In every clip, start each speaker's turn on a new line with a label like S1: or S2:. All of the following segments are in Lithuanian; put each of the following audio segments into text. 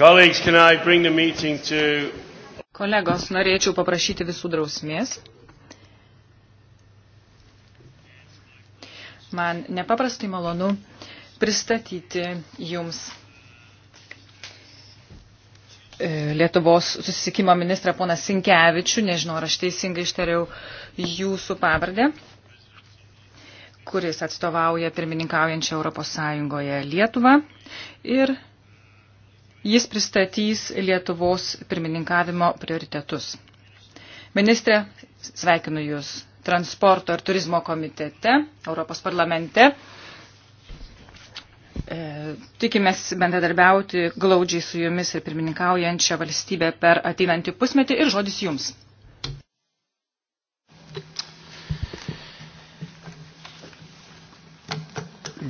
S1: Kolegos,
S2: norėčiau paprašyti visų drausmės. Man nepaprastai malonu pristatyti Jums e, Lietuvos susisiekimo ministrą poną Sinkevičių, nežinau, ar aš teisingai ištariau jūsų pavardę, kuris atstovauja pirmininkaujančią Europos Sąjungoje Lietuvą ir Jis pristatys Lietuvos pirmininkavimo prioritetus. Ministrė, sveikinu Jūs transporto ir turizmo komitete, Europos parlamente. E, tikimės bendradarbiauti glaudžiai su jumis ir pirmininkaujančią valstybę per ateinantį pusmetį ir žodis jums.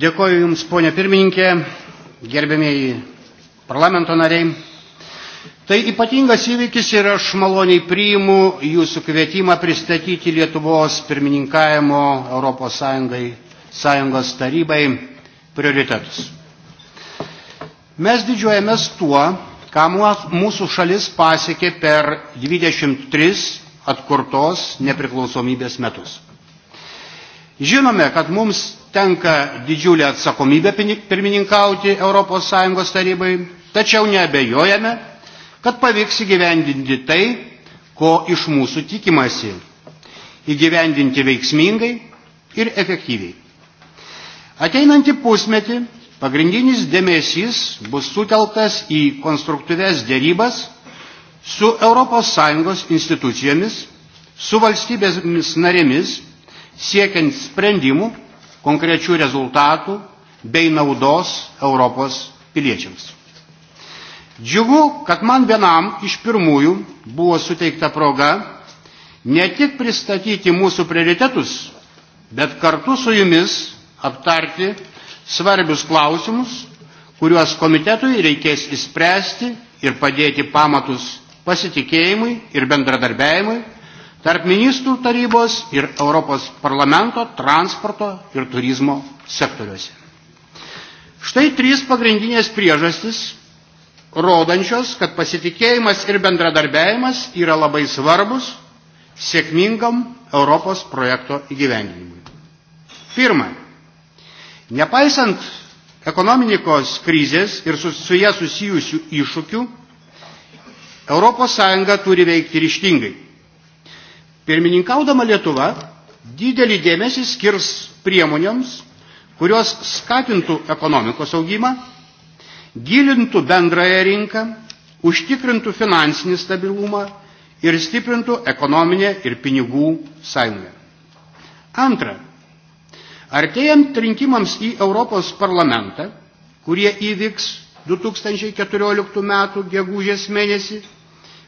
S1: Dėkoju Jums, ponė pirmininkė, gerbėmėjai parlamento nariai. Tai ypatingas įvykis ir aš maloniai priimu jūsų kvietimą pristatyti Lietuvos pirmininkavimo ES sąjungos tarybai prioritetus. Mes didžiuojamės tuo, ką mūsų šalis pasiekė per 23 atkurtos nepriklausomybės metus. Žinome, kad mums tenka didžiulė atsakomybė pirmininkauti ES tarybai Tačiau neabejojame, kad pavyks įgyvendinti tai, ko iš mūsų tikimasi - įgyvendinti veiksmingai ir efektyviai. Ateinantį pusmetį pagrindinis dėmesys bus sutelktas į konstruktyves dėrybas su ES institucijomis, su valstybėmis narėmis, siekiant sprendimų, konkrečių rezultatų bei naudos Europos piliečiams. Džiugu, kad man vienam iš pirmųjų buvo suteikta proga ne tik pristatyti mūsų prioritetus, bet kartu su jumis aptarti svarbius klausimus, kuriuos komitetui reikės įspręsti ir padėti pamatus pasitikėjimui ir bendradarbiajimui tarp ministrų tarybos ir Europos parlamento transporto ir turizmo sektoriuose. Štai trys pagrindinės priežastis, rodančios, kad pasitikėjimas ir bendradarbiavimas yra labai svarbus sėkmingam Europos projekto įgyvendinimui. Pirma, nepaisant ekonomikos krizės ir su, su ją susijusių iššūkių, ES turi veikti ryštingai. Pirmininkaudama Lietuva didelį dėmesį skirs priemonėms, kurios skatintų ekonomikos augimą gilintų bendrąją rinką, užtikrintų finansinį stabilumą ir stiprintų ekonominę ir pinigų sąjungą. Antra, artėjant rinkimams į Europos parlamentą, kurie įvyks 2014 m. gegužės mėnesį,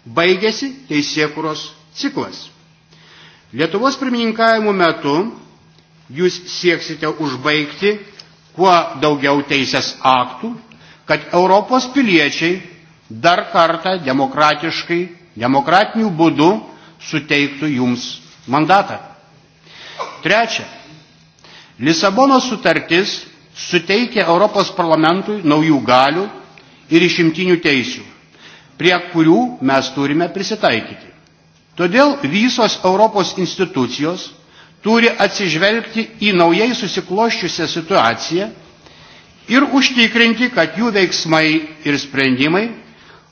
S1: baigėsi teisėkuros ciklas. Lietuvos pirmininkavimo metu jūs sieksite užbaigti kuo daugiau teisės aktų kad Europos piliečiai dar kartą demokratiškai, demokratiniu būdu suteiktų jums mandatą. Trečia, Lisabonos sutartis suteikė Europos parlamentui naujų galių ir išimtinių teisių, prie kurių mes turime prisitaikyti. Todėl visos Europos institucijos turi atsižvelgti į naujai susikloščiusią situaciją ir užtikrinti, kad jų veiksmai ir sprendimai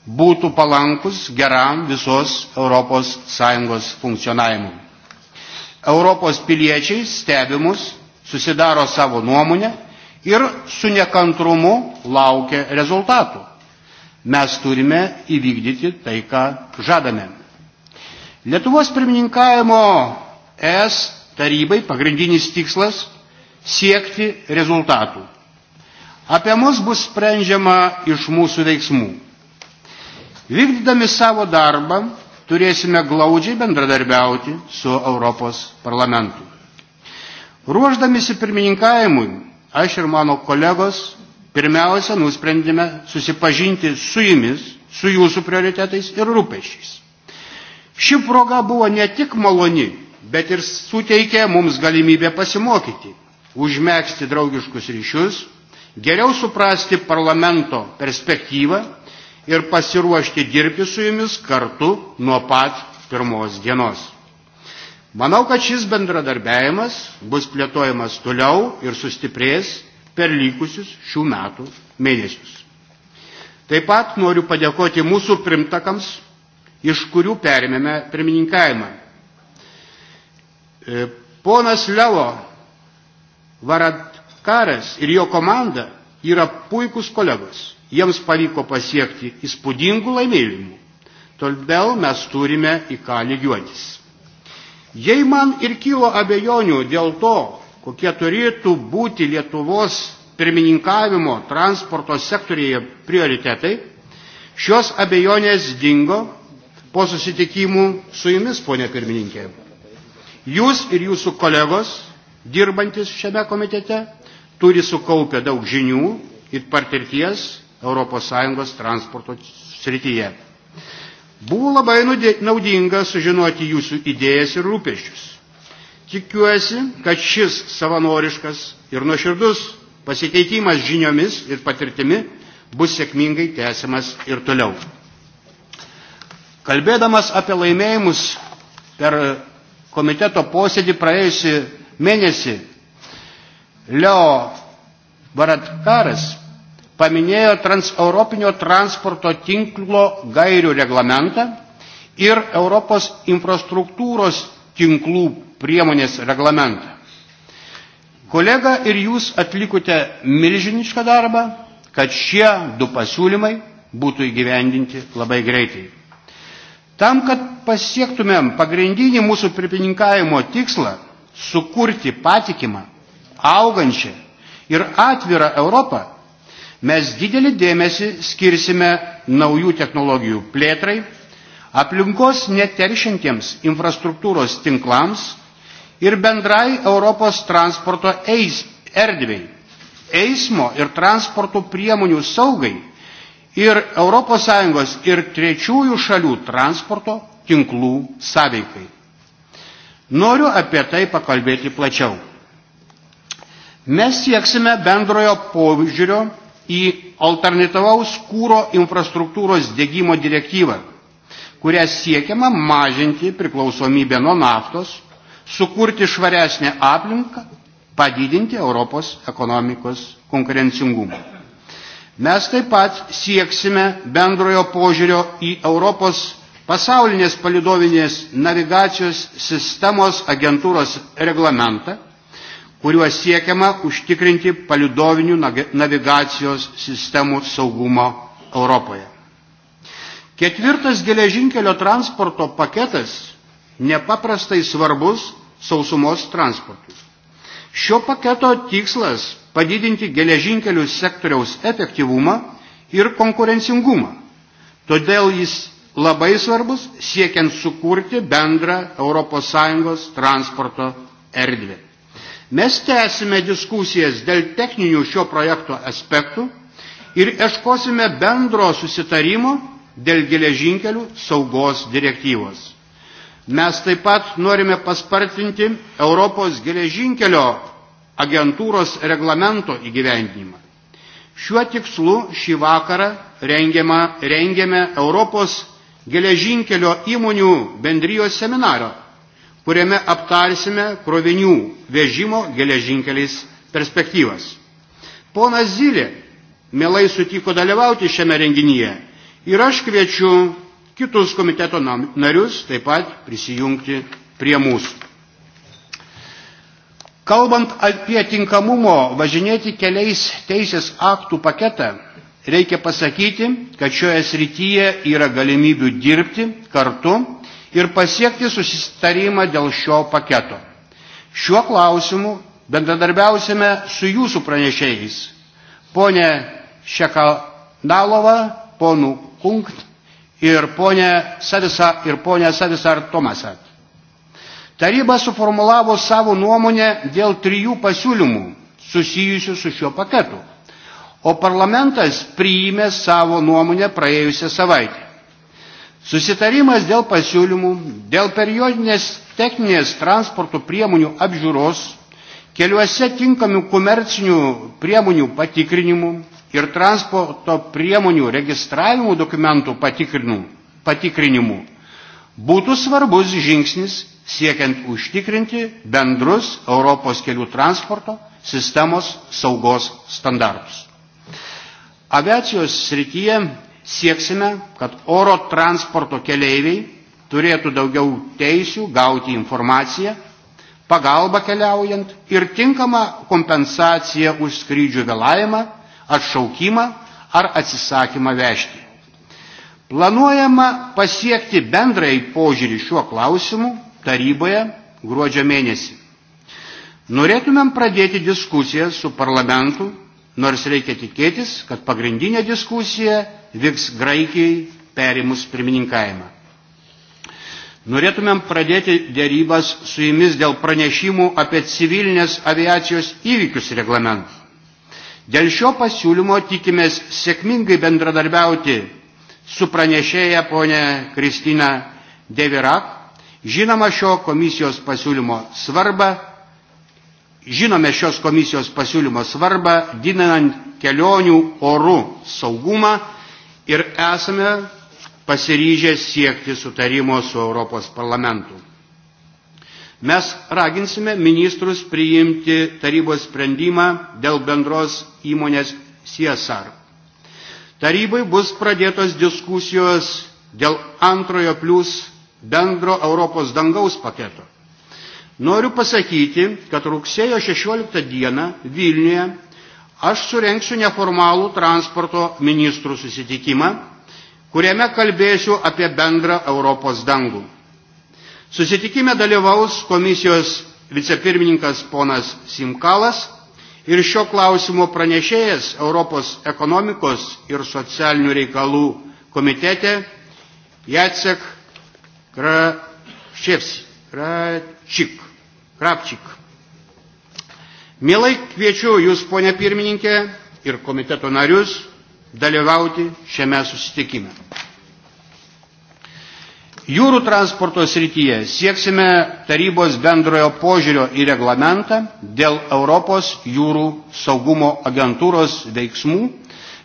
S1: būtų palankus geram visos ES funkcionavimui. Europos piliečiai stebimus susidaro savo nuomonę ir su nekantrumu laukia rezultatų. Mes turime įvykdyti tai, ką žadame. Lietuvos pirmininkavimo ES tarybai pagrindinis tikslas siekti rezultatų Apie mus bus sprendžiama iš mūsų veiksmų. Vykdydami savo darbą turėsime glaudžiai bendradarbiauti su Europos parlamentu. Ruoždamėsi pirmininkavimui, aš ir mano kolegos pirmiausia nusprendėme susipažinti su jumis, su jūsų prioritetais ir rūpešiais. Ši proga buvo ne tik maloni, bet ir suteikė mums galimybę pasimokyti, užmėgsti draugiškus ryšius geriau suprasti parlamento perspektyvą ir pasiruošti dirbti su jumis kartu nuo pat pirmos dienos. Manau, kad šis bendradarbiavimas bus plėtojamas toliau ir sustiprės per likusius šių metų mėnesius. Taip pat noriu padėkoti mūsų primtakams, iš kurių perėmėme pirmininkavimą. E, ponas Levo Varad Karas ir jo komanda yra puikus kolegos. Jiems pavyko pasiekti įspūdingų laimėjimų. Todėl mes turime į ką lygiuotis. Jei man ir kilo abejonių dėl to, kokie turėtų būti Lietuvos pirmininkavimo transporto sektorėje prioritetai, šios abejonės dingo po susitikimų su jumis, ponė pirmininkė. Jūs ir jūsų kolegos, dirbantis šiame komitete, turi sukaupę daug žinių ir patirties ES transporto srityje. Buvo labai naudinga sužinoti jūsų idėjas ir rūpešius. Tikiuosi, kad šis savanoriškas ir nuoširdus pasikeitimas žiniomis ir patirtimi bus sėkmingai tęsiamas ir toliau. Kalbėdamas apie laimėjimus per komiteto posėdį praėjusi mėnesį Leo Varadkaras paminėjo transeuropinio transporto tinklo gairių reglamentą ir Europos infrastruktūros tinklų priemonės reglamentą. Kolega ir jūs atlikote milžinišką darbą, kad šie du pasiūlymai būtų įgyvendinti labai greitai. Tam, kad pasiektumėm pagrindinį mūsų pirpininkavimo tikslą sukurti patikimą augančią ir atvirą Europą, mes didelį dėmesį skirsime naujų technologijų plėtrai, aplinkos neteršintiems infrastruktūros tinklams ir bendrai Europos transporto eis, erdvei, eismo ir transporto priemonių saugai ir ES ir trečiųjų šalių transporto tinklų sąveikai. Noriu apie tai pakalbėti plačiau. Mes sieksime bendrojo požiūrio į alternatyvaus kūro infrastruktūros dėgymo direktyvą, kuria siekiama mažinti priklausomybę nuo naftos, sukurti švaresnę aplinką, padidinti Europos ekonomikos konkurencingumą. Mes taip pat sieksime bendrojo požiūrio į Europos pasaulinės palidovinės navigacijos sistemos agentūros reglamentą, kuriuo siekiama užtikrinti palidovinių navigacijos sistemų saugumo Europoje. Ketvirtas geležinkelio transporto paketas nepaprastai svarbus sausumos transportui. Šio paketo tikslas padidinti geležinkelių sektoriaus efektyvumą ir konkurencingumą. Todėl jis labai svarbus siekiant sukurti bendrą ES transporto erdvę. Mes tęsime diskusijas dėl techninių šio projekto aspektų ir ieškosime bendro susitarimo dėl geležinkelių saugos direktyvos. Mes taip pat norime paspartinti Europos geležinkelio agentūros reglamento įgyvendinimą. Šiuo tikslu šį vakarą rengiame Europos geležinkelio įmonių bendrijos seminarą kuriame aptarsime krovinių vežimo geležinkeliais perspektyvas. Ponas Zilė mielai sutiko dalyvauti šiame renginyje ir aš kviečiu kitus komiteto narius taip pat prisijungti prie mūsų. Kalbant apie tinkamumo važinėti keliais teisės aktų paketą, reikia pasakyti, kad šioje srityje yra galimybių dirbti kartu ir pasiekti susitarimą dėl šio paketo. Šiuo klausimu bendradarbiausime su jūsų pranešėjais, ponė Šekanalova, ponų Kunkt ir ponė Savisa ir ponė Savisar Tomasat. Taryba suformulavo savo nuomonę dėl trijų pasiūlymų susijusių su šiuo paketu, o parlamentas priėmė savo nuomonę praėjusią savaitę. Susitarimas dėl pasiūlymų, dėl periodinės techninės transporto priemonių apžiūros, keliuose tinkamių komercinių priemonių patikrinimų ir transporto priemonių registravimų dokumentų patikrinimų būtų svarbus žingsnis siekiant užtikrinti bendrus Europos kelių transporto sistemos saugos standartus. Aviacijos srityje sieksime, kad oro transporto keleiviai turėtų daugiau teisių gauti informaciją, pagalbą keliaujant ir tinkamą kompensaciją už skrydžių vėlavimą, atšaukimą ar atsisakymą vežti. Planuojama pasiekti bendrai požiūrį šiuo klausimu taryboje gruodžio mėnesį. Norėtumėm pradėti diskusiją su parlamentu nors reikia tikėtis, kad pagrindinė diskusija vyks Graikijai perimus pirmininkavimą. Norėtumėm pradėti dėrybas su jumis dėl pranešimų apie civilinės aviacijos įvykius reglamentų. Dėl šio pasiūlymo tikimės sėkmingai bendradarbiauti su pranešėja ponė Kristina Devirak, žinoma šio komisijos pasiūlymo svarbą Žinome šios komisijos pasiūlymo svarbą, didinant kelionių orų saugumą ir esame pasiryžę siekti sutarimo su Europos parlamentu. Mes raginsime ministrus priimti tarybos sprendimą dėl bendros įmonės CSR. Tarybai bus pradėtos diskusijos dėl antrojo plus bendro Europos dangaus paketo. Noriu pasakyti, kad rugsėjo 16 dieną Vilniuje aš surenksiu neformalų transporto ministrų susitikimą, kuriame kalbėsiu apie bendrą Europos dangų. Susitikime dalyvaus komisijos vicepirmininkas ponas Simkalas ir šio klausimo pranešėjas Europos ekonomikos ir socialinių reikalų komitete Jacek Kraševsi. Kračik. Krapčik. Mielai kviečiu Jūs, ponė pirmininkė, ir komiteto narius dalyvauti šiame susitikime. Jūrų transporto srityje sieksime tarybos bendrojo požiūrio į reglamentą dėl Europos jūrų saugumo agentūros veiksmų,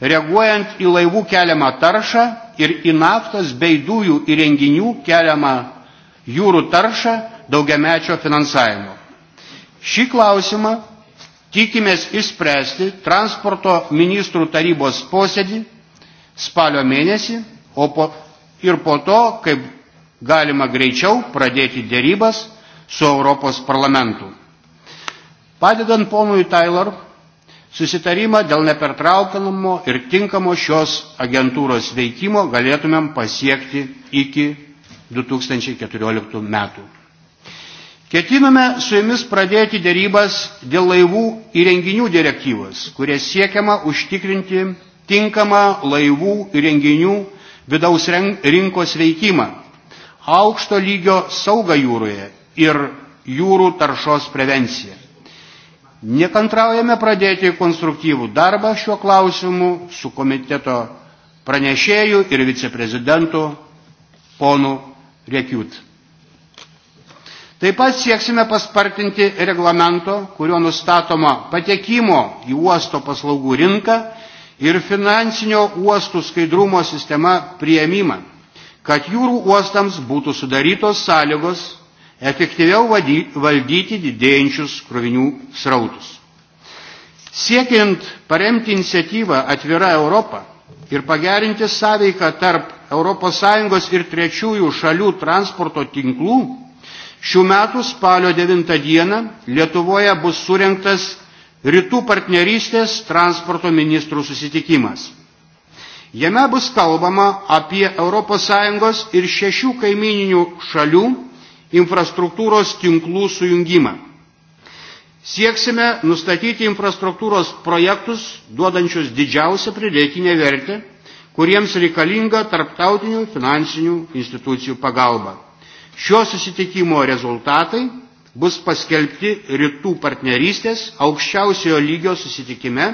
S1: reaguojant į laivų keliamą taršą ir į naftas bei dujų įrenginių keliamą jūrų taršą daugiamečio finansavimo. Šį klausimą tikimės išspręsti transporto ministrų tarybos posėdį spalio mėnesį po, ir po to, kaip galima greičiau pradėti dėrybas su Europos parlamentu. Padedant ponui Taylor, susitarimą dėl nepertraukinamo ir tinkamo šios agentūros veikimo galėtumėm pasiekti iki 2014 metų. Ketiname su jumis pradėti dėrybas dėl laivų įrenginių direktyvos, kurie siekiama užtikrinti tinkamą laivų įrenginių vidaus rinkos veikimą, aukšto lygio saugą jūroje ir jūrų taršos prevenciją. Nekantraujame pradėti konstruktyvų darbą šiuo klausimu su komiteto pranešėju ir viceprezidentu ponu Rekiut. Taip pat sieksime paspartinti reglamento, kurio nustatoma patekimo į uosto paslaugų rinką ir finansinio uostų skaidrumo sistema prieimimą, kad jūrų uostams būtų sudarytos sąlygos efektyviau valdyti didėjančius krovinių srautus. Siekiant paremti iniciatyvą Atvira Europą ir pagerinti sąveiką tarp ES ir trečiųjų šalių transporto tinklų, Šių metų spalio 9 dieną Lietuvoje bus surinktas Rytų partnerystės transporto ministrų susitikimas. Jame bus kalbama apie ES ir šešių kaimininių šalių infrastruktūros tinklų sujungimą. Sieksime nustatyti infrastruktūros projektus, duodančius didžiausią pridėtinę vertę, kuriems reikalinga tarptautinių finansinių institucijų pagalba. Šio susitikimo rezultatai bus paskelbti rytų partnerystės aukščiausiojo lygio susitikime,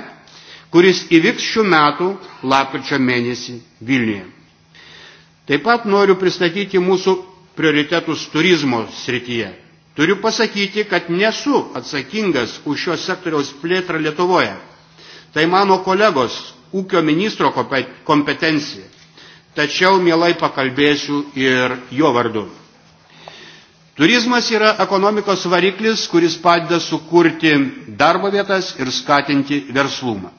S1: kuris įvyks šių metų lapkričio mėnesį Vilniuje. Taip pat noriu pristatyti mūsų prioritetus turizmo srityje. Turiu pasakyti, kad nesu atsakingas už šios sektoriaus plėtrą Lietuvoje. Tai mano kolegos ūkio ministro kompetencija. Tačiau mielai pakalbėsiu ir jo vardu. Turizmas yra ekonomikos variklis, kuris padeda sukurti darbo vietas ir skatinti verslumą.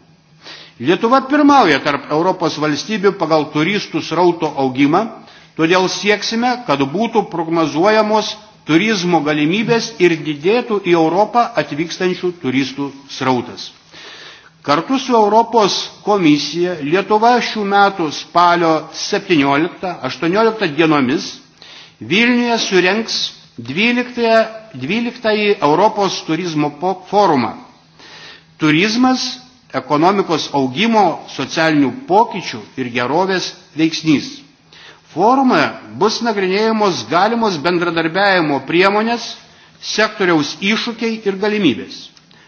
S1: Lietuva pirmauja tarp Europos valstybių pagal turistų srauto augimą, todėl sieksime, kad būtų prognozuojamos turizmo galimybės ir didėtų į Europą atvykstančių turistų srautas. Kartu su Europos komisija Lietuva šių metų spalio 17-18 dienomis Vilniuje surenks 12, 12 Europos turizmo forumą. Turizmas - ekonomikos augimo, socialinių pokyčių ir gerovės veiksnys. Forume bus nagrinėjamos galimos bendradarbiajimo priemonės, sektoriaus iššūkiai ir galimybės.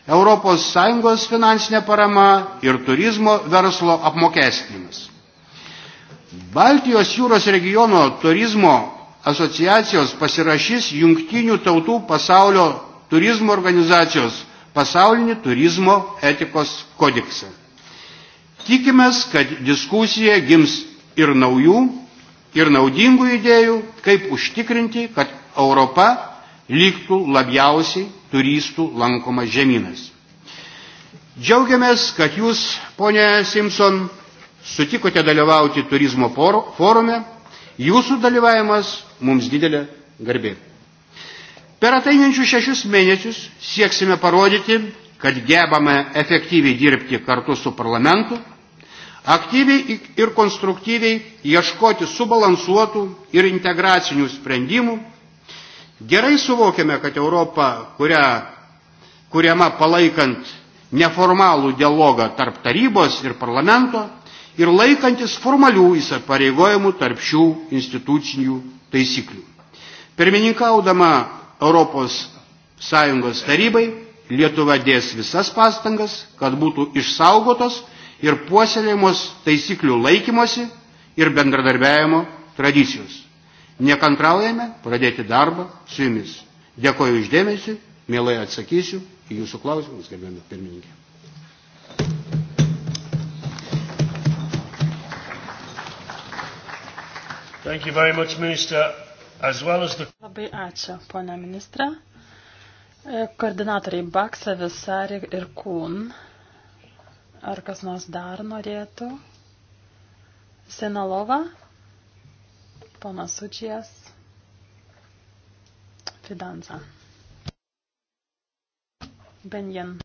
S1: ES finansinė parama ir turizmo verslo apmokestinimas. Baltijos jūros regiono turizmo asociacijos pasirašys jungtinių tautų pasaulio turizmo organizacijos pasaulinį turizmo etikos kodeksą. Tikimės, kad diskusija gims ir naujų, ir naudingų idėjų, kaip užtikrinti, kad Europa liktų labiausiai turistų lankoma žemynas. Džiaugiamės, kad jūs, ponė Simpson, sutikote dalyvauti turizmo forume Jūsų dalyvavimas mums didelė garbė. Per ateinančius šešius mėnesius sieksime parodyti, kad gebame efektyviai dirbti kartu su parlamentu, aktyviai ir konstruktyviai ieškoti subalansuotų ir integracinių sprendimų. Gerai suvokiame, kad Europa, kurią, kuriama palaikant neformalų dialogą tarp tarybos ir parlamento, ir laikantis formalių įsipareigojimų tarp šių institucinių taisyklių. Pirmininkaudama Europos Sąjungos tarybai Lietuva dės visas pastangas, kad būtų išsaugotos ir puoselėjimos taisyklių laikymosi ir bendradarbiajimo tradicijos. Nekantraujame pradėti darbą su jumis. Dėkoju išdėmesi, mielai atsakysiu į jūsų klausimus, gerbėme pirmininkė. Thank you very much, Minister. As well as the...
S3: Labai ačiū, ponia ministra. E, koordinatoriai Baksa, Visari ir Kūn. Ar kas nors dar norėtų? Senalova, ponas Sučijas, Fidanza. Benjen.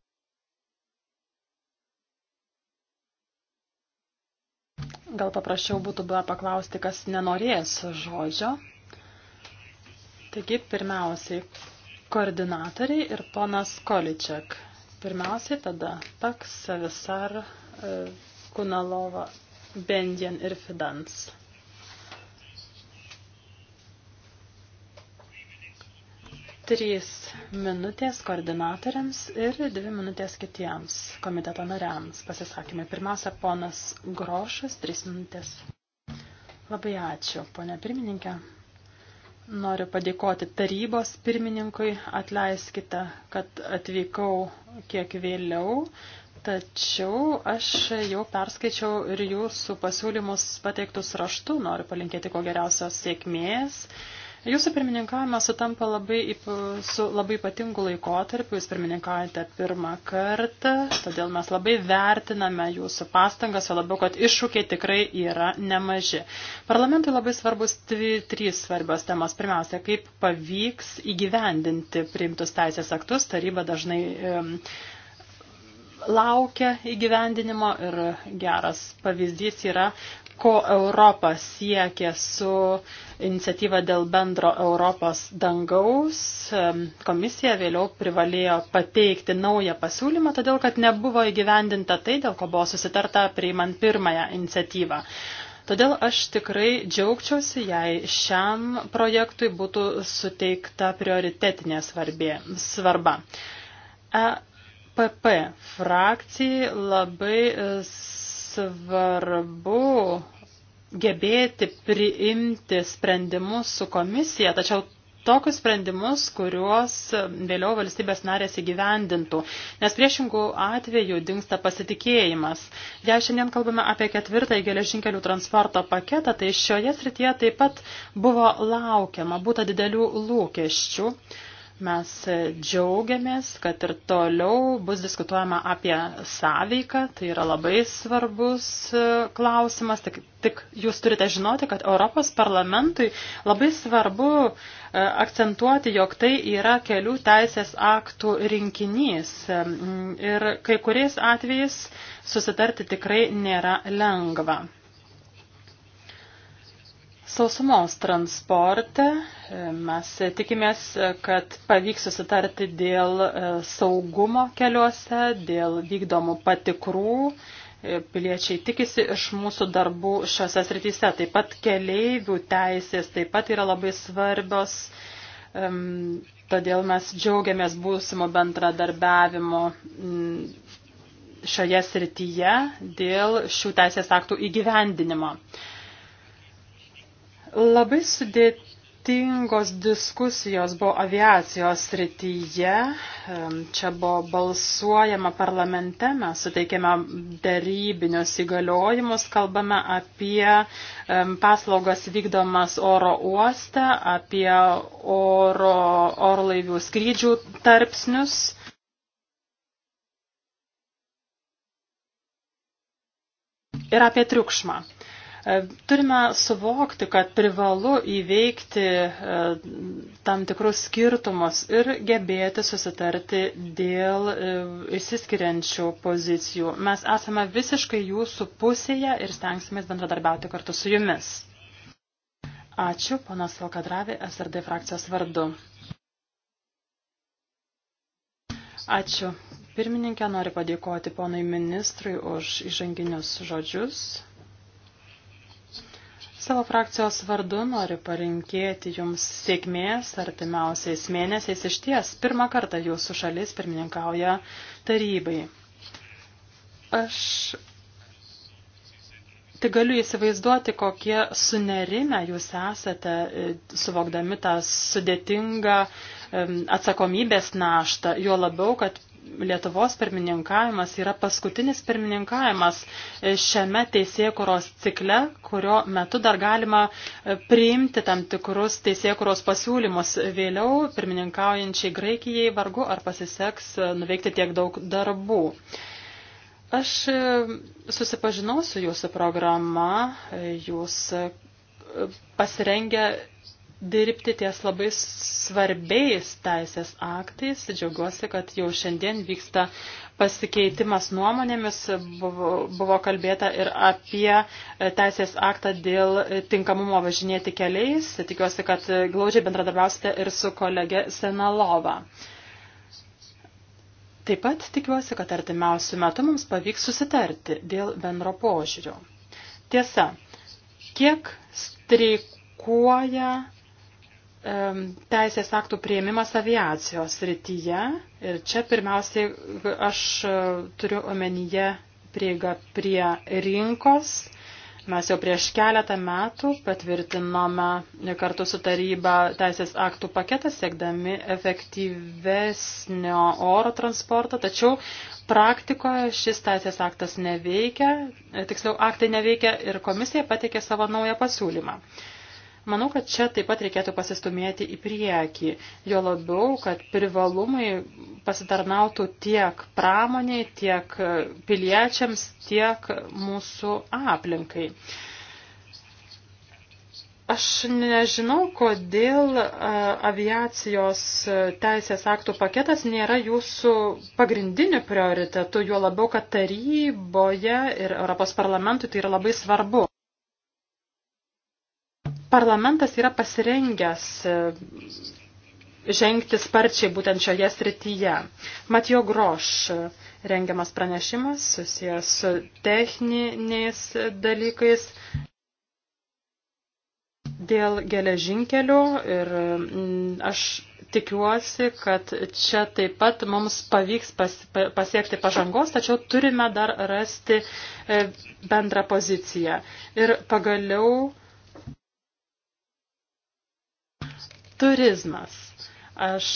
S3: Gal paprasčiau būtų buvę paklausti, kas nenorės žodžio. Taigi, pirmiausiai koordinatoriai ir ponas Količek. Pirmiausiai tada Paks, Savisar, e, Kunalova, Bendien ir Fidans. trys minutės koordinatoriams ir dvi minutės kitiems komiteto nariams. Pasisakymai. Pirmiausia, ponas Grošas, trys minutės. Labai ačiū, ponė pirmininkė. Noriu padėkoti tarybos pirmininkui, atleiskite, kad atvykau kiek vėliau, tačiau aš jau perskaičiau ir jūsų pasiūlymus pateiktus raštu, noriu palinkėti ko geriausios sėkmės. Jūsų pirmininkavimas sutampa labai, su labai ypatingu laikotarpiu, jūs pirmininkaujate pirmą kartą, todėl mes labai vertiname jūsų pastangas, o labiau, kad iššūkiai tikrai yra nemaži. Parlamentui labai svarbus tvi, trys svarbios temos. Pirmiausia, kaip pavyks įgyvendinti priimtus teisės aktus, taryba dažnai. Um, laukia įgyvendinimo ir geras pavyzdys yra ko Europa siekia su iniciatyva dėl bendro Europos dangaus. Komisija vėliau privalėjo pateikti naują pasiūlymą, todėl kad nebuvo įgyvendinta tai, dėl ko buvo susitarta priimant pirmąją iniciatyvą. Todėl aš tikrai džiaugčiausi, jei šiam projektui būtų suteikta prioritetinė svarbė, svarba. EPP frakcijai labai svarbu gebėti priimti sprendimus su komisija, tačiau tokius sprendimus, kuriuos vėliau valstybės narės įgyvendintų, nes priešingų atvejų dinksta pasitikėjimas. Jei šiandien kalbame apie ketvirtąjį geležinkelių transporto paketą, tai šioje srityje taip pat buvo laukiama, būta didelių lūkesčių. Uh, Mes džiaugiamės, kad ir toliau bus diskutuojama apie sąveiką. Tai yra labai svarbus e, klausimas. Tik, tik jūs turite žinoti, kad Europos parlamentui labai svarbu e, akcentuoti, jog tai yra kelių teisės aktų rinkinys. E, ir kai kuriais atvejais susitarti tikrai nėra lengva. Sausumos transporte e, mes tikimės, kad pavyks susitarti dėl e, saugumo keliuose, dėl vykdomų patikrų. E, piliečiai tikisi iš mūsų darbų šiuose srityse. Taip pat keleivių teisės taip pat yra labai svarbios. Todėl mes džiaugiamės būsimo bendradarbiavimo mm, šioje srityje dėl šių teisės aktų įgyvendinimo. Labai sudėtingos diskusijos buvo aviacijos srityje. Čia buvo balsuojama parlamente, mes suteikėme darybinius įgaliojimus, kalbame apie paslaugas vykdomas oro uoste, apie oro, orlaivių skrydžių tarpsnius. Ir apie triukšmą. E, turime suvokti, kad privalu įveikti e, tam tikrus skirtumus ir gebėti susitarti dėl e, išsiskiriančių pozicijų. Mes esame visiškai jūsų pusėje ir stengsimės bendradarbiauti kartu su jumis. Ačiū, panas Valkadravi, SRD frakcijos vardu. Ačiū. Pirmininkė nori padėkoti ponai ministrui už įžanginius žodžius. Savo frakcijos vardu noriu palinkėti Jums sėkmės artimiausiais mėnesiais. Iš ties, pirmą kartą Jūsų šalis pirmininkauja tarybai. Aš tik galiu įsivaizduoti, kokie sunerime Jūs esate, e, suvokdami tą sudėtingą atsakomybės naštą, juo labiau, kad Lietuvos pirmininkavimas yra paskutinis pirmininkavimas šiame teisėkuros cikle, kurio metu dar galima e, priimti tam tikrus teisėkuros pasiūlymus. Vėliau pirmininkaujančiai Graikijai vargu ar pasiseks e, nuveikti tiek daug darbų. Aš e, susipažinau su jūsų programa, jūs pasirengę dirbti ties labai svarbiais teisės aktais. Džiaugiuosi, kad jau šiandien vyksta pasikeitimas nuomonėmis. Buvo, buvo kalbėta ir apie e, teisės aktą dėl tinkamumo važinėti keliais. Tikiuosi, kad glaudžiai bendradarbiausite ir su kolege Senalova. Taip pat tikiuosi, kad artimiausių metų mums pavyks susitarti dėl bendro požiūrio. Tiesa, kiek streikuoja teisės aktų prieimimas aviacijos rytyje. Ir čia pirmiausiai aš e, turiu omenyje prieigą prie rinkos. Mes jau prieš keletą metų patvirtinome kartu su taryba teisės aktų paketą, siekdami efektyvesnio oro transporto, tačiau praktikoje šis teisės aktas neveikia, tiksliau aktai neveikia ir komisija pateikė savo naują pasiūlymą. Manau, kad čia taip pat reikėtų pasistumėti į priekį, jo labiau, kad privalumai pasitarnautų tiek pramoniai, tiek piliečiams, tiek mūsų aplinkai. Aš nežinau, kodėl e, aviacijos teisės aktų paketas nėra jūsų pagrindiniu prioritetu, juo labiau, kad taryboje ir Europos parlamentui tai yra labai svarbu. Parlamentas yra pasirengęs e, žengti sparčiai būtent šioje srityje. Matijo Groš e, rengiamas pranešimas susijęs su techniniais dalykais dėl geležinkelių ir aš tikiuosi, kad čia taip pat mums pavyks pas, pasiekti pažangos, tačiau turime dar rasti e, bendrą poziciją. Ir pagaliau turizmas. Aš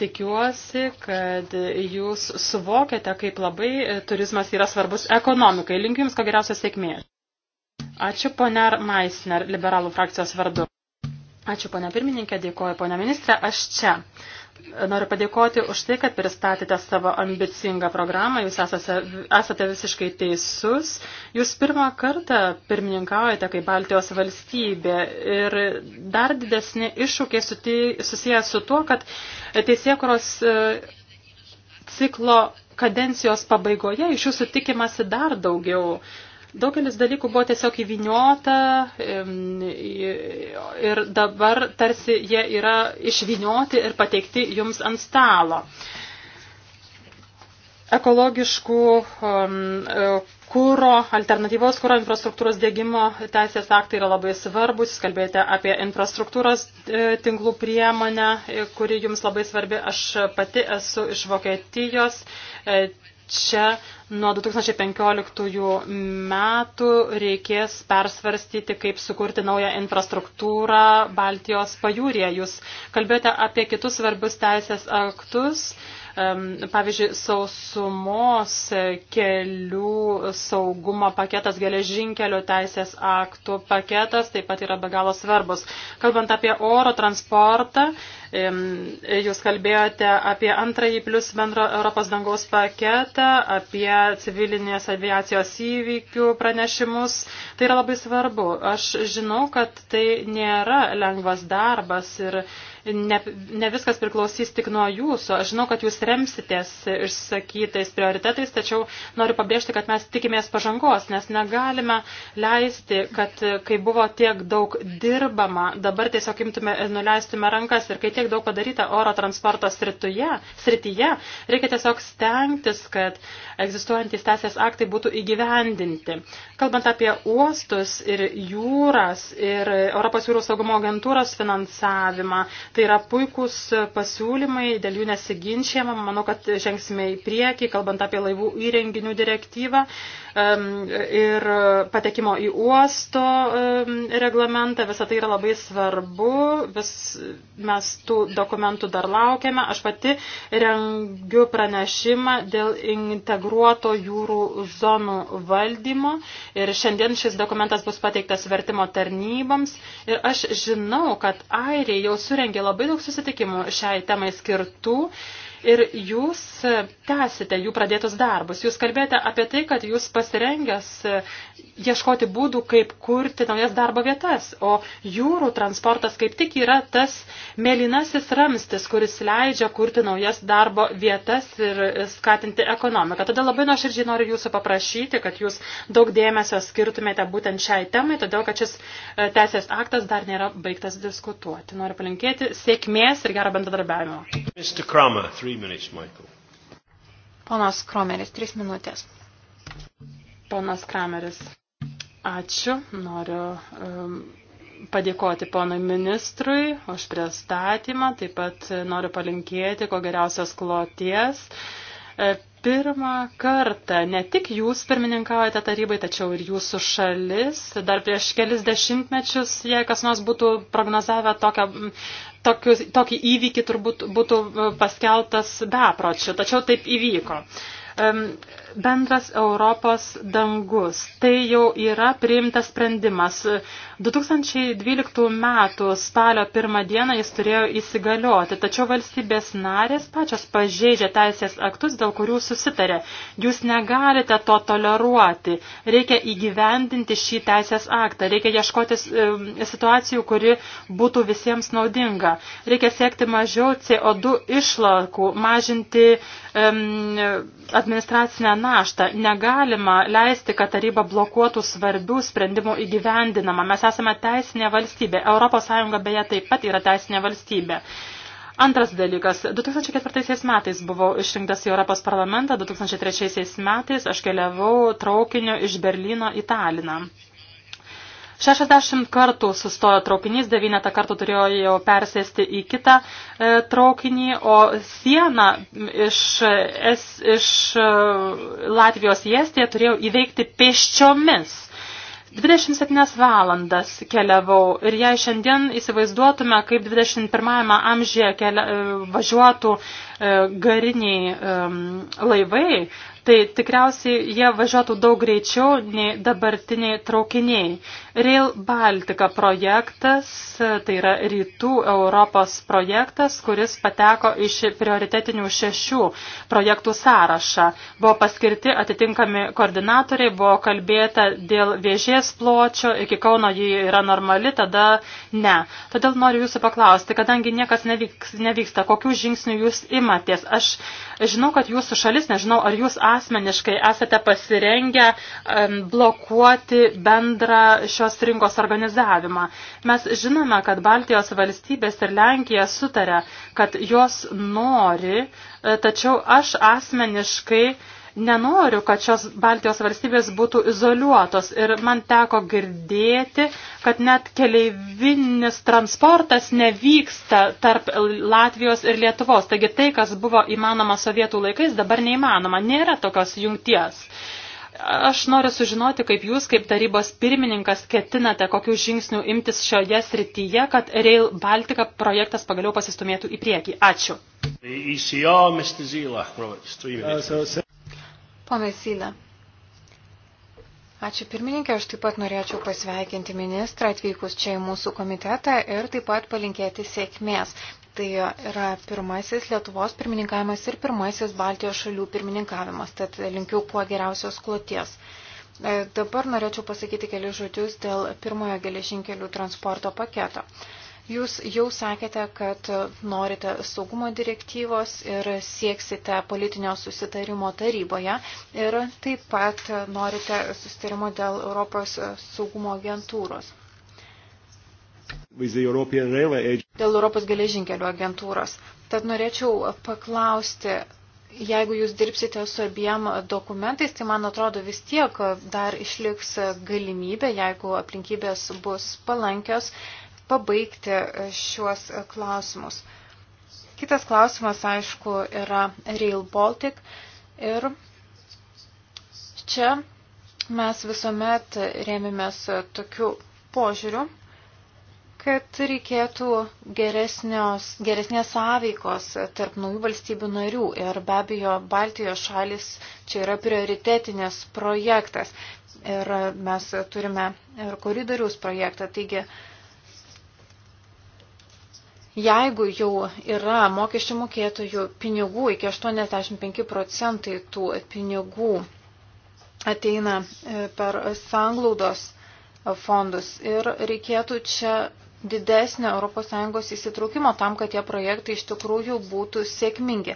S3: tikiuosi, kad jūs suvokiate, kaip labai turizmas yra svarbus ekonomikai. Linkiu Jums ko geriausios sėkmės. Ačiū ponia Maisner, liberalų frakcijos vardu. Ačiū, ponia pirmininkė, dėkoju, ponia ministrė, aš čia. Noriu padėkoti už tai, kad pristatėte savo ambicingą programą. Jūs esate, esate visiškai teisus. Jūs pirmą kartą pirmininkaujate kaip Baltijos valstybė ir dar didesni iššūkiai susiję su tuo, kad teisėkuros e, ciklo kadencijos pabaigoje iš jūsų tikimasi dar daugiau. Daugelis dalykų buvo tiesiog įviniota ir dabar tarsi jie yra išvinioti ir pateikti jums ant stalo. Ekologiškų kūro, alternatyvos kūro infrastruktūros dėgymo teisės aktai yra labai svarbus. Jūs kalbėjote apie infrastruktūros e, tinklų priemonę, e, kuri jums labai svarbi. Aš pati esu iš Vokietijos. E, čia nuo 2015 metų reikės persvarstyti, kaip sukurti naują infrastruktūrą Baltijos pajūrėje. Jūs kalbėjote apie kitus svarbius teisės aktus, Pavyzdžiui, sausumos kelių saugumo paketas, geležinkelio teisės aktų paketas taip pat yra be galo svarbus. Kalbant apie oro transportą, jūs kalbėjote apie antrąjį plus bendro Europos dangaus paketą, apie civilinės aviacijos įvykių pranešimus. Tai yra labai svarbu. Aš žinau, kad tai nėra lengvas darbas ir ne, ne viskas priklausys tik nuo jūsų. Aš žinau, kad jūs remsitės išsakytais prioritetais, tačiau noriu pabrėžti, kad mes tikimės pažangos, nes negalime leisti, kad kai buvo tiek daug dirbama, dabar tiesiog imtume ir nuleistume rankas. Ir kai tiek daug padaryta oro transporto srityje, srityje reikia tiesiog stengtis, kad egzistuojantys teisės aktai būtų įgyvendinti. Kalbant apie uostus ir jūras ir Europos jūrų saugumo agentūros finansavimą, Tai yra puikūs pasiūlymai, dėl jų nesiginčiama. Manau, kad žengsime į priekį, kalbant apie laivų įrenginių direktyvą ir patekimo į uosto reglamentą. Visą tai yra labai svarbu. Vis, mes tų dokumentų dar laukiame. Aš pati rengiu pranešimą dėl integruoto jūrų zonų valdymo. Ir šiandien šis dokumentas bus pateiktas vertimo tarnyboms. Ir aš žinau, kad airiai jau surengė labai daug susitikimų šiai temai skirtų ir jūs tęsite jų pradėtus darbus. Jūs kalbėjote apie tai, kad jūs pasirengęs ieškoti būdų, kaip kurti naujas darbo vietas, o jūrų transportas kaip tik yra tas mėlynasis ramstis, kuris leidžia kurti naujas darbo vietas ir skatinti ekonomiką. Todėl labai nuoširdžiai noriu jūsų paprašyti, kad jūs daug dėmesio skirtumėte būtent šiai temai, todėl kad šis e, teisės aktas dar nėra baigtas diskutuoti. Noriu palinkėti sėkmės ir gero bendradarbiavimo.
S1: Mr. Kramer, Three minutes, Michael.
S3: Ponas Kromeris, trys minutės. Ponas Krameris, ačiū. Noriu um, padėkoti ponui ministrui už pristatymą. Taip pat noriu palinkėti ko geriausios kloties e, pirmą kartą ne tik jūs pirmininkaujate tarybai, tačiau ir jūsų šalis. Dar prieš kelis dešimtmečius, jei kas nors būtų prognozavę tokią, tokiu, tokį įvykį, turbūt būtų paskeltas bepročiu, tačiau taip įvyko bendras Europos dangus. Tai jau yra priimtas sprendimas. 2012 m. spalio 1 dieną jis turėjo įsigalioti, tačiau valstybės narės pačios pažeidžia teisės aktus, dėl kurių susitarė. Jūs negalite to toleruoti. Reikia įgyvendinti šį teisės aktą. Reikia ieškoti situacijų, kuri būtų visiems naudinga. Reikia siekti mažiau CO2 išlakų, mažinti um, administracinę naštą. Negalima leisti, kad taryba blokuotų svarbių sprendimų įgyvendinamą. Mes esame teisinė valstybė. ES beje taip pat yra teisinė valstybė. Antras dalykas. 2004 metais buvau išrinktas į Europos parlamentą, 2003 metais aš keliavau traukiniu iš Berlyno į Taliną. 60 kartų sustojo traukinys, 9 kartų turėjo jau persėsti į kitą e, traukinį, o sieną iš, es, iš e, Latvijos į Estiją turėjau įveikti pėsčiomis. 27 valandas keliavau ir jei šiandien įsivaizduotume, kaip 21 amžyje kelia, e, važiuotų e, gariniai e, laivai, tai tikriausiai jie važiuotų daug greičiau nei dabartiniai traukiniai. Rail Baltica projektas, tai yra rytų Europos projektas, kuris pateko iš prioritetinių šešių projektų sąrašą. Buvo paskirti atitinkami koordinatoriai, buvo kalbėta dėl vėžės pločio, iki Kauno jį yra normali, tada ne. Todėl noriu jūsų paklausti, kadangi niekas nevyks, nevyksta, kokių žingsnių jūs imatės. Aš žinau, kad jūsų šalis, nežinau, ar jūs asmeniškai esate pasirengę blokuoti bendrą šio bendros rinkos organizavimą. Mes žinome, kad Baltijos valstybės ir Lenkija sutarė, kad jos nori, e, tačiau aš asmeniškai nenoriu, kad šios Baltijos valstybės būtų izoliuotos. Ir man teko girdėti, kad net keleivinis transportas nevyksta tarp Latvijos ir Lietuvos. Taigi tai, kas buvo įmanoma sovietų laikais, dabar neįmanoma. Nėra tokios jungties. Aš noriu sužinoti, kaip jūs, kaip tarybos pirmininkas, ketinate kokių žingsnių imtis šioje srityje, kad Rail Baltica projektas pagaliau pasistumėtų į priekį. Ačiū. Pana e Zyla. Uh, Ačiū pirmininkė, aš taip
S4: pat norėčiau pasveikinti ministrą atvykus čia į mūsų komitetą ir taip pat palinkėti sėkmės. Tai yra pirmasis Lietuvos pirmininkavimas ir pirmasis Baltijos šalių pirmininkavimas, tad linkiu kuo geriausios kloties. E, dabar norėčiau pasakyti kelius žodžius dėl pirmojo geležinkelių transporto paketo. Jūs jau sakėte, kad norite saugumo direktyvos ir sieksite politinio susitarimo taryboje ir taip pat norite susitarimo dėl Europos saugumo agentūros
S1: dėl
S4: Europos geležinkelių agentūros. Tad norėčiau paklausti, jeigu jūs dirbsite su abiem dokumentais, tai man atrodo vis tiek dar išliks galimybė, jeigu aplinkybės bus palankios, pabaigti šiuos klausimus. Kitas klausimas, aišku, yra Rail Baltic ir čia mes visuomet rėmėmės tokiu požiūriu, kad reikėtų geresnios, geresnės sąveikos tarp naujų valstybių narių ir be abejo Baltijos šalis čia yra prioritetinės projektas ir mes turime ir koridorius projektą. Taigi, jeigu jau yra mokesčių mokėtojų pinigų, iki 85 procentai tų pinigų ateina e, per sanglaudos fondus ir reikėtų čia didesnio ES įsitraukimo tam, kad tie projektai iš tikrųjų būtų sėkmingi.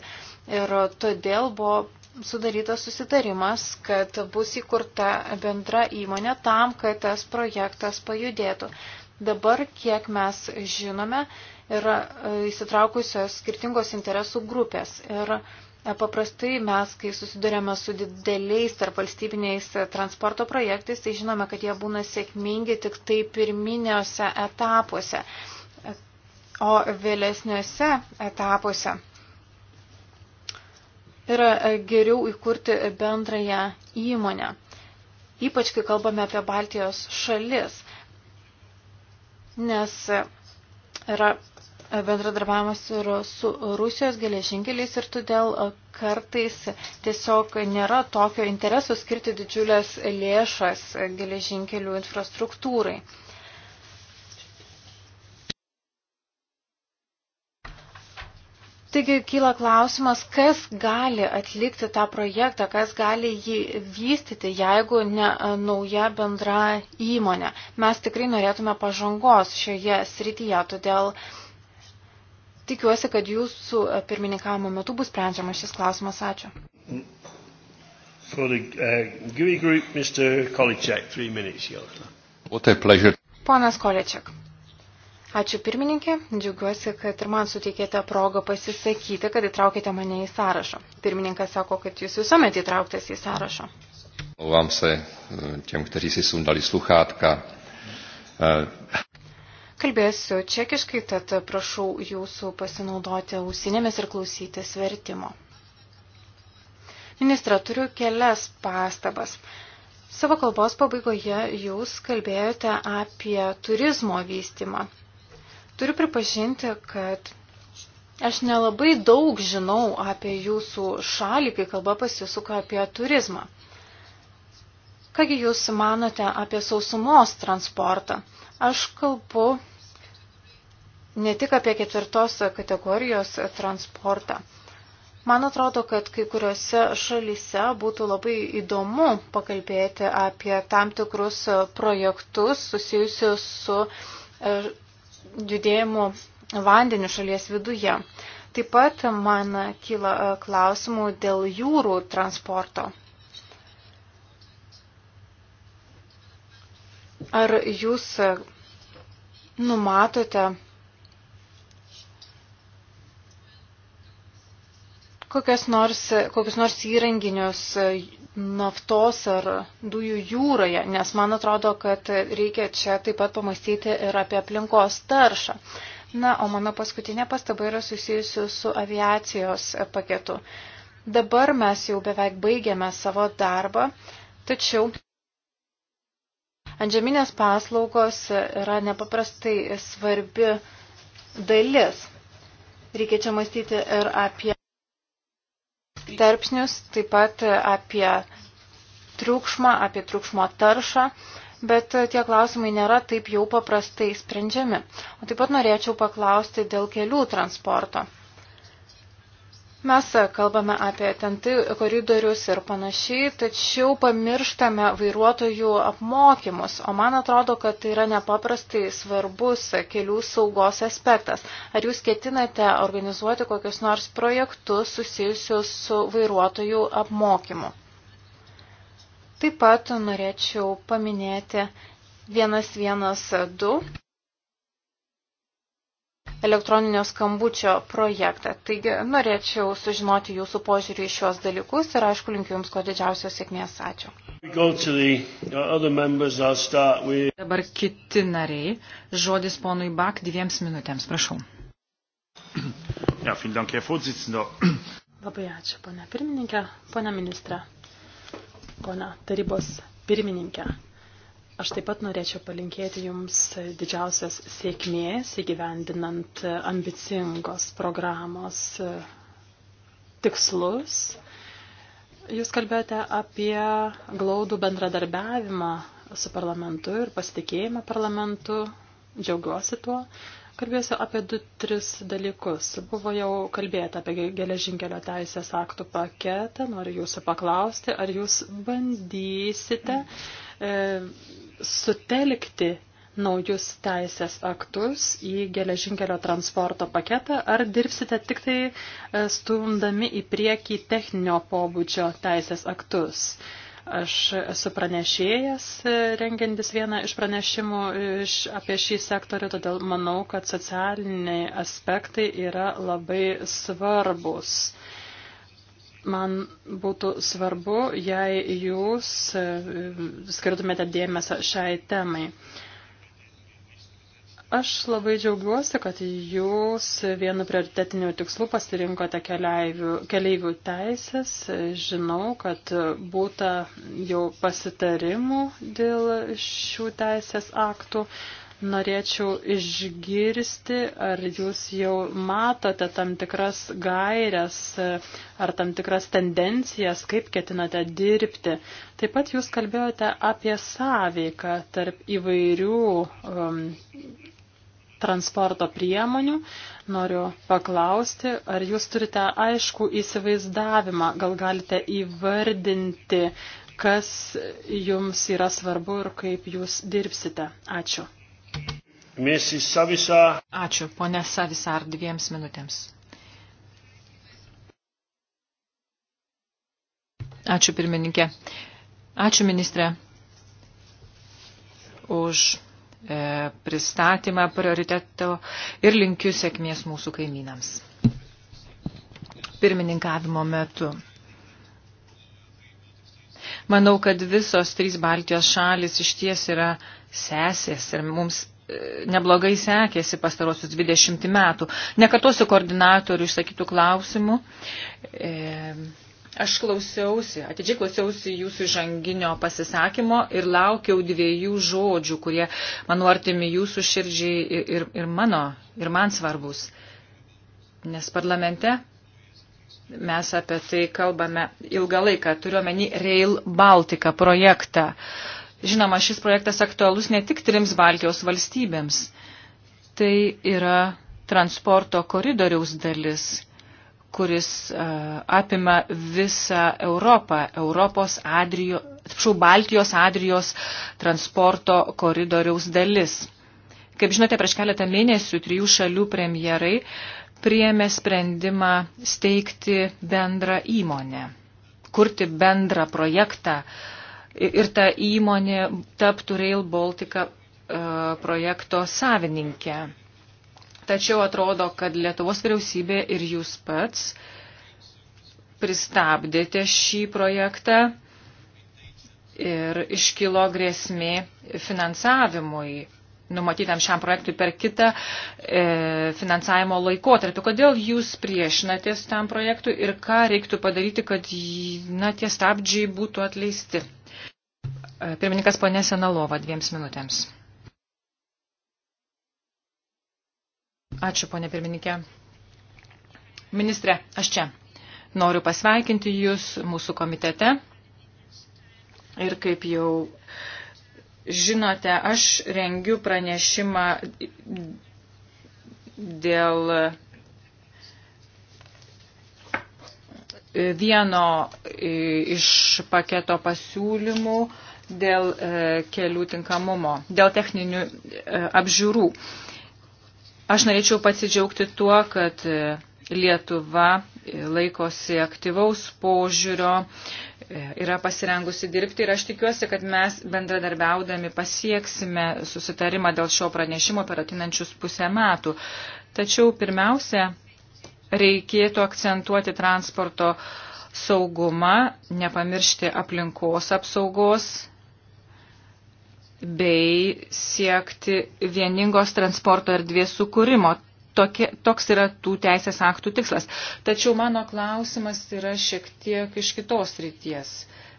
S4: Ir todėl buvo sudarytas susitarimas, kad bus įkurta bendra įmonė tam, kad tas projektas pajudėtų. Dabar, kiek mes žinome, yra e, įsitraukusios skirtingos interesų grupės. Ir Paprastai mes, kai susidurėme su dideliais tarp valstybiniais transporto projektais, tai žinome, kad jie būna sėkmingi tik tai pirminiuose etapuose, o vėlesniuose etapuose yra geriau įkurti bendrąją įmonę, ypač kai kalbame apie Baltijos šalis, nes yra bendradarbiavimas ir su Rusijos geležinkeliais ir todėl e, kartais tiesiog nėra tokio intereso skirti didžiulės lėšas geležinkelių infrastruktūrai. Taigi kyla klausimas, kas gali atlikti tą projektą, kas gali jį vystyti, jeigu ne e, nauja bendra įmonė. Mes tikrai norėtume pažangos šioje srityje, todėl uh, tikiuosi, kad jūsų e, pirmininkavimo metu bus sprendžiamas šis klausimas. Ačiū.
S1: For the uh, GUI group, Mr. Kolicek, three minutes, Josla. What a pleasure.
S4: Ponas Kolicek. Ačiū pirmininkė, džiugiuosi, kad ir man suteikėte progą pasisakyti, kad įtraukėte mane į sąrašą. Pirmininkas sako, kad jūs visuomet įtrauktas į sąrašą.
S1: Omlouvám se eh, těm, kteří si sundali sluchátka. Eh,
S4: Kalbėsiu čekiškai, tad prašau jūsų pasinaudoti ausinėmis ir klausytis vertimo. Ministra, turiu kelias pastabas. Savo kalbos pabaigoje jūs kalbėjote apie turizmo vystimą. Turiu pripažinti, kad aš nelabai daug žinau apie jūsų šalį, kai kalba pasisuka apie turizmą. Kągi jūs manote apie sausumos transportą? Aš kalbu ne tik apie ketvirtos kategorijos transportą. Man atrodo, kad kai kuriuose šalyse būtų labai įdomu pakalbėti apie tam tikrus projektus susijusius su e, judėjimu vandeniu šalies viduje. Taip pat man kyla e, klausimų dėl jūrų transporto. Ar jūs e, numatote kokias nors, kokius nors įrenginius naftos ar dujų jūroje, nes man atrodo, kad reikia čia taip pat pamastyti ir apie aplinkos taršą. Na, o mano paskutinė pastaba yra susijusi su aviacijos paketu. Dabar mes jau beveik baigėme savo darbą, tačiau antžeminės paslaugos yra nepaprastai svarbi dalis. Reikia čia mąstyti ir apie tarpsnius, taip pat apie triukšmą, apie triukšmo taršą, bet tie klausimai nėra taip jau paprastai sprendžiami. O taip pat norėčiau paklausti dėl kelių transporto. Mes kalbame apie tentai koridorius ir panašiai, tačiau pamirštame vairuotojų apmokymus, o man atrodo, kad tai yra nepaprastai svarbus kelių saugos aspektas. Ar jūs ketinate organizuoti kokius nors projektus susijusius su vairuotojų apmokymu? Taip pat norėčiau paminėti 112 elektroninio skambučio projektą. Taigi norėčiau sužinoti jūsų požiūrį į šios dalykus
S2: ir aišku linkiu Jums kuo didžiausios sėkmės. Ačiū. Uh, Dabar kiti nariai. Žodis ponui Bak dviems minutėms, prašau.
S1: Ja, dank,
S3: Labai ačiū, ponia pirmininkė, ponia ministra, ponia tarybos pirmininkė. Aš taip pat norėčiau palinkėti Jums didžiausios sėkmės įgyvendinant ambicingos programos tikslus. Jūs kalbėjote apie glaudų bendradarbiavimą su parlamentu ir pasitikėjimą parlamentu. Džiaugiuosi tuo. Kalbėsiu apie du, tris dalykus. Buvo jau kalbėta apie geležinkelio teisės aktų paketą. Noriu jūsų paklausti, ar jūs bandysite. E, sutelkti naujus teisės aktus į geležinkelio transporto paketą, ar dirbsite tik tai e, stumdami į priekį techninio pobūdžio teisės aktus? Aš esu pranešėjas, e, rengiantis vieną iš pranešimų iš, e, apie šį sektorių, todėl manau, kad socialiniai aspektai yra labai svarbus. Man būtų svarbu, jei jūs e, skirtumėte dėmesio šiai temai. Aš labai džiaugiuosi, kad jūs vienu prioritetiniu tikslu pasirinkote keleivių, keleivių teisės. Žinau, kad būta jau pasitarimų dėl šių teisės aktų. Norėčiau išgirsti, ar jūs jau matote tam tikras gairias, ar tam tikras tendencijas, kaip ketinate dirbti. Taip pat jūs kalbėjote apie sąveiką tarp įvairių um, transporto priemonių. Noriu paklausti, ar jūs turite aišku įsivaizdavimą, gal galite įvardinti, kas jums yra svarbu ir kaip jūs dirbsite. Ačiū.
S1: Mrs. Savisa.
S3: Ačiū, ponė Savisar,
S2: dviems minutėms. Ačiū, pirmininkė. Ačiū, ministrė, už e, pristatymą prioriteto ir linkiu sėkmės mūsų kaimynams. Pirmininkavimo metu. Manau, kad visos trys Baltijos šalis iš ties yra sesės ir mums neblogai sekėsi pastarosius 20 metų. Nekartosiu koordinatorių išsakytų klausimų. E, aš klausiausi, atidžiai klausiausi jūsų žanginio pasisakymo ir laukiau dviejų žodžių, kurie, manau, artimi jūsų širdžiai ir, ir, ir mano, ir man svarbus. Nes parlamente mes apie tai kalbame ilgą laiką, turiuomenį Rail Baltica projektą. E, Žinoma, šis projektas aktualus ne tik trims Baltijos valstybėms. Tai yra transporto koridoriaus dalis, kuris uh, apima visą Europą, Europos Adrijo, atsiprašau, Baltijos Adrijos transporto koridoriaus dalis. Kaip žinote, prieš keletą mėnesių trijų šalių premjerai priėmė sprendimą steigti bendrą įmonę, kurti bendrą projektą uh, ir ta įmonė taptų Rail Baltica e, projekto savininkė. Tačiau atrodo, kad Lietuvos vyriausybė ir jūs pats pristabdėte šį projektą ir iškilo grėsmė finansavimui numatytam šiam projektui per kitą e, finansavimo laikotarpį. Kodėl jūs priešinatės tam projektui ir ką reiktų padaryti, kad na, tie stabdžiai būtų atleisti? E, pirmininkas ponė Senalova dviems minutėms. Ačiū, ponė pirmininkė. Ministre, aš čia. Noriu pasveikinti Jūs mūsų komitete. Ir kaip jau žinote, aš rengiu pranešimą dėl vieno iš paketo pasiūlymų dėl e, kelių tinkamumo, dėl techninių e, apžiūrų. Aš norėčiau pasidžiaugti tuo, kad e, Lietuva laikosi aktyvaus požiūrio, yra pasirengusi dirbti ir aš tikiuosi, kad mes bendradarbiaudami pasieksime susitarimą dėl šio pranešimo per atinančius pusę metų. Tačiau pirmiausia, reikėtų akcentuoti transporto saugumą, nepamiršti aplinkos apsaugos bei siekti vieningos transporto erdvės sukūrimo. Tokie, toks yra tų teisės aktų tikslas. Tačiau mano klausimas yra šiek tiek iš kitos ryties.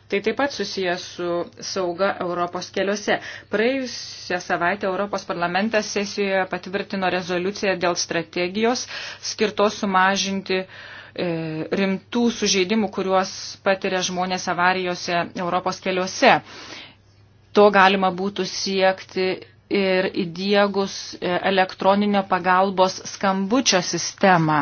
S2: Tai taip pat susijęs su sauga Europos keliuose. Praėjusią savaitę Europos parlamentas sesijoje patvirtino rezoliuciją dėl strategijos skirtos sumažinti e, rimtų sužeidimų, kuriuos patiria žmonės avarijose Europos keliuose. E, To galima būtų siekti ir įdiegus e, elektroninio pagalbos skambučio sistemą,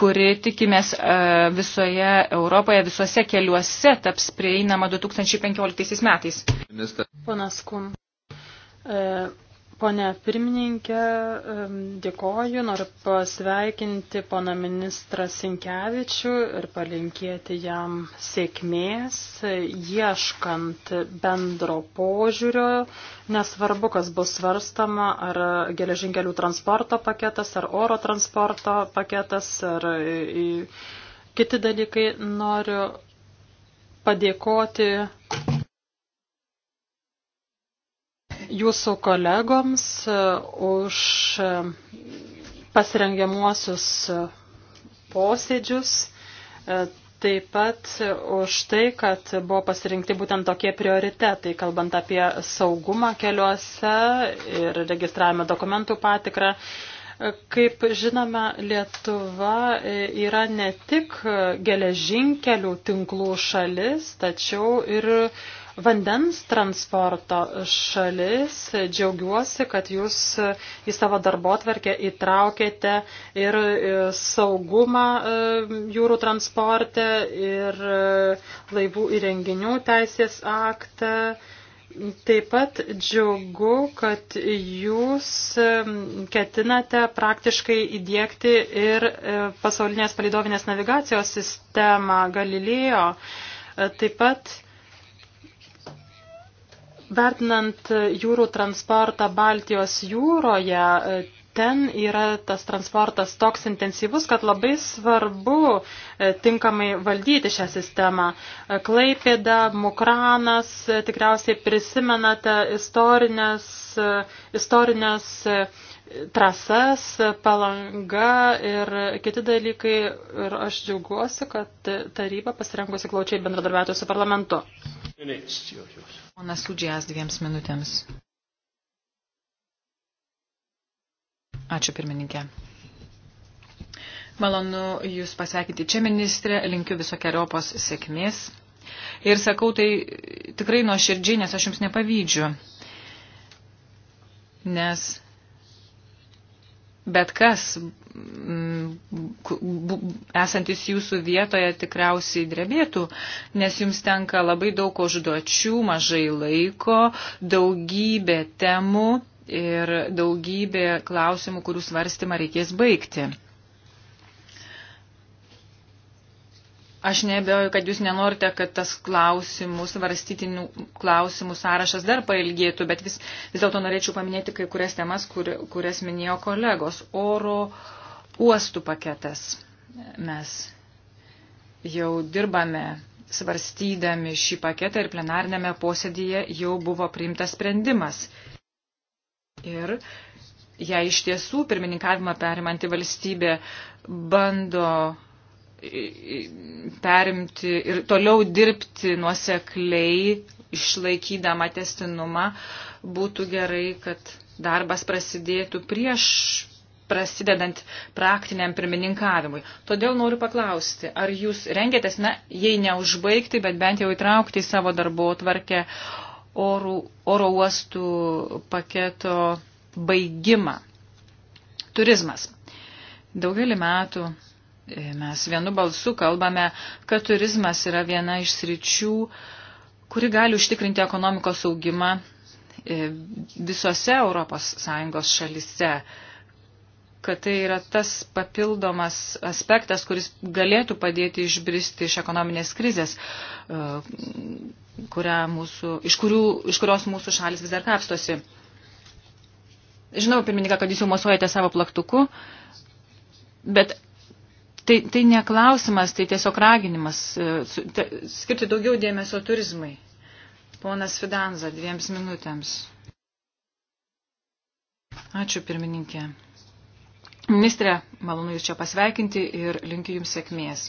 S2: kuri tikimės e, visoje Europoje, visuose
S3: keliuose taps prieinama 2015 metais. Ponas Kum, Pone pirmininkė, dėkoju, noriu pasveikinti pana ministrą Sinkevičių ir palinkėti jam sėkmės, ieškant bendro požiūrio, nesvarbu, kas bus svarstama, ar geležinkelių transporto paketas, ar oro transporto paketas, ar kiti dalykai. Noriu padėkoti jūsų kolegoms e, už e, pasirengiamuosius e, posėdžius, taip pat už tai, kad buvo pasirinkti būtent tokie prioritetai, kalbant apie saugumą keliuose ir registravimo dokumentų patikrą. Kaip žinome, Lietuva yra ne tik geležinkelių tinklų šalis, tačiau ir uh, vandens transporto šalis. Džiaugiuosi, kad jūs į savo darbo atverkę įtraukėte ir e, saugumą e, jūrų transporte, ir e, laivų įrenginių teisės aktą. Taip pat džiugu, kad jūs ketinate praktiškai įdėkti ir pasaulinės palidovinės navigacijos sistemą Galilėjo. Taip pat Vertinant jūrų transportą Baltijos jūroje, ten yra tas transportas toks intensyvus, kad labai svarbu e, tinkamai valdyti šią sistemą. E, Klaipėda, Mukranas, e, tikriausiai prisimenate istorinės, istorinės trasas, palanga ir kiti dalykai. Ir aš džiaugiuosi, kad taryba pasirengusi glaučiai bendradarbiauti su parlamentu. Minutes, Ponas Sudžijas
S2: dviems minutėms. Ačiū pirmininkė. Malonu Jūs pasveikinti čia, ministrė. Linkiu visokiojopos sėkmės. Ir sakau tai tikrai nuo širdžiai, nes aš Jums nepavydžiu. Nes bet kas mm, esantis jūsų vietoje tikriausiai drebėtų, nes jums tenka labai daug užduočių, mažai laiko, daugybė temų ir daugybė klausimų, kurių svarstymą reikės baigti. Aš nebejoju, kad jūs nenorite, kad tas klausimų, svarstytinių klausimų sąrašas dar pailgėtų, bet vis, vis dėlto norėčiau paminėti kai kurias temas, kur, kurias minėjo kolegos. Oro uostų paketas. Mes jau dirbame svarstydami šį paketą ir plenarnėme posėdyje jau buvo priimtas sprendimas. Ir jei iš tiesų pirmininkavimą perimanti valstybė bando perimti ir toliau dirbti nuosekliai, išlaikydama testinumą, būtų gerai, kad darbas prasidėtų prieš prasidedant praktiniam pirmininkavimui. Todėl noriu paklausti, ar jūs rengiatės, na, jei neužbaigti, bet bent jau įtraukti į savo darbo tvarkę oro, oro uostų paketo baigimą. Turizmas. Daugelį metų mes vienu balsu kalbame, kad turizmas yra viena iš sričių, kuri gali užtikrinti ekonomikos augimą e, visose ES šalise kad tai yra tas papildomas aspektas, kuris galėtų padėti išbristi iš ekonominės krizės, e, mūsų, iš, kurių, iš kurios mūsų šalis vis dar kapstosi. Žinau, pirmininką, kad jūs jau mosuojate savo plaktuku, bet tai, tai neklausimas, tai tiesiog raginimas e, skirti daugiau dėmesio turizmai. Ponas Fidanza, dviems minutėms. Ačiū, pirmininkė. Ministrė, malonu Jūs čia pasveikinti ir linkiu Jums sėkmės.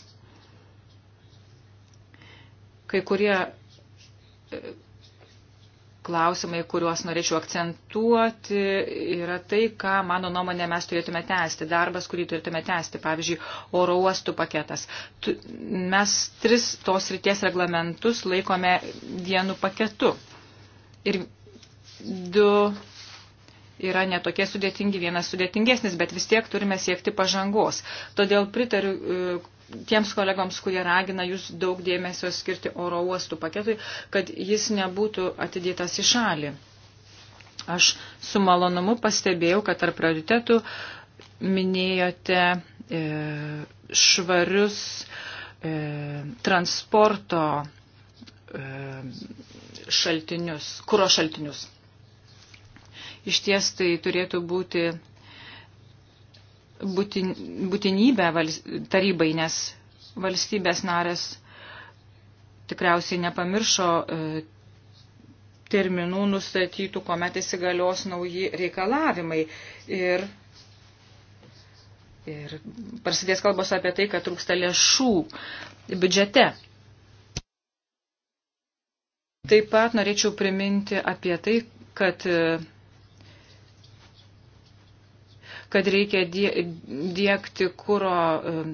S2: Kai kurie e, klausimai, kuriuos norėčiau akcentuoti, yra tai, ką, mano nuomonė, mes turėtume tęsti, darbas, kurį turėtume tęsti, pavyzdžiui, oro uostų paketas. Tu, mes tris tos ryties reglamentus laikome vienu paketu. Ir du yra netokie sudėtingi, vienas sudėtingesnis, bet vis tiek turime siekti pažangos. Todėl pritariu tiems kolegoms, kurie ragina jūs daug dėmesio skirti oro uostų paketui, kad jis nebūtų atidėtas į šalį. Aš su malonumu pastebėjau, kad tarp prioritetų minėjote e, švarius e, transporto e, šaltinius, kūro šaltinius. Iš ties tai turėtų būti būtin, būtinybę valst, tarybai, nes valstybės narės tikriausiai nepamiršo e, terminų nustatytų, kuomet įsigalios nauji reikalavimai. Ir, ir prasidės kalbos apie tai, kad trūksta lėšų biudžete. Taip pat norėčiau priminti apie tai, kad e, kad reikia dėkti kūro um,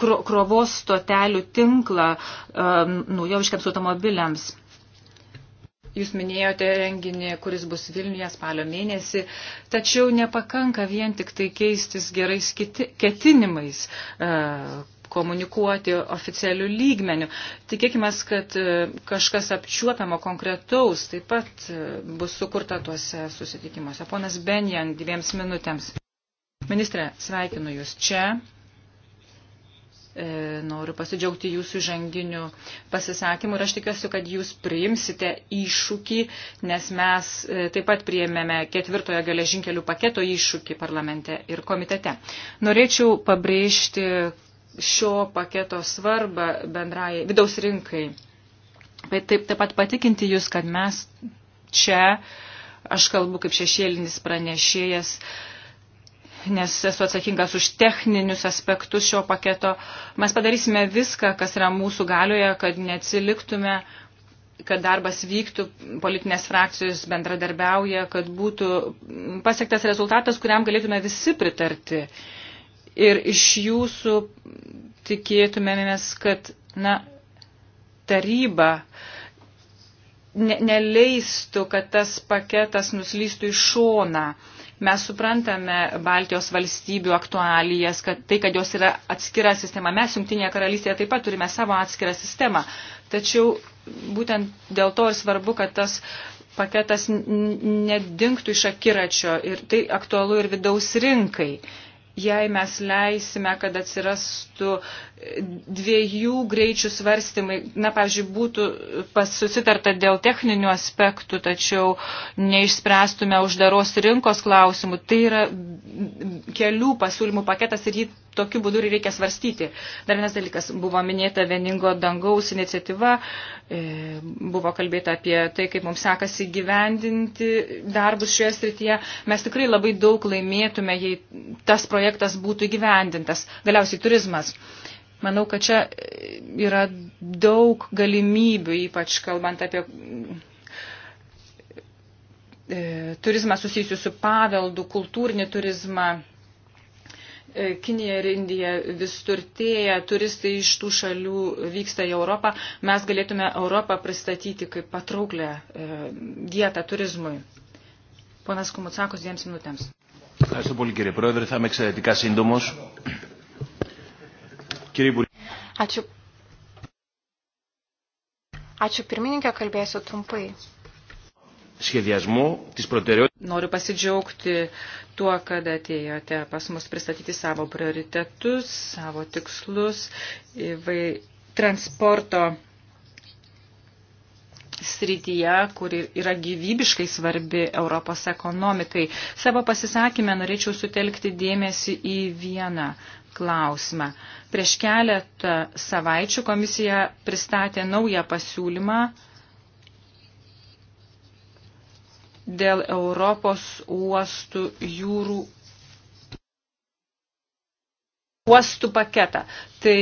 S2: krovos stotelių tinklą um, naujoviškiams automobiliams. Jūs minėjote renginį, kuris bus Vilniuje spalio mėnesį, tačiau nepakanka vien tik tai keistis gerais kiti, ketinimais uh, komunikuoti oficialių lygmenių. Tikėkime, kad uh, kažkas apčiuopiamo konkretaus taip pat uh, bus sukurta tuose susitikimuose. Ponas Benjan, dviems minutėms. Ministrė, sveikinu Jūs čia. E, noriu pasidžiaugti jūsų žanginių pasisakymų ir aš tikiuosi, kad jūs priimsite iššūkį, nes mes e, taip pat priėmėme ketvirtojo geležinkelių paketo iššūkį parlamente ir komitete. Norėčiau pabrėžti šio paketo svarbą bendrai vidaus rinkai. Bet taip, taip pat patikinti jūs, kad mes čia, aš kalbu kaip šešėlinis pranešėjas, uh, nes esu atsakingas už techninius aspektus šio paketo. Mes padarysime viską, kas yra mūsų galioje, kad neatsiliktume, kad darbas vyktų, politinės frakcijos bendradarbiauja, kad būtų pasiektas rezultatas, kuriam galėtume visi pritarti. Ir iš jūsų tikėtumėmės, kad na, taryba ne, neleistų, kad tas paketas nuslystų į šoną. Uh, Mes suprantame Baltijos valstybių aktualijas, kad tai, kad jos yra atskira sistema. Mes Junktinėje karalystėje taip pat turime savo atskirą sistemą. Tačiau būtent dėl to ir svarbu, kad tas paketas nedinktų iš akiračio ir tai aktualu ir vidaus rinkai jei mes leisime, kad atsirastų dviejų greičių svarstymai, na, pavyzdžiui, būtų susitarta dėl techninių aspektų, tačiau neišspręstume uždaros rinkos klausimų, tai yra kelių pasiūlymų paketas ir jį tokiu būdu reikia svarstyti. Dar vienas dalykas, buvo minėta vieningo dangaus iniciatyva, e, buvo kalbėta apie tai, kaip mums sekasi gyvendinti darbus šioje srityje. Mes tikrai labai daug laimėtume, jei tas projektas projektas būtų įgyvendintas. Galiausiai turizmas. Manau, kad čia yra daug galimybių, ypač kalbant apie e, turizmą susijusiu su paveldu, kultūrinį turizmą. E, Kinija ir Indija vis turtėja, turistai iš tų šalių vyksta į Europą. Mes galėtume Europą pristatyti kaip patrauklę e, vietą turizmui. Ponas Kumutsakos dviems minutėms.
S1: Ευχαριστώ πολύ κύριε Πρόεδρε. Θα είμαι εξαιρετικά σύντομος. Κύριε Υπουργέ.
S2: Ačiū. Ačiū pirmininkė, kalbėsiu trumpai.
S1: Σχεδιασμό της προτεραιότητας.
S2: Noriu pasidžiaugti tuo, kad atėjote pas mus pristatyti savo prioritetus, savo tikslus, transporto srityje, kuri yra gyvybiškai svarbi Europos ekonomikai. Savo pasisakymę norėčiau sutelkti dėmesį į vieną klausimą. Prieš keletą savaičių komisija pristatė naują pasiūlymą dėl Europos uostų jūrų uostų paketą. Tai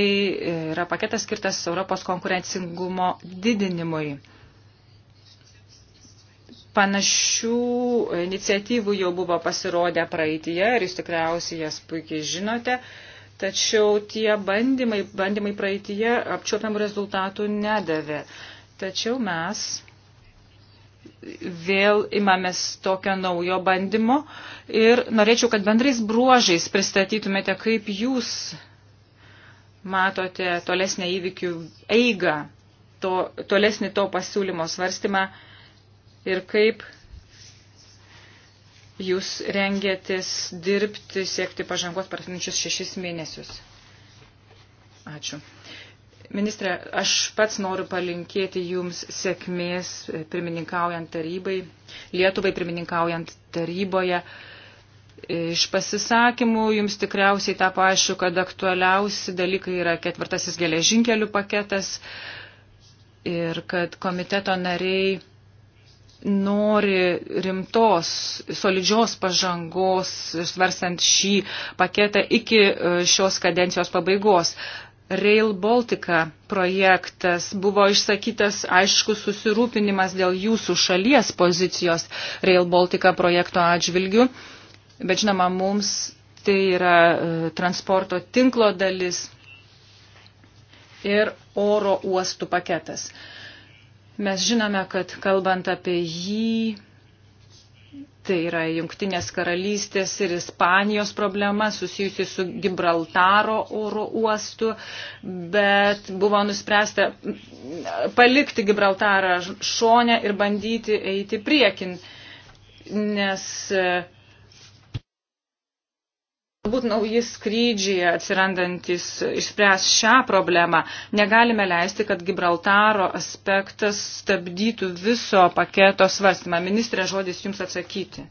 S2: yra paketas skirtas Europos konkurencingumo didinimui. Panašių e, iniciatyvų jau buvo pasirodę praeitie ir jūs tikriausiai jas puikiai žinote, tačiau tie bandymai, bandymai praeitie apčiopiam rezultatų nedavė. Tačiau mes vėl imamės tokio naujo bandymo ir norėčiau, kad bendrais bruožais pristatytumėte, kaip jūs matote tolesnę įvykių eigą, to, tolesnį to pasiūlymo svarstymą ir kaip jūs rengėtės dirbti, siekti pažangos per atminčius šešis mėnesius. Ačiū. Ministrė, aš pats noriu palinkėti Jums sėkmės pirmininkaujant tarybai, Lietuvai pirmininkaujant taryboje. Iš pasisakymų jums tikriausiai tapo aišku, kad aktualiausi dalykai yra ketvirtasis geležinkelių paketas ir kad komiteto nariai nori rimtos, solidžios pažangos, svarstant šį paketą iki e, šios kadencijos pabaigos. Rail Baltica projektas buvo išsakytas aiškus susirūpinimas dėl jūsų šalies pozicijos Rail Baltica projekto atžvilgių, bet žinoma, mums tai yra e, transporto tinklo dalis ir oro uostų paketas. Uh, Mes žinome, kad kalbant apie jį, tai yra Junktinės karalystės ir Ispanijos problema susijusi su Gibraltaro oro uostu, bet buvo nuspręsta palikti Gibraltarą šonę ir bandyti eiti priekin, nes Galbūt nauji skrydžiai atsirandantis išspręs šią problemą. Negalime leisti, kad Gibraltaro aspektas stabdytų viso paketo svarstymą. Ministrė, žodis Jums atsakyti.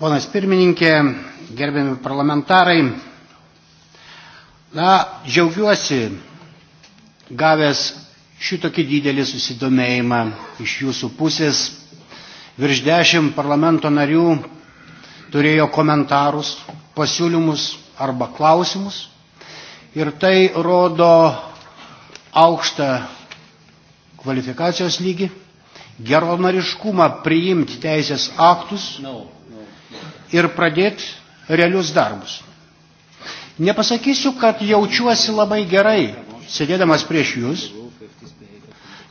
S1: Ponas pirmininkė, gerbiami parlamentarai, na, džiaugiuosi gavęs šitokį didelį susidomėjimą iš jūsų pusės virš dešimt parlamento narių turėjo komentarus, pasiūlymus arba klausimus. Ir tai rodo aukštą kvalifikacijos lygį, geronariškumą priimti teisės aktus ir pradėti realius darbus. Nepasakysiu, kad jaučiuosi labai gerai, sėdėdamas prieš jūs.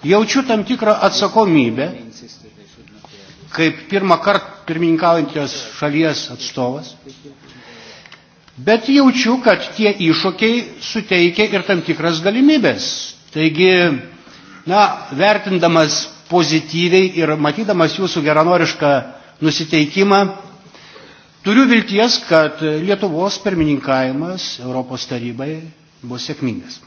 S1: Jaučiu tam tikrą atsakomybę kaip pirmą kartą pirmininkaujančios šalies atstovas, bet jaučiu, kad tie iššūkiai suteikia ir tam tikras galimybės. Taigi, na, vertindamas pozityviai ir matydamas jūsų geranorišką nusiteikimą, turiu vilties, kad Lietuvos pirmininkavimas Europos tarybai bus sėkmingas.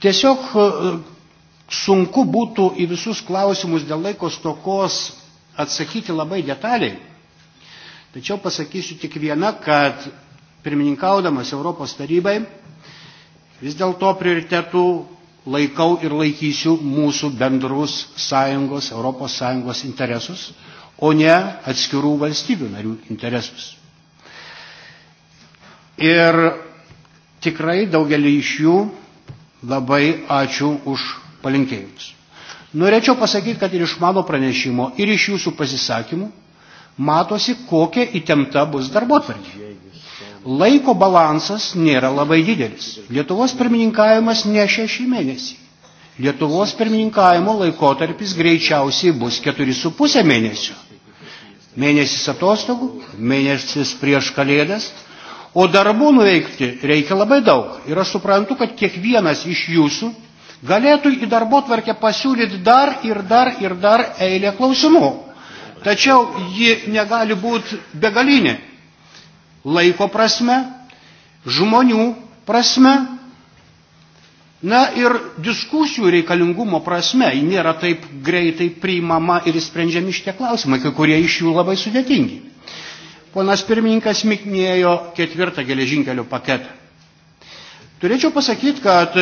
S1: Tiesiog sunku būtų į visus klausimus dėl laiko stokos atsakyti labai detaliai. Tačiau pasakysiu tik vieną, kad pirmininkaudamas Europos tarybai vis dėlto prioritetų laikau ir laikysiu mūsų bendrus sąjungos, Europos sąjungos interesus, o ne atskirų valstybių narių interesus. Ir tikrai daugelį iš jų labai ačiū už palinkėjimus. Norėčiau pasakyti, kad ir iš mano pranešimo, ir iš jūsų pasisakymų matosi, kokia įtempta bus darbotvarkė. Laiko balansas nėra labai didelis. Lietuvos pirmininkavimas ne šeši mėnesiai. Lietuvos pirmininkavimo laikotarpis greičiausiai bus keturi su pusė mėnesio. Mėnesis atostogų, mėnesis prieš kalėdas, o darbų nuveikti reikia labai daug. Ir aš suprantu, kad kiekvienas iš jūsų galėtų į darbo tvarkę pasiūlyti dar ir dar ir dar eilę klausimų. Tačiau ji negali būti begalinė laiko prasme, žmonių prasme, na ir diskusijų reikalingumo prasme. Ji nėra taip greitai priimama ir sprendžiami šitie klausimai, kai kurie iš jų labai sudėtingi. Ponas pirmininkas minėjo ketvirtą geležinkelių paketą. Turėčiau pasakyti, kad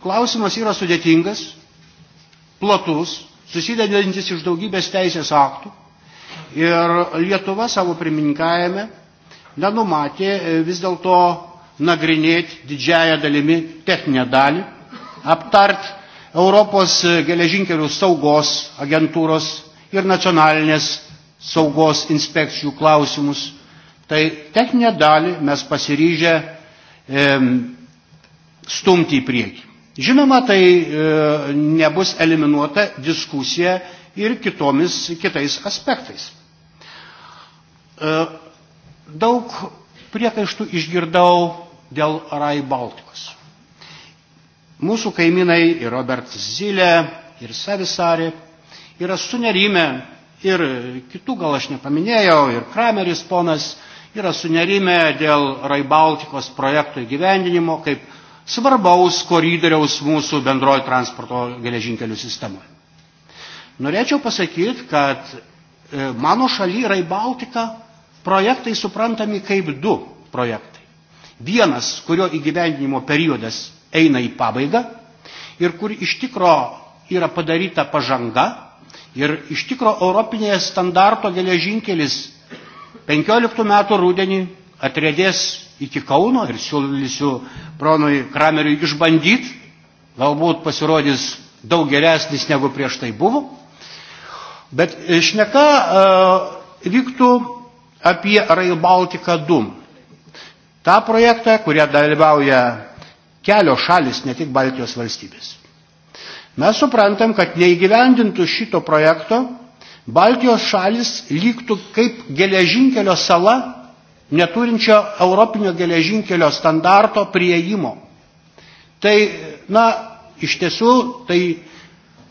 S1: Klausimas yra sudėtingas, platus, susidedantis iš daugybės teisės aktų ir Lietuva savo pirmininkavime nenumatė e, vis dėlto nagrinėti didžiąją dalimi techninę dalį, aptart Europos geležinkelių saugos agentūros ir nacionalinės saugos inspekcijų klausimus. Tai techninę dalį mes pasiryžę e, stumti į priekį. Žinoma, tai e, nebus eliminuota diskusija ir kitomis, kitais aspektais. E, daug priekaištų išgirdau dėl Rai Baltikos. Mūsų kaimynai ir Robert Zilė, ir Savisarė yra sunerime, ir kitų gal aš nepaminėjau, ir Krameris ponas yra sunerime dėl Rai Baltikos projektų įgyvendinimo kaip svarbaus koridoriaus mūsų bendrojo transporto geležinkelių sistemoje. Norėčiau pasakyti, kad e, mano šaly Rai Baltika projektai suprantami kaip du projektai. Vienas, kurio įgyvendinimo periodas eina į pabaigą ir kur iš tikro yra padaryta pažanga ir iš tikro europinėje standarto geležinkelis 15 metų rūdienį atriedės iki Kauno ir siūlysiu Pronui Krameriui išbandyti, galbūt pasirodys daug geresnis negu prieš tai buvo. Bet šneka e, vyktų apie Rail Baltica 2. Ta projektą, kurie dalyvauja kelio šalis, ne tik Baltijos valstybės. Mes suprantam, kad neįgyvendintų šito projekto Baltijos šalis lygtų kaip geležinkelio sala neturinčio Europinio geležinkelio standarto prieimo. Tai, na, iš tiesų, tai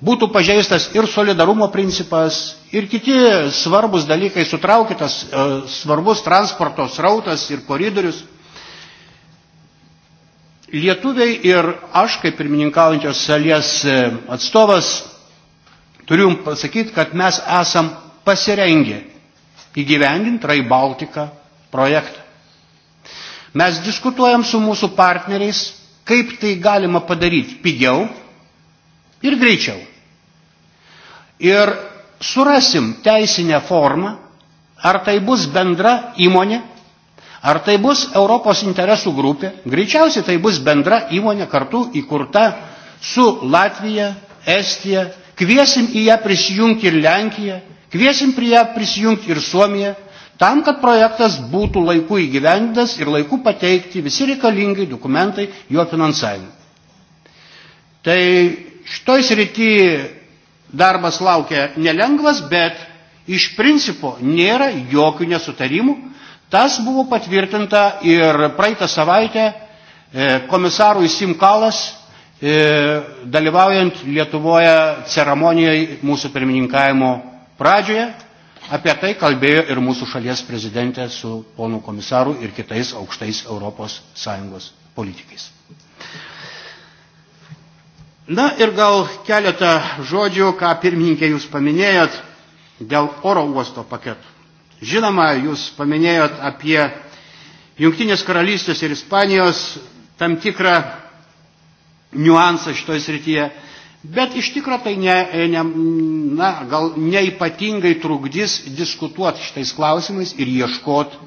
S1: būtų pažeistas ir solidarumo principas, ir kiti svarbus dalykai, sutraukitas e, svarbus transporto srautas ir koridorius. Lietuviai ir aš, kaip pirmininkaujančios salies e, atstovas, turiu jums pasakyti, kad mes esam pasirengę įgyvendinti Rai Baltiką, projektą. Mes diskutuojam su mūsų partneriais, kaip tai galima padaryti pigiau ir greičiau. Ir surasim teisinę formą, ar tai bus bendra įmonė, ar tai bus Europos interesų grupė, greičiausiai tai bus bendra įmonė kartu įkurta su Latvija, Estija, kviesim į ją prisijungti ir Lenkiją, kviesim prie ją prisijungti ir Suomiją, tam, kad projektas būtų laiku įgyvendas ir laiku pateikti visi reikalingi dokumentai jo finansavimui. Tai šitoj srity darbas laukia nelengvas, bet iš principo nėra jokių nesutarimų. Tas buvo patvirtinta ir praeitą savaitę e, komisarui Simkalas e, dalyvaujant Lietuvoje ceremonijoje mūsų pirmininkavimo pradžioje Apie tai kalbėjo ir mūsų šalies prezidentė su ponu komisaru ir kitais aukštais ES politikais. Na ir gal keletą žodžių, ką pirmininkė jūs paminėjot dėl oro uosto paketų. Žinoma, jūs paminėjot apie Junktinės karalystės ir Ispanijos tam tikrą niuansą šitoje srityje. Bet iš tikrųjų tai ne, e, ne, na, gal neipatingai trukdys diskutuoti šitais klausimais ir ieškoti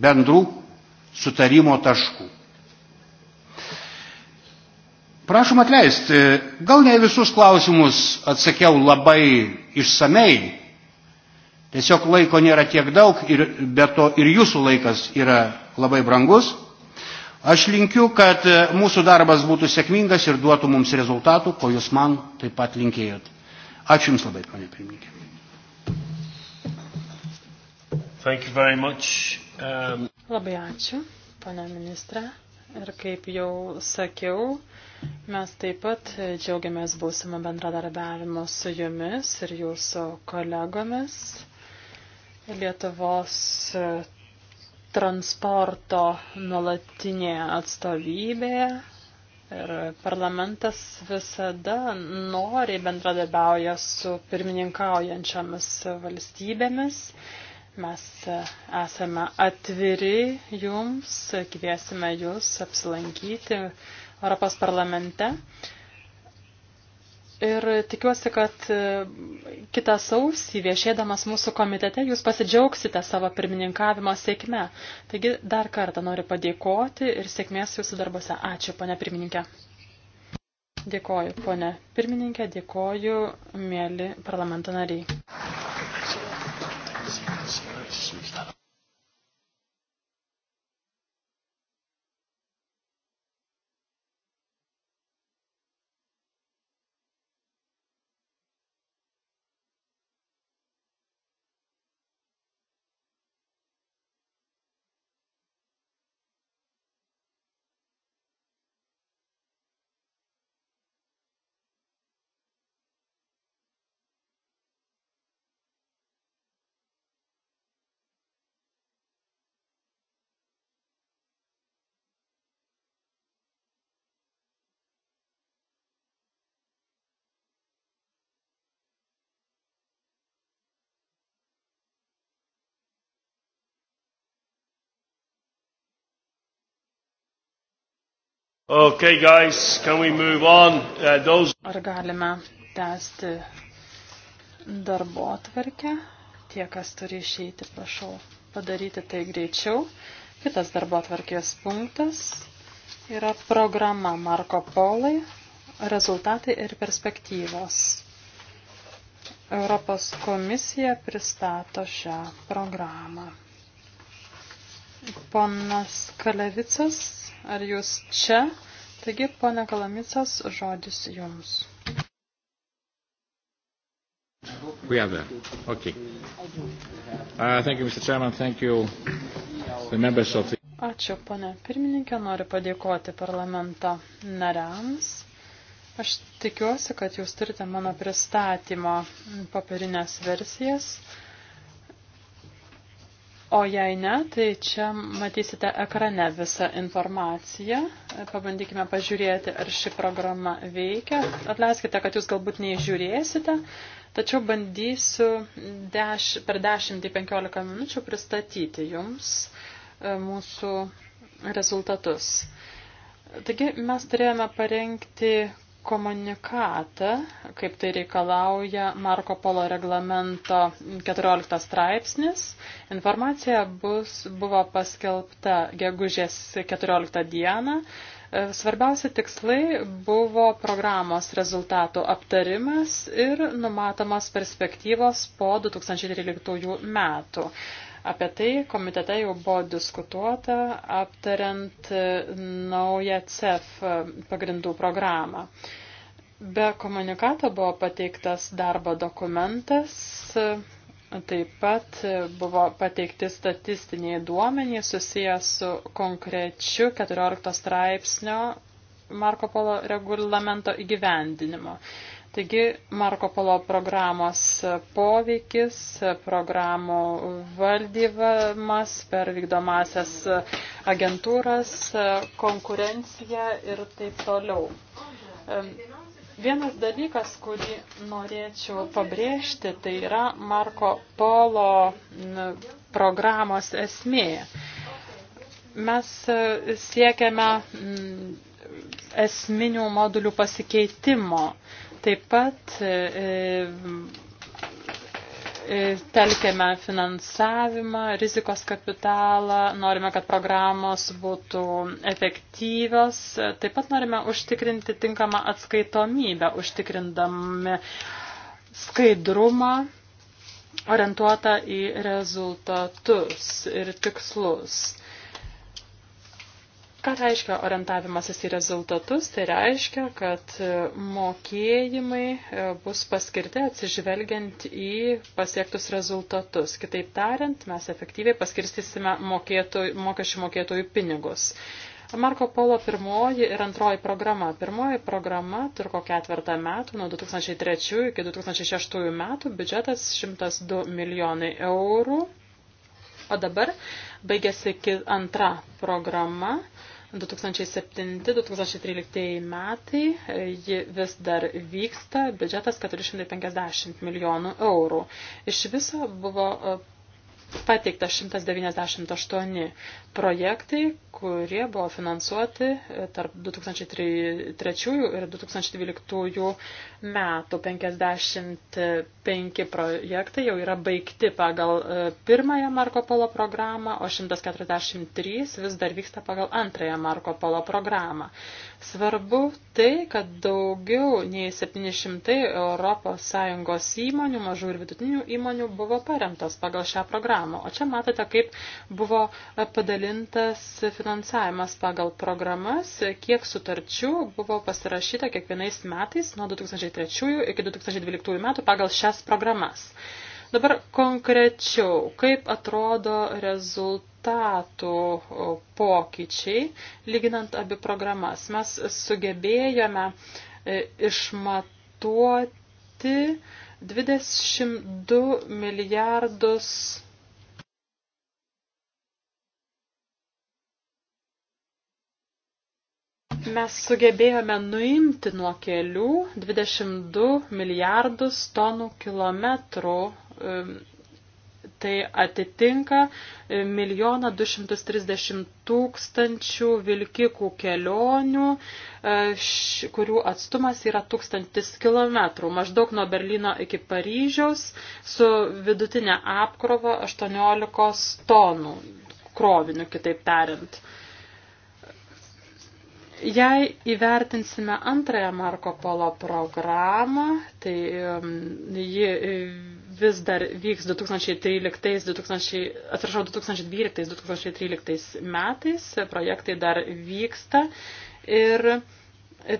S1: bendrų sutarimo taškų. Prašom atleisti, gal ne visus klausimus atsakiau labai išsamei, tiesiog laiko nėra tiek daug ir be to ir jūsų laikas yra labai brangus. Aš linkiu, kad e, mūsų darbas būtų sėkmingas ir duotų mums rezultatų, ko jūs man taip pat linkėjot. Ačiū Jums labai, panė pirmininkė. Um...
S3: Labai ačiū, panė ministra. Ir kaip jau sakiau, mes taip pat džiaugiamės būsimo bendradarbiavimo su jumis ir jūsų kolegomis. Lietuvos transporto nuolatinė atstovybė ir parlamentas visada noriai bendradarbiauja su pirmininkaujančiamis valstybėmis. Mes esame atviri jums, kviesime jūs apsilankyti Europos parlamente. Ir tikiuosi, kad e, kitą sausį viešėdamas mūsų komitete jūs pasidžiaugsite savo pirmininkavimo sėkme. Taigi dar kartą noriu padėkoti ir sėkmės jūsų darbose. Ačiū, ponė pirmininkė. Dėkoju, ponė pirmininkė, dėkoju, mėly parlamento nariai.
S1: Okay, guys, can we move on? Uh, those...
S3: Ar galime tęsti darbo atverkę? Tie, kas turi išeiti, prašau padaryti tai greičiau. Kitas darbo atverkės punktas yra programa Marko Polai, rezultatai ir perspektyvos. Europos komisija pristato šią programą. Ponas Kalevicas ar jūs čia? Taigi, pone Kalamicas, žodis
S1: jums. We are there. Okay. Uh, thank you, Mr. Chairman. Thank you, the members of the... Ačiū,
S3: pane pirmininkė. Noriu padėkoti parlamento nariams. Aš tikiuosi, kad jūs turite mano pristatymo papirinės versijas. Uh, O jei ne, tai čia matysite ekrane visą informaciją. Pabandykime pažiūrėti, ar ši programa veikia. Atleiskite, kad jūs galbūt neižiūrėsite, tačiau bandysiu deš, per 10-15 minučių pristatyti jums e, mūsų rezultatus. Taigi mes turėjome parengti komunikatą, kaip tai reikalauja Marko Polo reglamento 14 straipsnis. Informacija bus, buvo paskelbta gegužės 14 dieną. E, Svarbiausia tikslai buvo programos rezultatų aptarimas ir numatomas perspektyvos po 2013 metų. Apie tai komitete jau buvo diskutuota, aptariant e, naują CEF e, pagrindų programą. Be komunikato buvo pateiktas darbo dokumentas, e, Taip pat buvo pateikti statistiniai duomenys susijęs su konkrečiu 14 straipsnio Marko Polo regulamento įgyvendinimo. Taigi Marko Polo programos poveikis, programų valdymas per vykdomasias agentūras, konkurencija ir taip toliau. Vienas dalykas, kurį norėčiau pabrėžti, tai yra Marko Polo programos esmė. Mes e, siekiame esminių modulių pasikeitimo Taip pat e, e, e, telkėme finansavimą, rizikos kapitalą, norime, kad programos būtų efektyvios, taip pat norime užtikrinti tinkamą atskaitomybę, užtikrindami skaidrumą orientuotą į rezultatus ir tikslus. Ką reiškia orientavimasis į rezultatus? Tai reiškia, kad e, mokėjimai e, bus paskirti atsižvelgiant į pasiektus rezultatus. Kitaip tariant, mes efektyviai paskirstysime mokėtų, mokesčių mokėtojų pinigus. Marko Polo pirmoji ir antroji programa. Pirmoji programa turko ketvirtą metų, nuo 2003 iki 2006 metų, biudžetas 102 milijonai eurų. O dabar baigėsi antra programa. 2007-2013 metai ji vis dar vyksta, biudžetas 450 milijonų eurų. Iš viso buvo pateikta 198 projektai, kurie buvo finansuoti e, tarp 2003 ir 2012 metų. 55 projektai jau yra baigti pagal e, pirmąją Marko Polo programą, o 143 vis dar vyksta pagal antrąją Marko Polo programą. Svarbu tai, kad daugiau nei 700 ES įmonių, mažų ir vidutinių įmonių buvo paremtos pagal šią programą programų. O čia matote, kaip buvo padalintas finansavimas pagal programas, kiek sutarčių buvo pasirašyta kiekvienais metais nuo 2003 iki 2012 metų pagal šias programas. Dabar konkrečiau, kaip atrodo rezultatų pokyčiai, lyginant abi programas. Mes sugebėjome e, išmatuoti 22 milijardus Mes sugebėjome nuimti nuo kelių 22 milijardus tonų kilometrų. Um, tai atitinka 1 e, 230 tūkstančių vilkikų kelionių, e, kurių atstumas yra 1000 km, maždaug nuo Berlyno iki Paryžiaus, su vidutinė apkrova 18 tonų kroviniu, kitaip tariant. Jei įvertinsime antrąją Marko Polo programą, tai um, ji e, vis dar vyks 2013, 2000, atsiprašau, 2012-2013 metais, projektai dar vyksta ir e,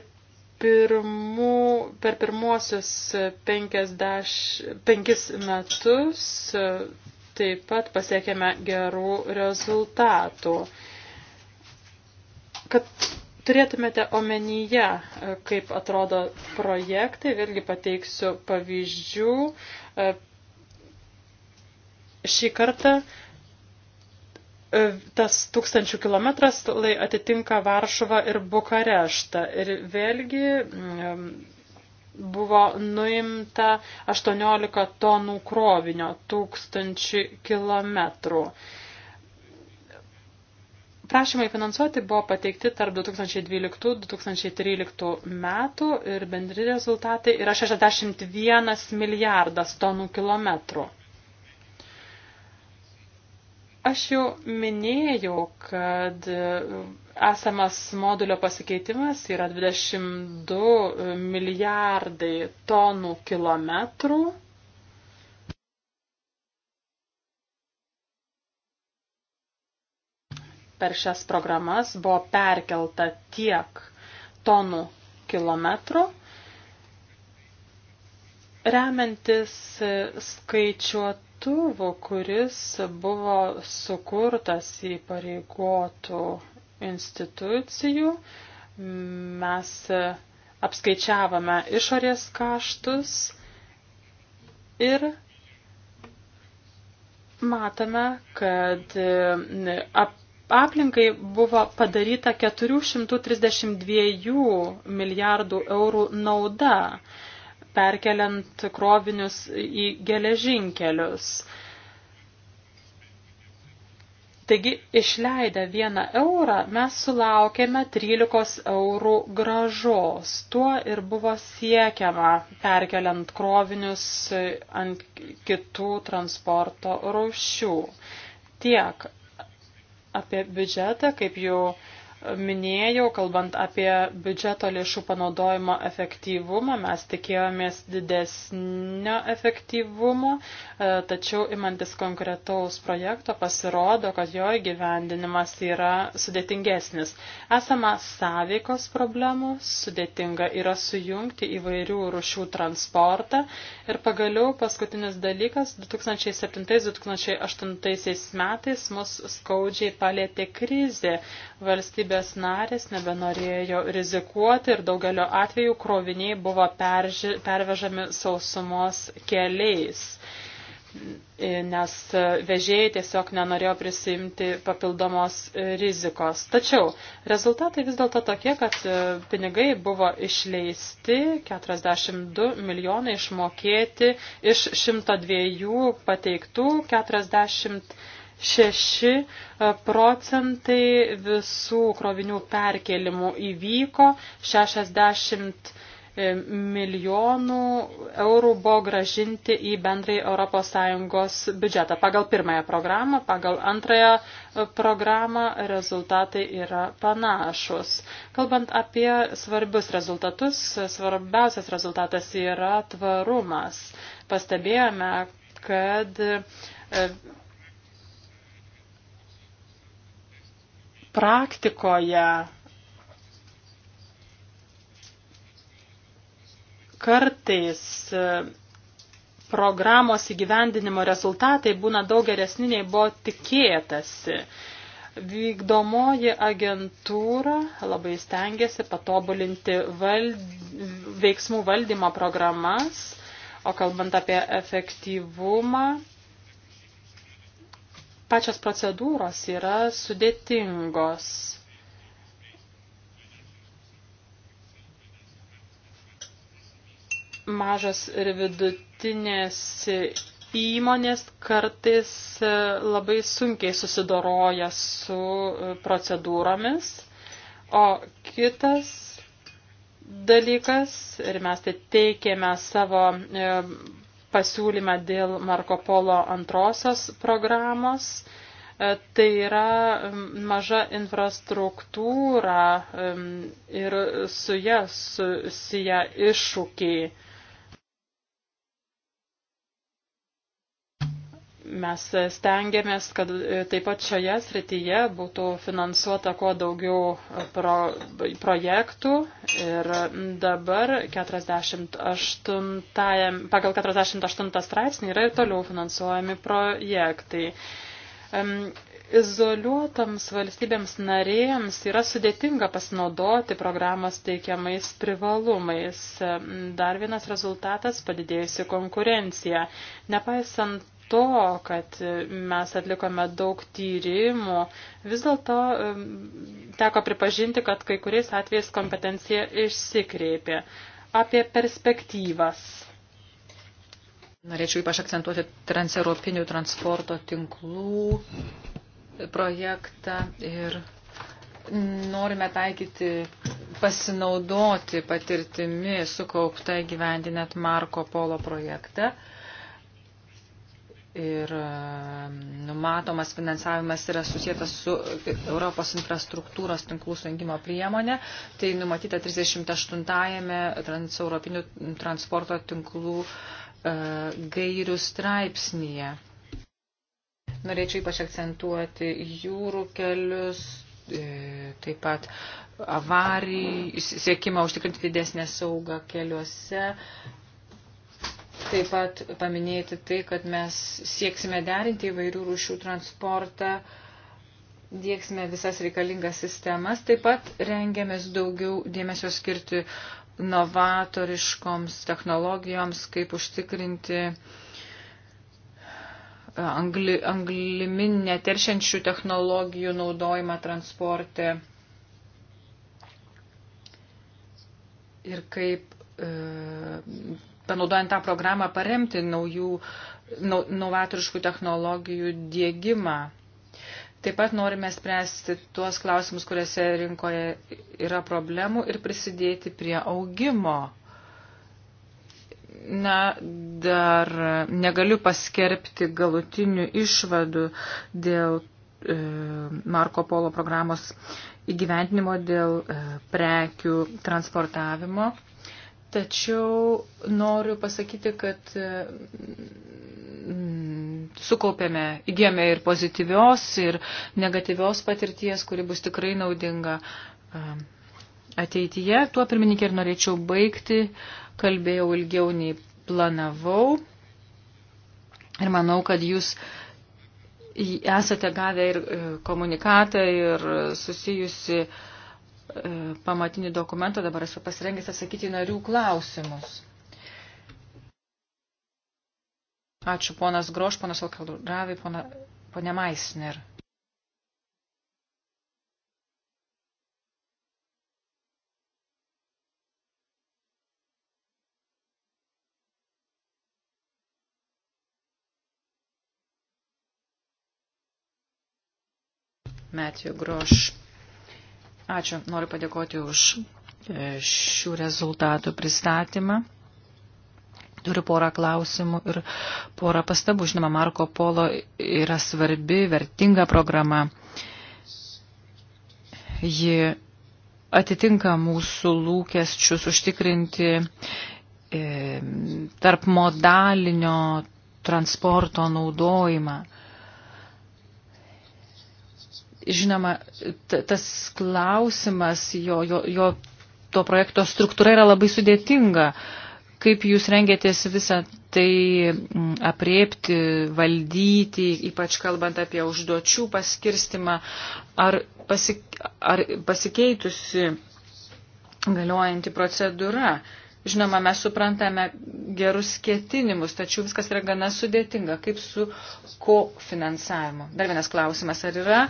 S3: pirmų, per pirmuosius 55 metus e, taip pat pasiekėme gerų rezultatų. Kad turėtumėte omenyje, e, kaip atrodo projektai, vėlgi pateiksiu pavyzdžių. E, šį kartą e, tas tūkstančių kilometras atitinka Varšuvą ir Bukareštą. Ir vėlgi buvo nuimta 18 tonų krovinio tūkstančių kilometrų. Prašymai finansuoti buvo pateikti tarp 2012-2013 metų ir bendri rezultatai yra 61 milijardas tonų kilometrų. Aš jau minėjau, kad esamas modulio pasikeitimas yra 22 milijardai tonų kilometrų. per šias programas buvo perkelta tiek tonų kilometrų, remiantis skaičiuotuvu, kuris buvo sukurtas įpareigotų institucijų, mes apskaičiavome išorės kaštus ir matome, kad ap aplinkai buvo padaryta 432 milijardų eurų nauda, perkeliant krovinius į geležinkelius. Taigi išleidę vieną eurą mes sulaukėme 13 eurų gražos. Tuo ir buvo siekiama perkeliant krovinius ant kitų transporto rūšių. Tiek apie biudžetą, kaip jau minėjau, kalbant apie biudžeto lėšų panaudojimo efektyvumą, mes tikėjomės didesnio efektyvumo, e, tačiau imantis konkretaus projekto pasirodo, kad jo įgyvendinimas yra sudėtingesnis. Esama sąveikos problemų, sudėtinga yra sujungti įvairių rušių transportą ir pagaliau paskutinis dalykas 2007-2008 metais mus skaudžiai palėtė krizė valstybė valstybės narės nebenorėjo rizikuoti ir daugelio atvejų kroviniai buvo perži, pervežami sausumos keliais, nes vežėjai tiesiog nenorėjo prisimti papildomos rizikos. Tačiau rezultatai vis dėlto tokie, kad pinigai buvo išleisti 42 milijonai išmokėti iš 102 pateiktų 40 milijonų 6 e, procentai visų krovinių perkelimų įvyko, 60 e, milijonų eurų buvo gražinti į bendrai ES biudžetą. Pagal pirmąją programą, pagal antrąją e, programą rezultatai yra panašus. Kalbant apie svarbius rezultatus, svarbiausias rezultatas yra tvarumas. Pastebėjome, kad praktikoje kartais e, programos įgyvendinimo rezultatai būna daug geresni nei buvo tikėtasi. Vykdomoji agentūra labai stengiasi patobulinti vald... veiksmų valdymo programas, o kalbant apie efektyvumą, pačios procedūros yra sudėtingos. Mažas ir vidutinės įmonės kartais labai sunkiai susidoroja su procedūromis, o kitas dalykas, ir mes tai teikėme savo e, pasiūlymą dėl Marko Polo antrosios programos. E, tai yra maža infrastruktūra ir su ja susiję iššūkiai. Mes stengiamės, kad e, taip pat šioje srityje būtų finansuota kuo daugiau e, pro, projektų ir dabar 48, pagal 48 straipsnį yra ir toliau finansuojami projektai. Izoliuotams valstybėms narėjams yra sudėtinga pasinaudoti programos teikiamais privalumais. Dar vienas rezultatas - padidėjusi konkurencija. Nepaisant to, kad mes atlikome daug tyrimų, vis dėlto teko pripažinti, kad kai kuriais atvejais kompetencija išsikreipė. Apie perspektyvas.
S2: Norėčiau ypač akcentuoti transeuropinių transporto tinklų projektą ir norime taikyti, pasinaudoti patirtimi sukauptą gyvendinant Marko Polo projektą ir numatomas finansavimas yra susijęs su Europos infrastruktūros tinklų sujungimo priemonė. Tai numatyta 38-ame transeuropinių transporto tinklų e, gairių straipsnėje. Norėčiau ypač akcentuoti jūrų kelius, e, taip pat avarijų, siekimą užtikrinti didesnę saugą keliuose, Taip pat paminėti tai, kad mes sieksime derinti įvairių rūšių transportą, dėksime visas reikalingas sistemas, taip pat rengiamės daugiau dėmesio skirti novatoriškoms technologijoms, kaip užtikrinti e, angli, anglimi neteršiančių technologijų naudojimą transporte ir kaip e, panaudojant tą programą, paremti naujų nau, novatoriškų technologijų dėgymą. Taip pat norime spręsti tuos klausimus, kuriuose rinkoje yra problemų ir prisidėti prie augimo. Na, dar negaliu paskerbti galutinių išvadų dėl e, Marko Polo programos įgyventinimo, dėl e, prekių transportavimo. Tačiau noriu pasakyti, kad mm, sukaupėme, įgėmė ir pozityvios, ir negatyvios patirties, kuri bus tikrai naudinga ehm, ateityje. Tuo pirmininkė ir norėčiau baigti, kalbėjau ilgiau nei planavau. Ir manau, kad jūs esate gavę ir e, komunikatą, ir susijusi uh, E, pamatinį dokumentą, dabar esu pasirengęs atsakyti narių klausimus. Ačiū ponas Groš, ponas Alkaldravi, pona, ponė Maisner. Matthew Grosh. Ačiū. Noriu padėkoti už e, šių rezultatų pristatymą. Turiu porą klausimų ir porą pastabų. Žinoma, Marko Polo yra svarbi, vertinga programa. Ji atitinka mūsų lūkesčius užtikrinti e, tarp modalinio transporto naudojimą. Žinoma, tas klausimas, jo, jo, jo to projekto struktūra yra labai sudėtinga. Kaip jūs rengėtės visą tai mm, apriepti, valdyti, ypač kalbant apie užduočių paskirstimą, ar, pasi, ar pasikeitusi galiojanti procedūra? Žinoma, mes suprantame gerus ketinimus, tačiau viskas yra gana sudėtinga, kaip su kofinansavimu. Dar vienas klausimas, ar yra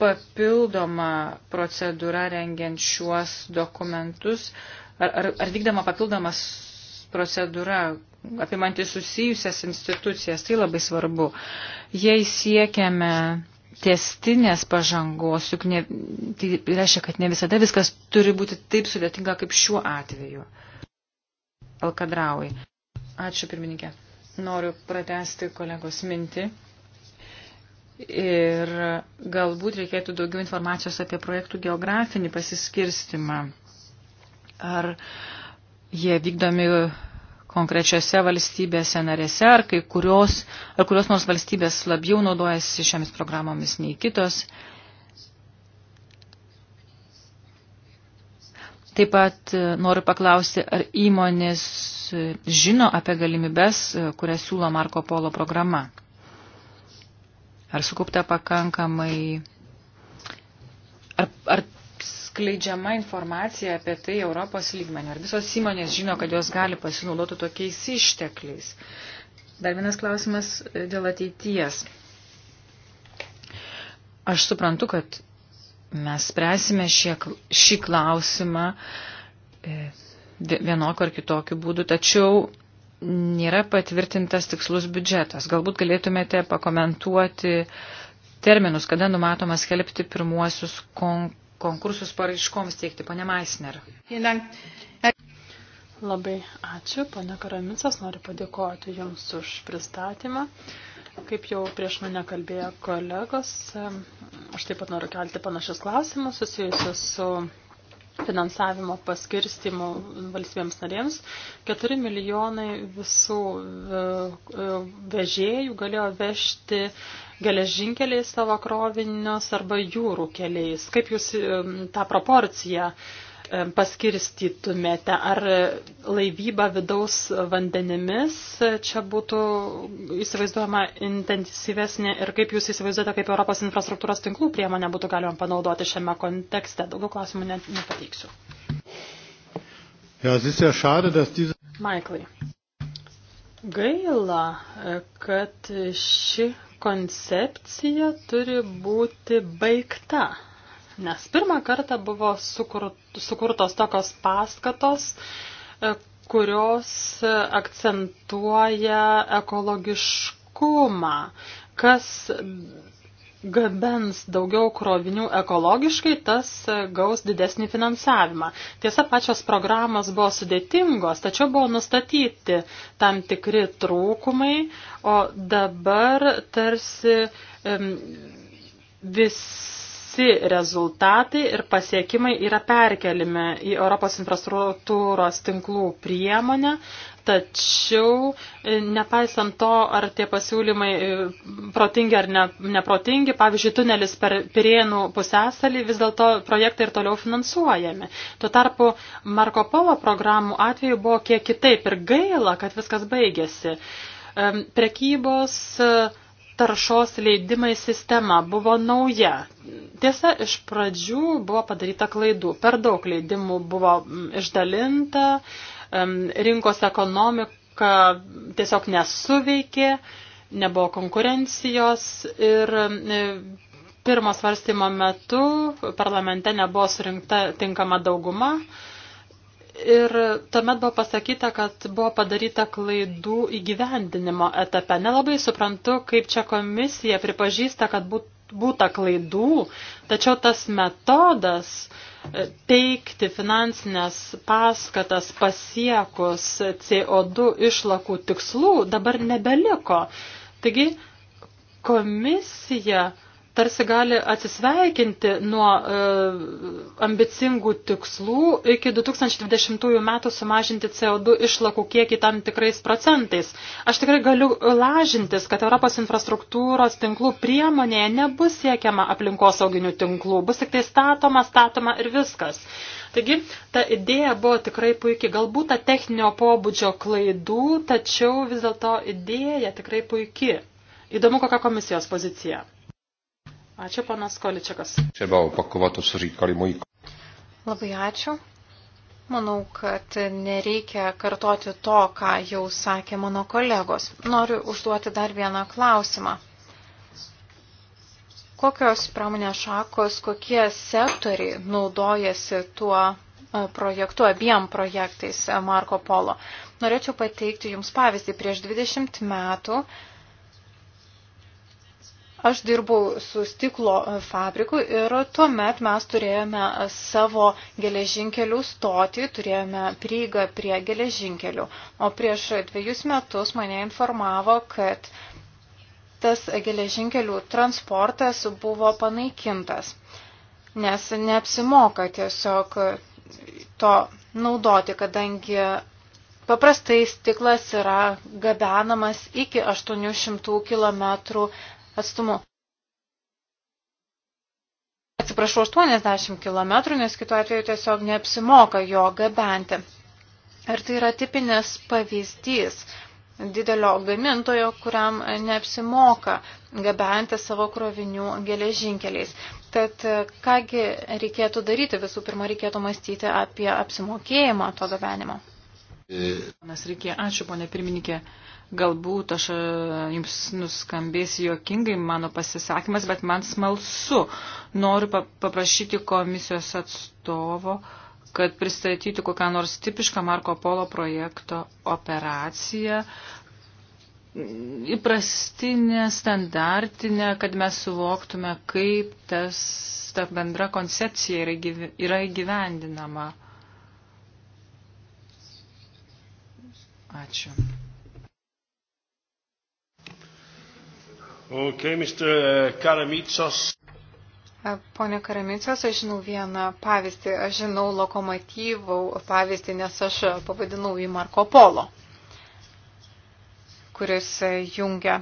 S2: papildoma procedūra rengiant šiuos dokumentus, ar, ar, ar vykdama papildomas procedūra apimanti susijusias institucijas, tai labai svarbu. Jei siekiame testinės pažangos, juk ne, tai reiškia, kad ne visada viskas turi būti taip sudėtinga kaip šiuo atveju. Alkadraui. Ačiū pirmininkė. Noriu pratesti kolegos mintį. Ir galbūt reikėtų daugiau informacijos apie projektų geografinį pasiskirstimą. Ar jie vykdomi konkrečiose valstybėse narėse, ar, kai kurios, ar kurios nors valstybės labiau naudojasi šiomis programomis nei kitos. Taip pat e, noriu paklausti, ar įmonės e, žino apie galimybes, e, kurias siūlo Marko Polo programa. Ar sukaupta pakankamai, ar, ar skleidžiama informacija apie tai Europos lygmenį, ar visos įmonės žino, kad jos gali pasinaudoti tokiais ištekliais. Dar vienas klausimas e, dėl ateities. Aš suprantu, kad mes spręsime šie, šį klausimą e, vienokiu ar kitokiu būdu, tačiau nėra patvirtintas tikslus biudžetas. Galbūt galėtumėte pakomentuoti terminus, kada numatoma skelbti pirmuosius kon konkursus paraiškoms teikti, ponė Maisner.
S3: Labai ačiū, ponė Karamicas, noriu padėkoti Jums už pristatymą. Kaip jau prieš mane kalbėjo kolegos, ehm, aš taip pat noriu kelti panašius klausimus susijusius su finansavimo paskirstimų valstybėms narėms, 4 milijonai visų e, e, vežėjų galėjo vežti geležinkeliais savo krovinius arba jūrų keliais. Kaip jūs e, tą proporciją E, paskirstytumėte, ar laivyba vidaus vandenimis čia būtų įsivaizduojama intensyvesnė ir kaip jūs įsivaizduojate, kaip Europos infrastruktūros tinklų priemonę būtų galima panaudoti šiame kontekste. Daugiau klausimų ne, nepateiksiu.
S1: Ja, ja schade, diese...
S3: Michaelai, gaila, e, kad ši koncepcija turi būti baigta. Nes pirmą kartą buvo sukurtos tokios paskatos, e, kurios e, akcentuoja ekologiškumą. Kas gabens daugiau krovinių ekologiškai, tas e, gaus didesnį finansavimą. Tiesa, pačios programos buvo sudėtingos, tačiau buvo nustatyti tam tikri trūkumai, o dabar tarsi um, visi visi rezultatai ir pasiekimai yra perkelimi į Europos infrastruktūros tinklų priemonę, tačiau e, nepaisant to, ar tie pasiūlymai e, protingi ar ne, neprotingi, pavyzdžiui, tunelis per Pirėnų pusęsalį, vis dėlto projektai ir toliau finansuojami. Tuo tarpu Marko Polo programų atveju buvo kiek kitaip ir gaila, kad viskas baigėsi. Prekybos taršos leidimai sistema buvo nauja. Tiesa, iš pradžių buvo padaryta klaidų. Per daug leidimų buvo mm, išdalinta, rinkos ekonomika tiesiog nesuveikė, nebuvo konkurencijos ir mm, pirmo svarstymo metu parlamente nebuvo surinkta tinkama dauguma. Ir tuomet buvo pasakyta, kad buvo padaryta klaidų įgyvendinimo etape. Nelabai suprantu, kaip čia komisija pripažįsta, kad būt, būta klaidų, tačiau tas metodas e, teikti finansinės paskatas pasiekus CO2 išlakų tikslų dabar nebeliko. Taigi komisija uh, tarsi gali atsisveikinti nuo e, ambicingų tikslų iki 2020 metų sumažinti CO2 išlakų kiekį tam tikrais procentais. Aš tikrai galiu lažintis, kad Europos infrastruktūros tinklų priemonėje nebus siekiama aplinkosauginių tinklų, bus tik tai statoma, statoma ir viskas. Taigi, ta idėja buvo tikrai puikiai, galbūt ta techninio pobūdžio klaidų, tačiau vis dėlto idėja tikrai puikiai. Įdomu, kokia komisijos pozicija. Ačiū, panas Količiakas.
S4: Labai ačiū. Manau, kad nereikia kartoti to, ką jau sakė mano kolegos. Noriu užduoti dar vieną klausimą. Kokios pramonės šakos, kokie sektoriai naudojasi tuo e, projektu, abiem projektais e, Marko Polo? Norėčiau pateikti Jums pavyzdį. Prieš 20 metų Aš dirbau su stiklo e, fabriku ir tuomet mes turėjome e, savo geležinkelių stotį, turėjome prieigą prie geležinkelių. O prieš dviejus metus mane informavo, kad tas geležinkelių transportas buvo panaikintas, nes neapsimoka tiesiog to naudoti, kadangi Paprastai stiklas yra gabenamas iki 800 km atstumu. Atsiprašau, 80 km, nes kitu atveju tiesiog neapsimoka jo gabenti. Ir tai yra tipinis pavyzdys didelio gamintojo, kuriam neapsimoka gabenti savo krovinių geležinkeliais. Tad kągi reikėtų daryti, visų pirma, reikėtų mąstyti apie apsimokėjimą to gabenimo.
S2: Panas Reikė, ačiū, ponė pirmininkė. Galbūt aš e, jums nuskambės juokingai mano pasisakymas, bet man smalsu. Noriu paprašyti komisijos atstovo, kad pristatytų kokią nors tipišką Marko Polo projekto operaciją, įprastinė, standartinė, kad mes suvoktume, kaip tas, ta bendra koncepcija yra įgyvendinama. Ačiū.
S1: Okay, Mr. Uh, Karamicos.
S4: Pone Karamicos, aš žinau vieną pavyzdį. Aš žinau lokomotyvų pavyzdį, nes aš pavadinau jį Marko Polo, kuris jungia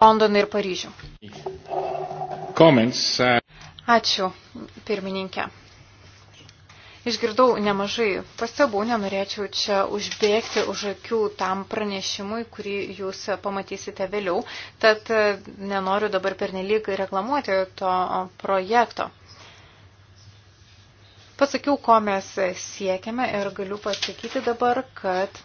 S4: Londoną ir Paryžių.
S2: Comments. Uh,
S4: Ačiū, pirmininkė. Išgirdau nemažai pastabų, nenorėčiau čia užbėgti už akių tam pranešimui, kurį jūs pamatysite vėliau, tad e, nenoriu dabar pernelyg reklamuoti to projekto. Pasakiau, ko mes siekiame ir galiu pasakyti dabar, kad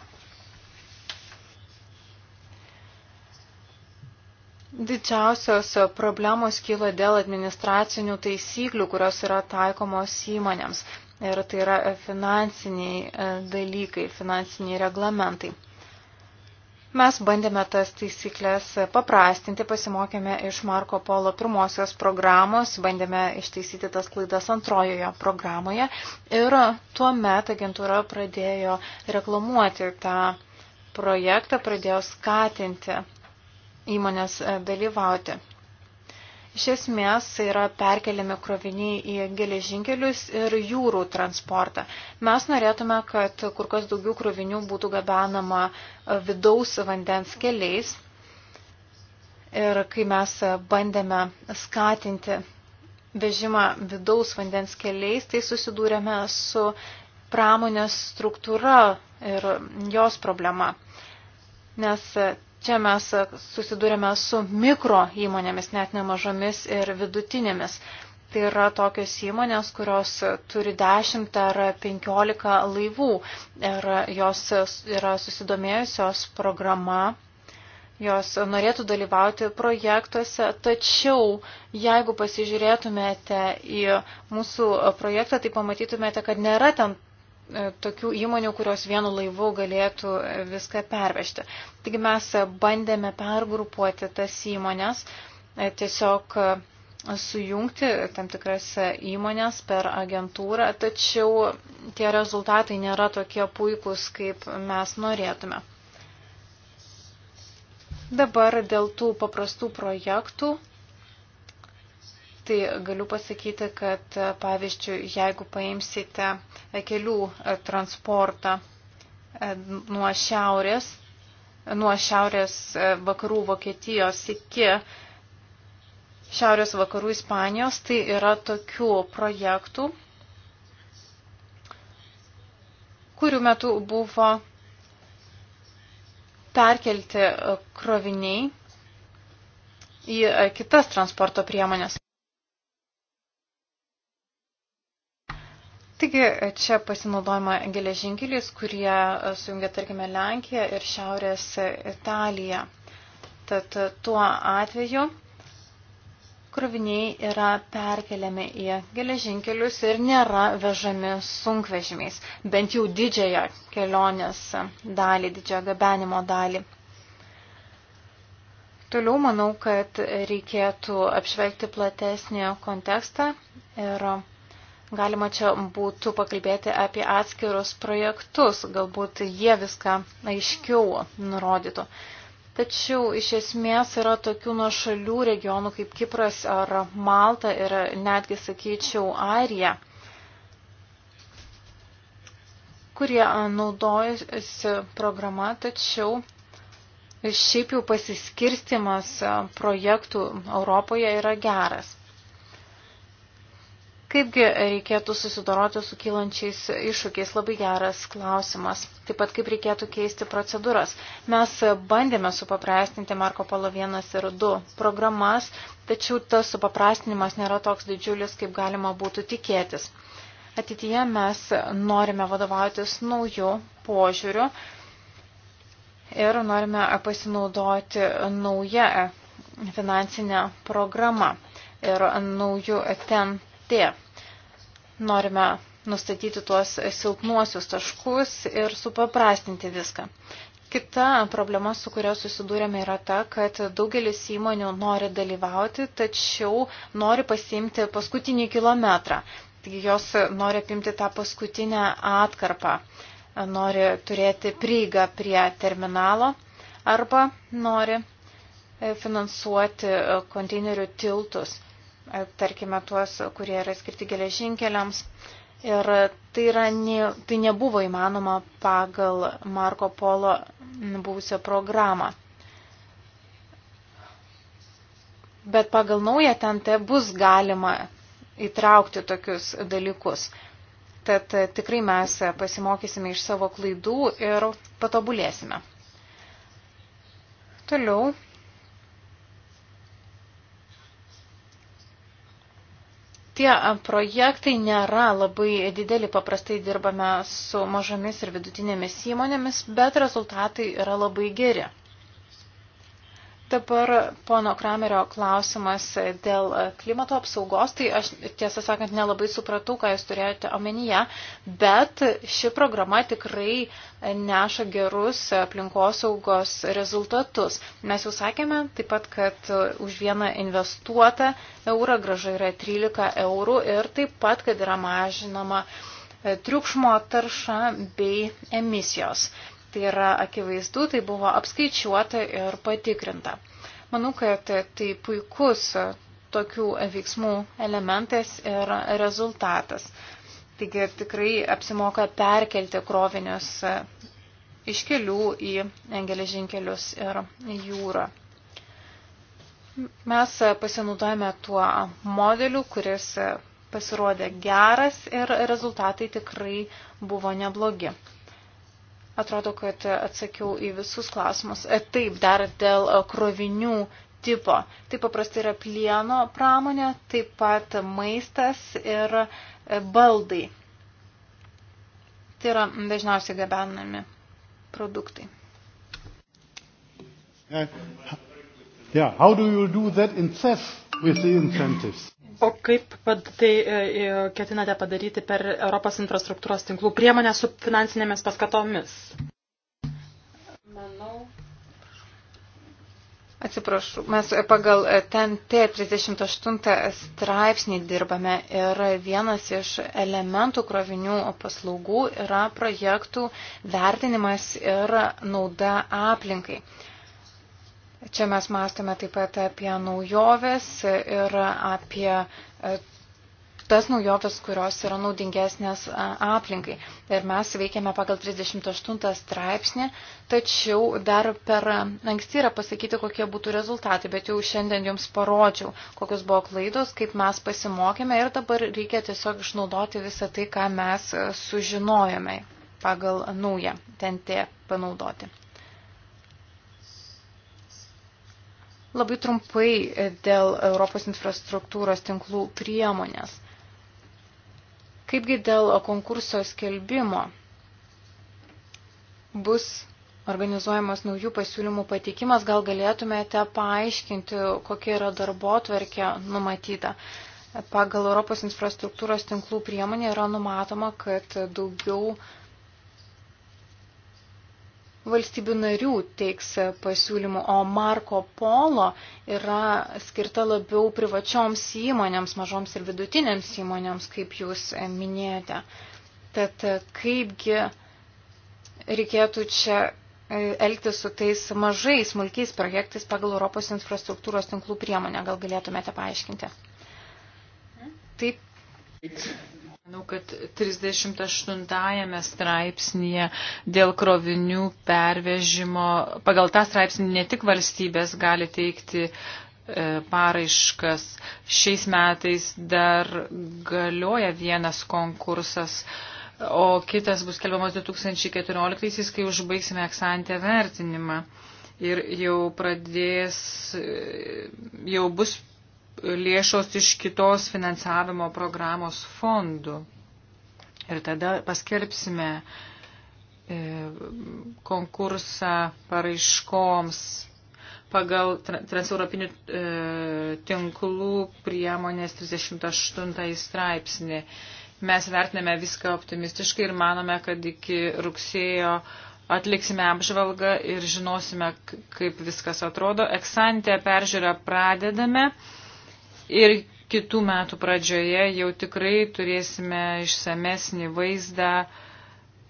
S4: Didžiausios problemos kyla dėl administracinių taisyklių, kurios yra taikomos įmonėms ir tai yra finansiniai e, dalykai, finansiniai reglamentai. Mes bandėme tas taisyklės paprastinti, pasimokėme iš Marko Polo pirmosios programos, bandėme ištaisyti tas klaidas antrojoje programoje ir tuo metu agentūra pradėjo reklamuoti tą projektą, pradėjo skatinti įmonės e, dalyvauti. Iš esmės yra perkeliami kroviniai į geležinkelius ir jūrų transportą. Mes norėtume, kad kur kas daugiau krovinių būtų gabenama e, vidaus vandens keliais. Ir kai mes bandėme skatinti vežimą vidaus vandens keliais, tai susidūrėme su pramonės struktūra ir jos problema. Nes Čia mes susidūrėme su mikro įmonėmis, net nemažomis ir vidutinėmis. Tai yra tokios įmonės, kurios turi 10 ar 15 laivų ir jos yra susidomėjusios programa, jos norėtų dalyvauti projektuose, tačiau jeigu pasižiūrėtumėte į mūsų projektą, tai pamatytumėte, kad nėra ten E, tokių įmonių, kurios vienu laivu galėtų viską pervežti. Taigi mes bandėme pergrupuoti tas įmonės, e, tiesiog e, sujungti tam tikras įmonės per agentūrą, tačiau tie rezultatai nėra tokie puikūs, kaip mes norėtume. Dabar dėl tų paprastų projektų tai galiu pasakyti, kad pavyzdžiui, jeigu paimsite e, kelių e, transportą e, nuo šiaurės, nuo šiaurės vakarų Vokietijos iki šiaurės vakarų Ispanijos, tai yra tokių projektų, kurių metu buvo perkelti kroviniai į kitas transporto priemonės. Taigi čia pasinaudojama geležinkeliais, kurie e, sujungia, tarkime, Lenkiją ir Šiaurės Italiją. Tad e, tuo atveju kroviniai yra perkeliami į geležinkelius ir nėra vežami sunkvežimiais, bent jau didžiąją kelionės dalį, didžiąją gabenimo dalį. Toliau manau, kad reikėtų apžvelgti platesnį kontekstą ir Galima čia būtų pakalbėti apie atskirus projektus, galbūt jie viską aiškiau nurodytų. Tačiau iš esmės yra tokių nuošalių regionų kaip Kipras ar Malta ir netgi, sakyčiau, Airija, kurie naudojasi programa, tačiau šiaip jau pasiskirstimas projektų Europoje yra geras. Kaipgi reikėtų susidoroti su kylančiais iššūkiais? Labai geras klausimas. Taip pat kaip reikėtų keisti procedūras. Mes bandėme supaprastinti Marko Polo 1 ir 2 programas, tačiau tas supaprastinimas nėra toks didžiulis, kaip galima būtų tikėtis. Ateityje mes norime vadovautis naujų požiūrių ir norime pasinaudoti naują finansinę programą ir naujų ten tie. Norime nustatyti tuos silpnuosius taškus ir supaprastinti viską. Kita problema, su kuria susidūrėme, yra ta, kad daugelis įmonių nori dalyvauti, tačiau nori pasiimti paskutinį kilometrą. Taigi jos nori apimti tą paskutinę atkarpą, nori turėti prieigą prie terminalo arba nori finansuoti konteinerių tiltus tarkime, tuos, kurie yra skirti geležinkeliams. Ir tai, yra, ne, tai nebuvo įmanoma pagal Marko Polo buvusią programą. Bet pagal naują TNT bus galima įtraukti tokius dalykus. Tad e, tikrai mes pasimokysime iš savo klaidų ir patobulėsime. Toliau Tie projektai nėra labai dideli, paprastai dirbame su mažomis ir vidutinėmis įmonėmis, bet rezultatai yra labai geri. Dabar pono Kramerio klausimas dėl klimato apsaugos, tai aš tiesą sakant nelabai supratau, ką jūs turėjote omenyje, bet ši programa tikrai neša gerus aplinkosaugos rezultatus. Mes jau sakėme taip pat, kad už vieną investuotą eurą graža yra 13 eurų ir taip pat, kad yra mažinama triukšmo tarša bei emisijos tai yra akivaizdu, tai buvo apskaičiuota ir patikrinta. Manau, kad tai puikus tokių veiksmų elementas ir rezultatas. Taigi tikrai apsimoka perkelti krovinius iš kelių į geležinkelius ir jūrą. Mes pasinaudojame tuo modeliu, kuris pasirodė geras ir rezultatai tikrai buvo neblogi. Atrodo, kad atsakiau į visus klausimus. E, taip, dar dėl e, krovinių tipo. Tai paprastai yra plieno pramonė, taip pat maistas ir e, baldai. Tai yra dažniausiai gabenami produktai.
S1: Uh, yeah, how do you do that in CEF with the incentives?
S3: O kaip tai e, e, ketinate padaryti per Europos infrastruktūros tinklų priemonę su finansinėmis paskatomis? Manau.
S4: Atsiprašau, mes e, pagal ten T38 straipsnį dirbame ir vienas iš elementų krovinių paslaugų yra projektų vertinimas ir nauda aplinkai. Čia mes mąstome taip pat apie naujoves ir apie e, tas naujoves, kurios yra naudingesnės e, aplinkai. Ir mes veikiame pagal 38 straipsnį, tačiau dar per anksti yra pasakyti, kokie būtų rezultatai, bet jau šiandien jums parodžiau, kokios buvo klaidos, kaip mes pasimokėme ir dabar reikia tiesiog išnaudoti visą tai, ką mes e, sužinojome pagal naują TNT panaudoti. Labai trumpai dėl Europos infrastruktūros tinklų priemonės. Kaipgi dėl konkurso skelbimo bus organizuojamas naujų pasiūlymų patikimas, gal galėtumėte paaiškinti, kokia yra darbo tvarkė numatyta. Pagal Europos infrastruktūros tinklų priemonė yra numatoma, kad daugiau valstybių narių teiks pasiūlymų, o Marko Polo yra skirta labiau privačioms įmonėms, mažoms ir vidutinėms įmonėms, kaip jūs minėjote. Tad kaipgi reikėtų čia e, elgtis su tais mažais, smulkiais projektais pagal Europos infrastruktūros tinklų priemonę, gal galėtumėte paaiškinti?
S2: Taip. Manau, kad 38 straipsnėje dėl krovinių pervežimo, pagal tą straipsnį ne tik valstybės gali teikti e, paraiškas. Šiais metais dar galioja vienas konkursas, o kitas bus kelbamas 2014, kai užbaigsime eksantę vertinimą. Ir jau pradės, e, jau bus lėšos iš kitos finansavimo programos fondų. Ir tada paskelbsime e, konkursą paraiškoms pagal transeuropinių e, tinklų priemonės 38 straipsnį. Mes vertiname viską optimistiškai ir manome, kad iki rugsėjo atliksime apžvalgą ir žinosime, kaip viskas atrodo. Eksantę peržiūrą pradedame ir kitų metų pradžioje jau tikrai turėsime išsamesnį vaizdą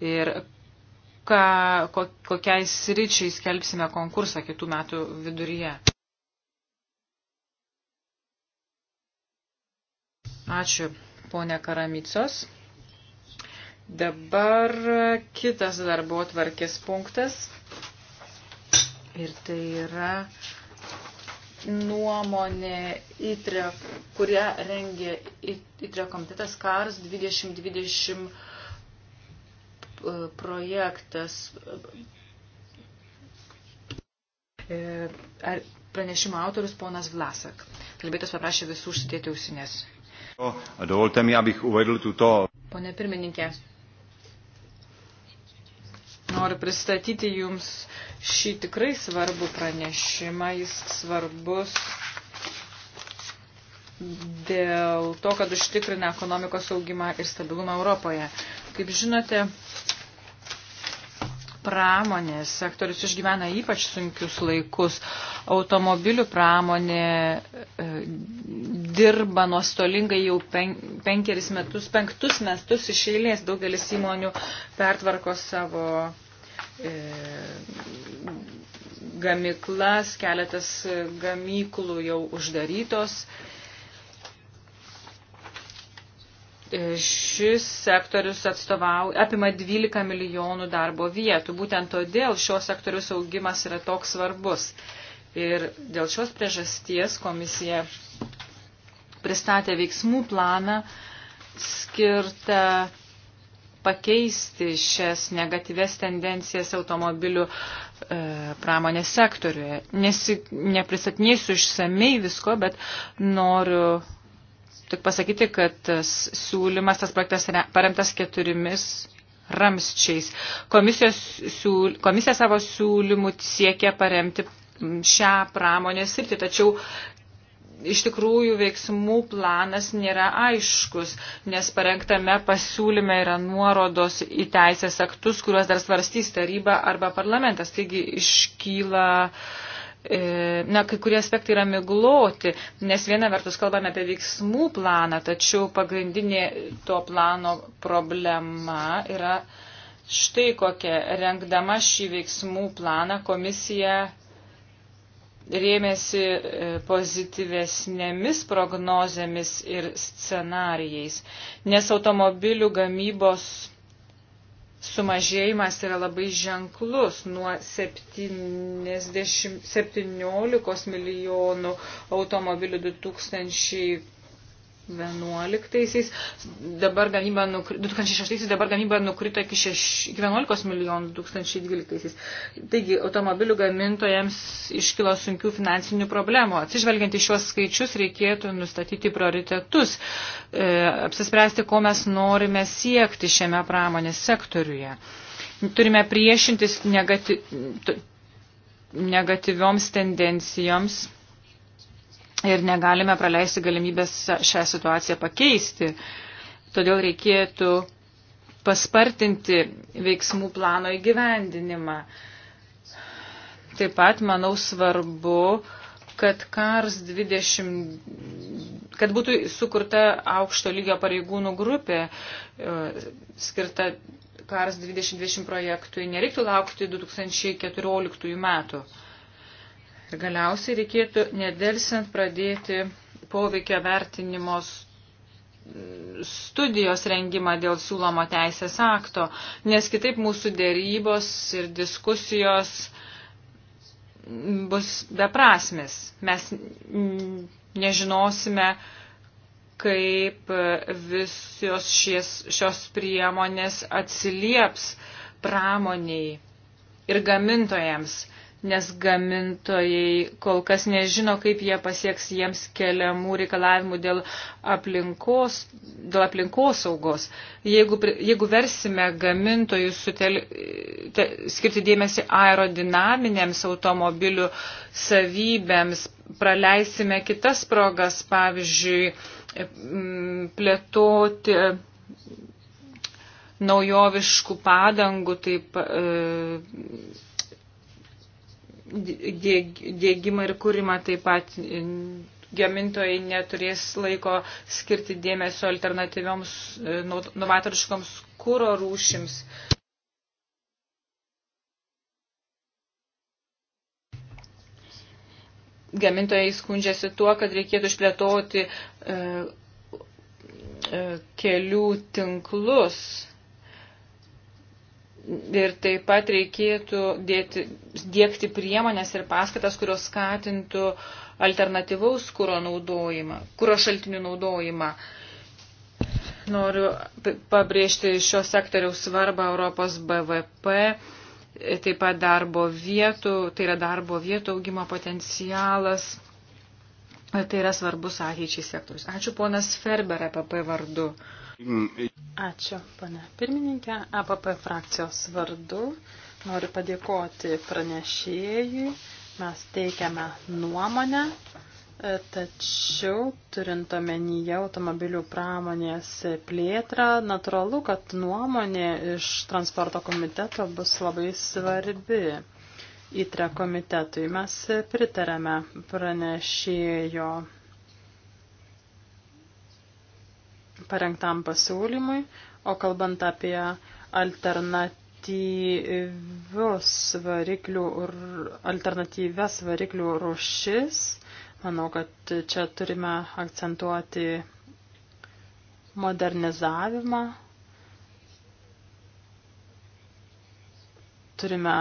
S2: ir ką, ko, kokiai sričiai skelbsime konkursą kitų metų viduryje. Ačiū, ponė Karamicos. Dabar kitas darbo tvarkės punktas. Ir tai yra nuomonė ITRE, kurią rengė ITRE komitetas KARS 2020 e, projektas. E, ar pranešimo autorius ponas Vlasak. Kalbėtas paprašė visų užsidėti ausinės.
S1: Dovolte mi, abych uvedl tuto.
S2: Pone pirmininkė, Noriu pristatyti Jums šį tikrai svarbų pranešimą. Jis svarbus dėl to, kad užtikrina ekonomikos augimą ir stabilumą Europoje. Kaip žinote, pramonės sektorius išgyvena ypač sunkius laikus. Automobilių pramonė e, dirba nuostolingai jau pen, penkeris metus, penktus metus iš eilės daugelis įmonių pertvarko savo e, gamiklas, keletas gamyklų jau uždarytos. E, šis sektorius atstovau, apima 12 milijonų darbo vietų. Būtent todėl šios sektorius augimas yra toks svarbus. Ir dėl šios priežasties komisija pristatė veiksmų planą skirtą pakeisti šias negatyves tendencijas automobilių e, pramonės sektoriuje. Nesi, nepristatinėsiu išsamei visko, bet noriu tik pasakyti, kad tas siūlymas, tas projektas paremtas keturiomis ramsčiais. Komisijos siūl, komisija savo siūlymų siekia paremti šią pramonės sritį, tačiau iš tikrųjų veiksmų planas nėra aiškus, nes parengtame pasiūlyme yra nuorodos į teisės aktus, kuriuos dar svarstys taryba arba parlamentas. Taigi iškyla. E, na, kai kurie aspektai yra migloti, nes viena vertus kalbame apie veiksmų planą, tačiau pagrindinė to plano problema yra štai kokia. Rengdama šį veiksmų planą komisija rėmėsi e, pozityvesnėmis prognozėmis ir scenarijais, nes automobilių gamybos sumažėjimas yra labai ženklus nuo 70, 17 milijonų automobilių 2000 2011, dabar gamyba, nukri, 2006, dabar gamyba nukrito iki, 6, iki 11 milijonų 2012. Taigi automobilių gamintojams iškilo sunkių finansinių problemų. Atsižvelgiant į šiuos skaičius reikėtų nustatyti prioritetus, e, apsispręsti, ko mes norime siekti šiame pramonės sektoriuje. Turime priešintis negati, negatyvioms tendencijoms ir negalime praleisti galimybės šią situaciją pakeisti. Todėl reikėtų paspartinti veiksmų plano įgyvendinimą. Taip pat, manau, svarbu, kad KARS 20, kad būtų sukurta aukšto lygio pareigūnų grupė e, skirta KARS 2020 projektui. Nereiktų laukti 2014 metų. Galiausiai reikėtų nedelsiant pradėti poveikio vertinimos studijos rengimą dėl siūlomo teisės akto, nes kitaip mūsų dėrybos ir diskusijos bus beprasmis. Mes nežinosime, kaip visos šies, šios priemonės atsilieps pramoniai ir gamintojams nes gamintojai kol kas nežino, kaip jie pasieks jiems keliamų reikalavimų dėl aplinkos, dėl aplinkos saugos. Jeigu, jeigu versime gamintojus sutel, te, skirti dėmesį aerodinaminėms automobilių savybėms, praleisime kitas progas, pavyzdžiui, plėtoti naujoviškų padangų, taip. E, dėgymą ir kūrimą taip pat gamintojai neturės laiko skirti dėmesio alternatyvioms e, novatoriškoms kūro rūšims. Gamintojai skundžiasi tuo, kad reikėtų išplėtoti e, e, kelių tinklus Ir taip pat reikėtų dėti, dėkti priemonės ir paskatas, kurios skatintų alternatyvaus kūro naudojimą, kūro šaltinių naudojimą. Noriu pabrėžti šio sektoriaus svarbą Europos BVP, taip pat darbo vietų, tai yra darbo vietų augimo potencialas. Tai yra svarbus ateičiai sektorius. Ačiū ponas
S3: Ferber apie pavardu. vardu. Ačiū, pane pirmininkė. APP frakcijos vardu noriu padėkoti pranešėjui. Mes teikiame nuomonę, e, tačiau turint omenyje automobilių pramonės plėtrą, natūralu, kad nuomonė iš transporto komiteto bus labai svarbi. Įtre komitetui mes pritarėme pranešėjo parengtam pasiūlymui, o kalbant apie alternatyvius variklių, alternatyves variklių rušis, manau, kad čia turime akcentuoti modernizavimą. Turime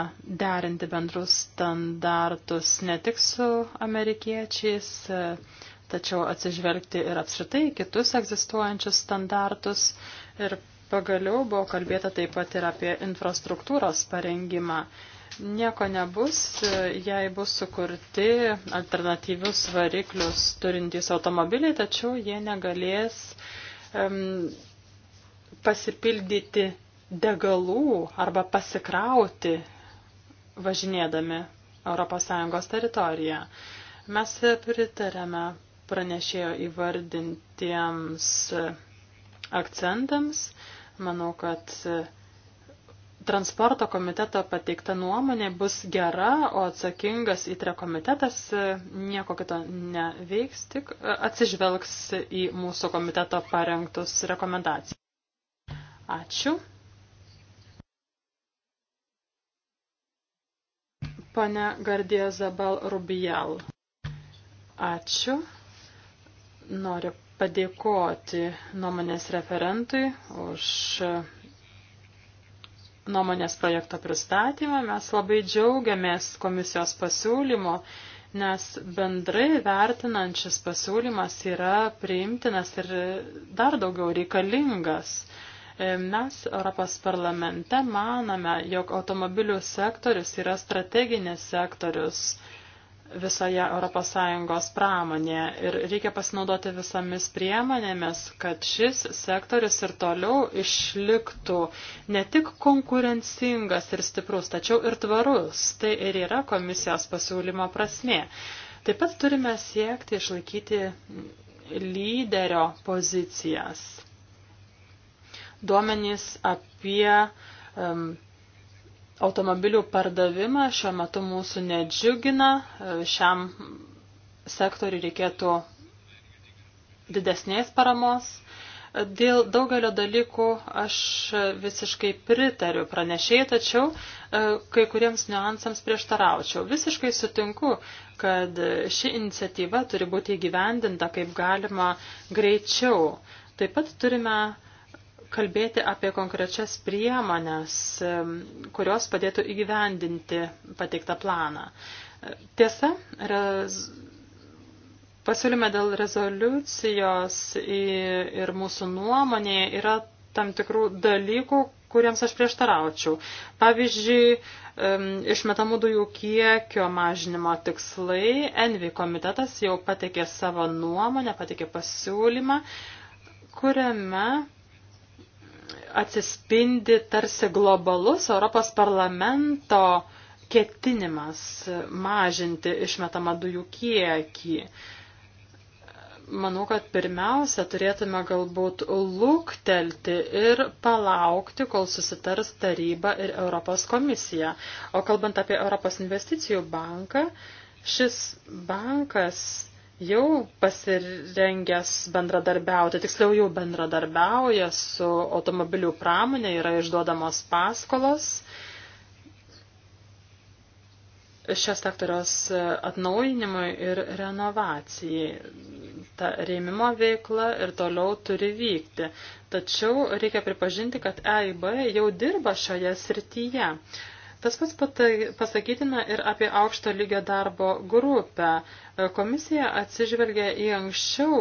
S3: derinti bendrus standartus ne tik su amerikiečiais, tačiau atsižvelgti ir apskritai kitus egzistuojančius standartus. Ir pagaliau buvo kalbėta taip pat ir apie infrastruktūros parengimą. Nieko nebus, jei bus sukurti alternatyvius variklius turintys automobiliai, tačiau jie negalės um, pasipildyti degalų arba pasikrauti važinėdami ES teritoriją. Mes pritarėme pranešėjo įvardintiems akcentams. Manau, kad transporto komiteto pateikta nuomonė bus gera, o atsakingas įtre komitetas nieko kito neveiks, tik atsižvelgs į mūsų komiteto parengtus rekomendacijas. Ačiū. Pane Gardija Zabal Rubijal. Ačiū noriu padėkoti nuomonės referentui už nuomonės projekto pristatymą. Mes labai džiaugiamės komisijos pasiūlymo, nes bendrai vertinant šis pasiūlymas yra priimtinas ir dar daugiau reikalingas. Mes Europos parlamente maname, jog automobilių sektorius yra strateginis sektorius visoje ES pramonėje ir reikia pasinaudoti visomis priemonėmis, kad šis sektorius ir toliau išliktų ne tik konkurencingas ir stiprus, tačiau ir tvarus. Tai ir yra komisijos pasiūlymo prasmė. Taip pat turime siekti išlaikyti lyderio pozicijas. Duomenys apie um, automobilių pardavimą šiuo metu mūsų nedžiugina. Šiam sektoriui reikėtų didesnės paramos. Dėl daugelio dalykų aš visiškai pritariu pranešėjai, tačiau e, kai kuriems niuansams prieštaraučiau. Visiškai sutinku, kad ši iniciatyva turi būti įgyvendinta kaip galima greičiau. Taip pat turime uh, kalbėti apie konkrečias priemonės, kurios padėtų įgyvendinti pateiktą planą. Tiesa, rez... pasiūlyme dėl rezoliucijos ir mūsų nuomonė yra tam tikrų dalykų, kuriems aš prieštaraučiau. Pavyzdžiui, išmetamų dujų kiekio mažinimo tikslai, Envi komitetas jau patikė savo nuomonę, patikė pasiūlymą, kuriame atsispindi tarsi globalus Europos parlamento ketinimas mažinti išmetamą dujų kiekį. Manau, kad pirmiausia turėtume galbūt lūktelti ir palaukti, kol susitars taryba ir Europos komisija. O kalbant apie Europos investicijų banką, šis bankas jau pasirengęs bendradarbiauti, tiksliau jau bendradarbiauja su automobilių pramonė, yra išduodamos paskolos. Šios sektoriaus atnaujinimui ir renovacijai ta rėmimo veikla ir toliau turi vykti. Tačiau reikia pripažinti, kad EIB jau dirba šioje srityje. Tas pats pasakytina ir apie aukšto lygio darbo grupę. Komisija atsižvelgia į anksčiau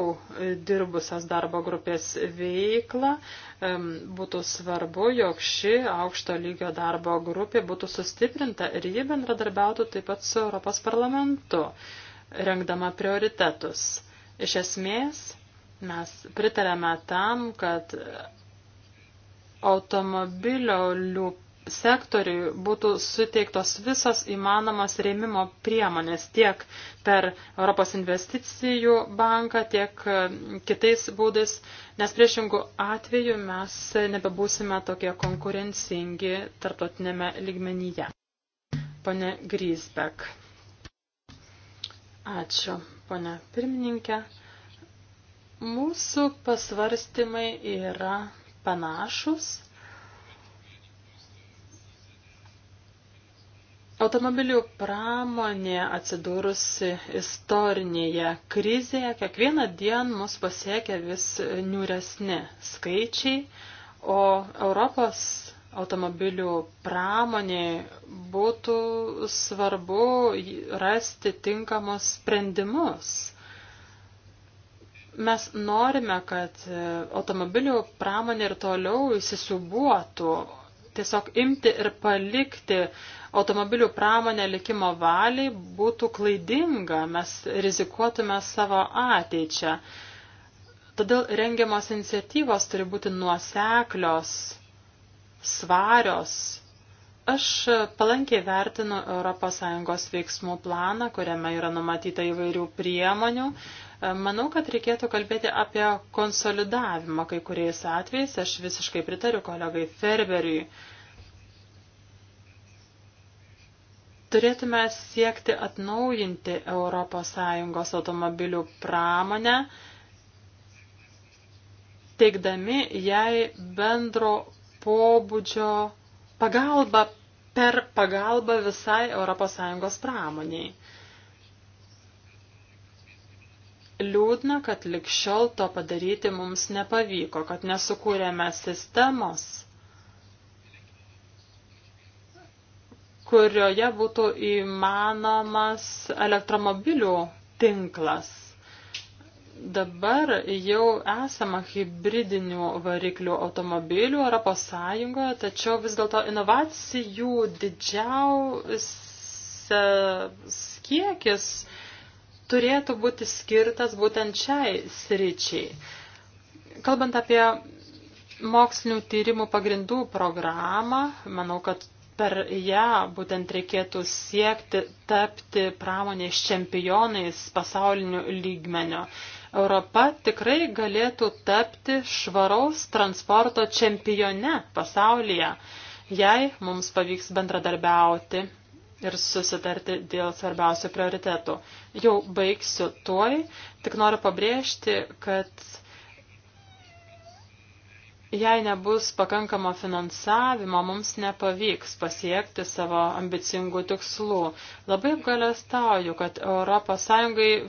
S3: dirbusias darbo grupės veiklą. Būtų svarbu, jog ši aukšto lygio darbo grupė būtų sustiprinta ir ji bendradarbiautų taip pat su Europos parlamentu, rengdama prioritetus. Iš esmės, mes pritarėme tam, kad automobilio lių sektoriui būtų suteiktos visos įmanomas rėmimo priemonės tiek per Europos investicijų banką, tiek e, kitais būdais, nes priešingų atveju mes nebebūsime tokie konkurencingi tarptautinėme lygmenyje. Pone Grisbek. Ačiū, pone pirmininkė. Mūsų pasvarstymai yra panašus Automobilių pramonė atsidūrusi istorinėje krizėje, kiekvieną dieną mus pasiekia vis niūresni skaičiai, o Europos automobilių pramonė būtų svarbu rasti tinkamus sprendimus. Mes norime, kad automobilių pramonė ir toliau įsisubuotų, tiesiog imti ir palikti uh, automobilių pramonė likimo valiai būtų klaidinga, mes rizikuotume savo ateičią. Todėl rengiamos iniciatyvos turi būti nuoseklios, svarios. Aš palankiai vertinu ES veiksmų planą, kuriame yra numatyta įvairių priemonių. Manau, kad reikėtų kalbėti apie konsolidavimą kai kuriais atvejais. Aš visiškai pritariu kolegai Ferberiui. Turėtume siekti atnaujinti ES automobilių pramonę, teikdami jai bendro pobūdžio pagalbą per pagalbą visai ES pramoniai. Liūdna, kad likščiol to padaryti mums nepavyko, kad nesukūrėme sistemos, kurioje būtų įmanomas elektromobilių tinklas. Dabar jau esama hybridinių variklių automobilių Europos Sąjungoje, tačiau vis dėlto inovacijų didžiausias kiekis turėtų būti skirtas būtent šiai sričiai. Kalbant apie mokslinių tyrimų pagrindų programą, manau, kad per ją būtent reikėtų siekti tapti pramonės čempionais pasauliniu lygmeniu. Europa tikrai galėtų tapti švaraus transporto čempione pasaulyje, jei mums pavyks bendradarbiauti ir susitarti dėl svarbiausių prioritetų. Jau baigsiu tuoj, tik noriu pabrėžti, kad Jei nebus pakankamo finansavimo, mums nepavyks pasiekti savo ambicingų tikslų. Labai apgalestauju, kad ES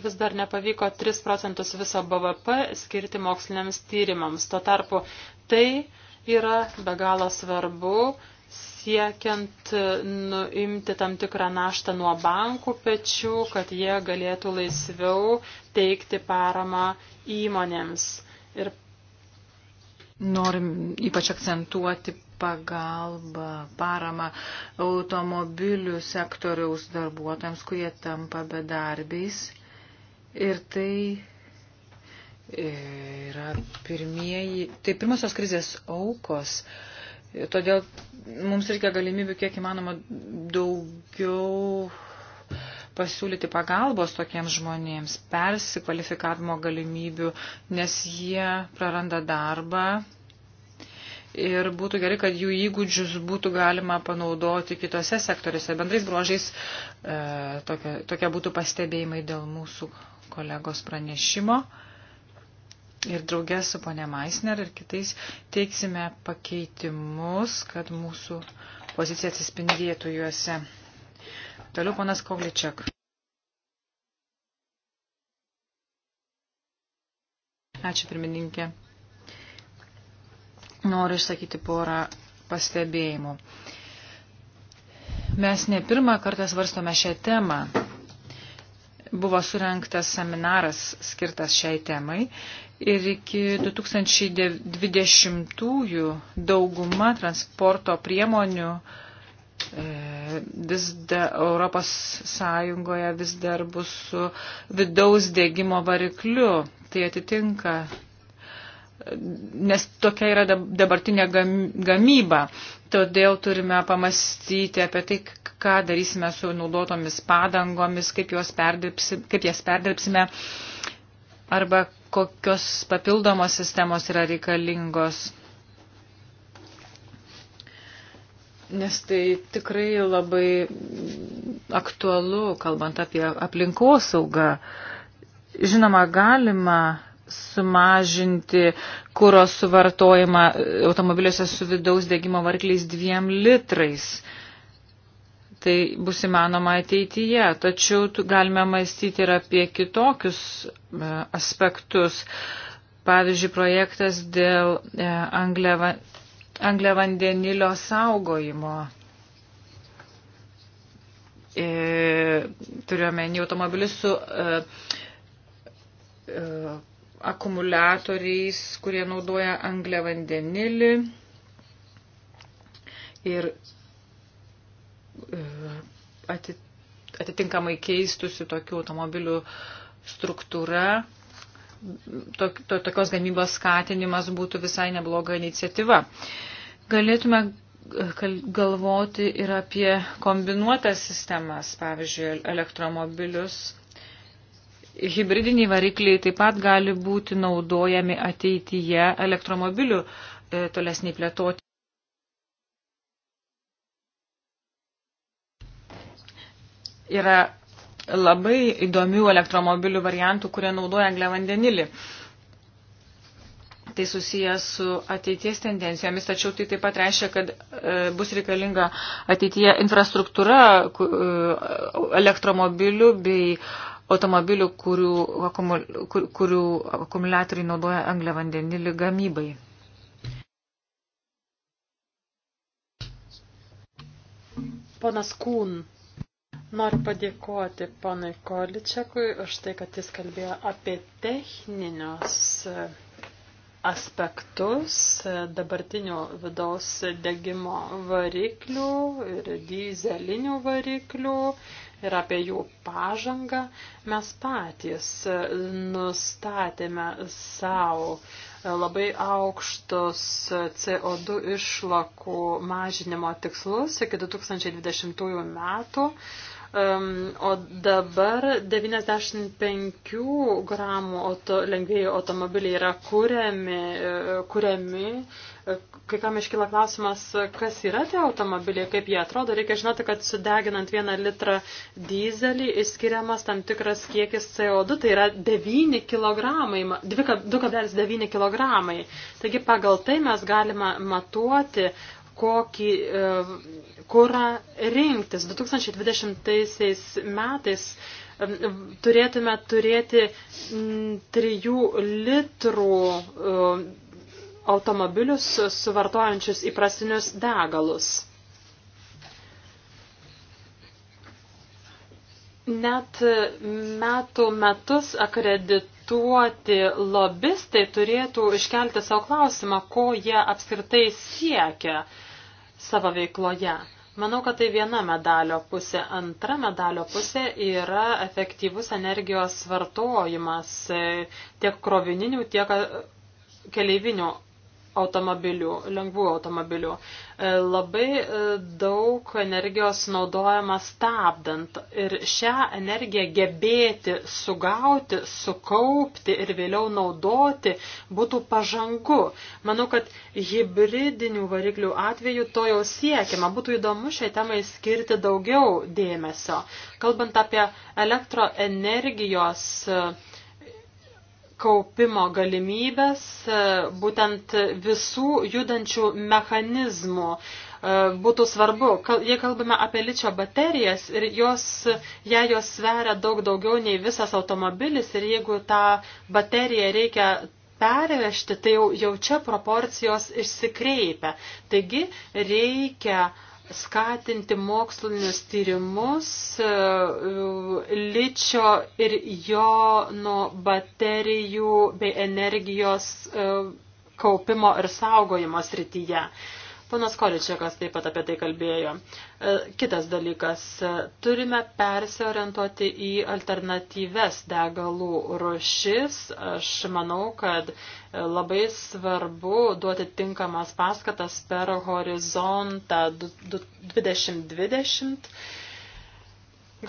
S3: vis dar nepavyko 3 procentus viso BVP skirti moksliniams tyrimams. Tuo tarpu tai yra be galo svarbu siekiant nuimti tam tikrą naštą nuo bankų pečių, kad jie galėtų laisviau teikti paramą įmonėms. Ir
S2: Norim ypač akcentuoti pagalbą, paramą automobilių sektoriaus darbuotojams, kurie tampa bedarbiais. Ir tai e, yra pirmieji, tai pirmosios krizės aukos. Todėl mums reikia galimybių kiek įmanoma daugiau pasiūlyti pagalbos tokiems žmonėms, persikvalifikavimo galimybių, nes jie praranda darbą. Ir būtų gerai, kad jų įgūdžius būtų galima panaudoti kitose sektoriuose. Bendrais bruožais e, tokie, tokie būtų pastebėjimai dėl mūsų kolegos pranešimo. Ir draugė su ponė Maisner ir kitais teiksime pakeitimus, kad mūsų pozicija atsispindėtų juose. Toliau ponas Kogličiak. Ačiū pirmininkė. Noriu išsakyti porą pastebėjimų. Mes ne pirmą kartą svarstome šią temą. Buvo surinktas seminaras skirtas šiai temai ir iki 2020 dauguma transporto priemonių uh, E, vis da, Europos Sąjungoje vis dar bus su vidaus dėgymo varikliu. Tai atitinka, nes tokia yra dabartinė gamyba. Todėl turime pamastyti apie tai, ką darysime su naudotomis padangomis, kaip, kaip jas perdirbsime arba kokios papildomos sistemos yra reikalingos nes tai tikrai labai aktualu, kalbant apie aplinkosaugą. Žinoma, galima sumažinti kūro suvartojimą automobiliuose su vidaus degimo varkliais dviem litrais. Tai bus įmanoma ateityje, tačiau galime mąstyti ir apie kitokius e, aspektus. Pavyzdžiui, projektas dėl e, angliavandenilio anglio vandenilio saugojimo. E, turiuomenį automobilius su e, e, akumuliatoriais, kurie naudoja anglio vandenilį. Ir e, atitinkamai keistųsi tokių automobilių struktūra. E, to, to, tokios gamybos skatinimas būtų visai nebloga iniciatyva. Galėtume galvoti ir apie kombinuotas sistemas, pavyzdžiui, elektromobilius. Hybridiniai varikliai taip pat gali būti naudojami ateityje elektromobilių e, tolesniai plėtoti. Yra labai įdomių elektromobilių variantų, kurie naudoja angliavandenilį. Tai susijęs su ateities tendencijomis, tačiau tai taip pat reiškia, kad e, bus reikalinga ateityje infrastruktūra e, elektromobilių bei automobilių, kurių, kurių akumuliatoriai naudoja angliavandenilį gamybai.
S3: Ponas Kūn. Noriu padėkoti ponui Količiakui už tai, kad jis kalbėjo apie techninius e, aspektus e, dabartinių vidaus degimo variklių ir dizelinių variklių ir apie jų pažangą. Mes patys e, nustatėme savo labai aukštus CO2 išlakų mažinimo tikslus iki 2020 metų. O dabar 95 gramų auto, lengvėjų automobiliai yra kuriami, e, kuriami. E, kai kam iškyla klausimas, kas yra tie automobiliai, kaip jie atrodo. Reikia žinoti, kad sudeginant vieną litrą dizelį išskiriamas tam tikras kiekis CO2, tai yra 9 kg, 2,9 kg. Taigi pagal tai mes galime matuoti kokį e, kurą rinktis. 2020 metais e, turėtume turėti 3 litrų e, automobilius suvartojančius įprastinius degalus. Net metų metus akredit reprezentuoti lobistai turėtų iškelti savo klausimą, ko jie apskritai siekia savo veikloje. Manau, kad tai viena medalio pusė. Antra medalio pusė yra efektyvus energijos vartojimas tiek krovininių, tiek keleivinių automobilių, lengvų automobilių. E, labai e, daug energijos naudojama stabdant ir šią energiją gebėti sugauti, sukaupti ir vėliau naudoti būtų pažangu. Manau, kad hybridinių variklių atveju to jau siekiama. Būtų įdomu šiai temai skirti daugiau dėmesio. Kalbant apie elektroenergijos energijos kaupimo galimybės e, būtent visų judančių mechanizmų. E, būtų svarbu, jei kalbame apie ličio baterijas ir jos, jei jos sveria daug daugiau nei visas automobilis ir jeigu tą bateriją reikia pervežti, tai jau, jau čia proporcijos išsikreipia. Taigi reikia uh, skatinti mokslinius tyrimus e, ličio ir jono baterijų bei energijos e, kaupimo ir saugojimo srityje. Panas Količiakas taip pat apie tai kalbėjo. E, kitas dalykas, e, turime persiorientuoti į alternatyves degalų rušis. Aš manau, kad e, labai svarbu duoti tinkamas paskatas per horizontą 2020.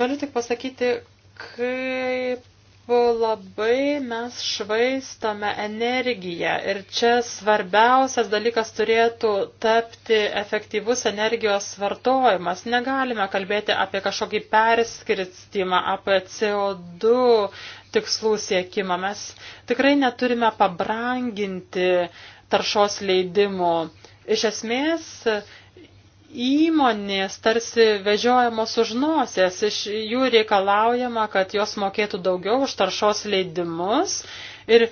S3: Galiu tik pasakyti, kaip labai mes švaistome energiją ir čia svarbiausias dalykas turėtų tapti efektyvus energijos vartojimas. Negalime kalbėti apie kažkokį perskirstimą, apie CO2 tikslų siekimą. Mes tikrai neturime pabranginti taršos leidimų. Iš esmės, įmonės tarsi vežiojamos už nosies, iš jų reikalaujama, kad jos mokėtų daugiau už taršos leidimus ir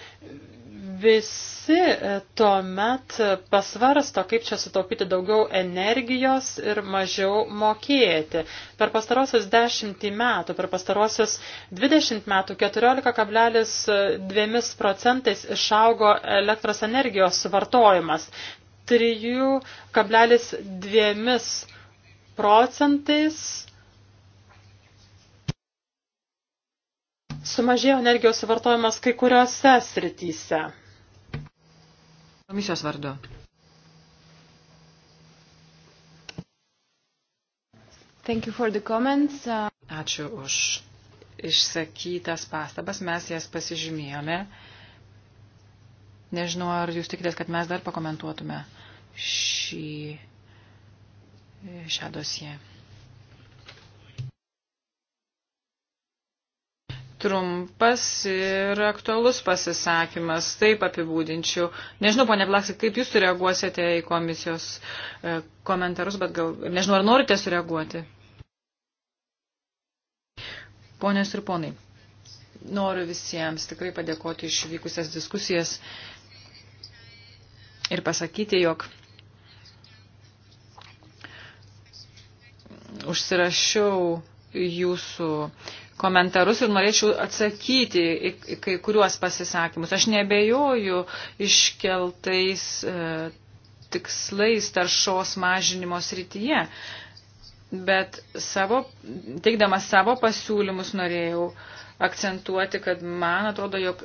S3: visi e, tuomet pasvarsto, kaip čia sutaupyti daugiau energijos ir mažiau mokėti. Per pastarosius dešimtį metų, per pastarosius dvidešimt metų 14,2 procentais išaugo elektros energijos suvartojimas. 3,2 procentais sumažėjo energijos suvartojimas kai kuriuose srityse. Komisijos vardu.
S2: Thank you for the comments. Ačiū už išsakytas pastabas, mes jas pasižymėjome. Nežinau, ar jūs tikitės, kad mes dar pakomentuotume šį, šią dosiją. Trumpas ir aktualus pasisakymas, taip apibūdinčiau. Nežinau, ponė Plaksik, kaip jūs sureaguosite į komisijos e, komentarus, bet gal, nežinau, ar norite sureaguoti. Ponės ir ponai, noriu visiems tikrai padėkoti išvykusias diskusijas ir pasakyti, jog užsirašiau jūsų komentarus ir norėčiau atsakyti į kai kuriuos pasisakymus. Aš nebejoju iškeltais e, tikslais taršos mažinimo srityje, bet savo, teikdamas savo pasiūlymus norėjau e, akcentuoti, kad man atrodo, jog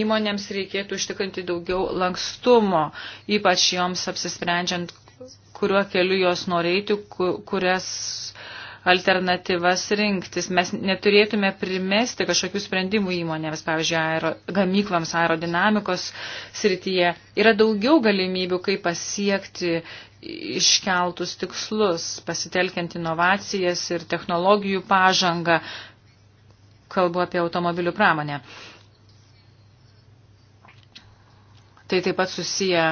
S2: įmonėms reikėtų ištikrinti daugiau lankstumo, ypač joms apsisprendžiant, kuriuo keliu jos norėtų, kurias alternatyvas rinktis. Mes neturėtume primesti kažkokių sprendimų įmonėms, pavyzdžiui, aero, gamyklams aerodinamikos srityje. Yra daugiau galimybių, kaip pasiekti iškeltus tikslus, pasitelkiant inovacijas ir technologijų pažangą, kalbu apie automobilių pramonę. Tai taip pat susiję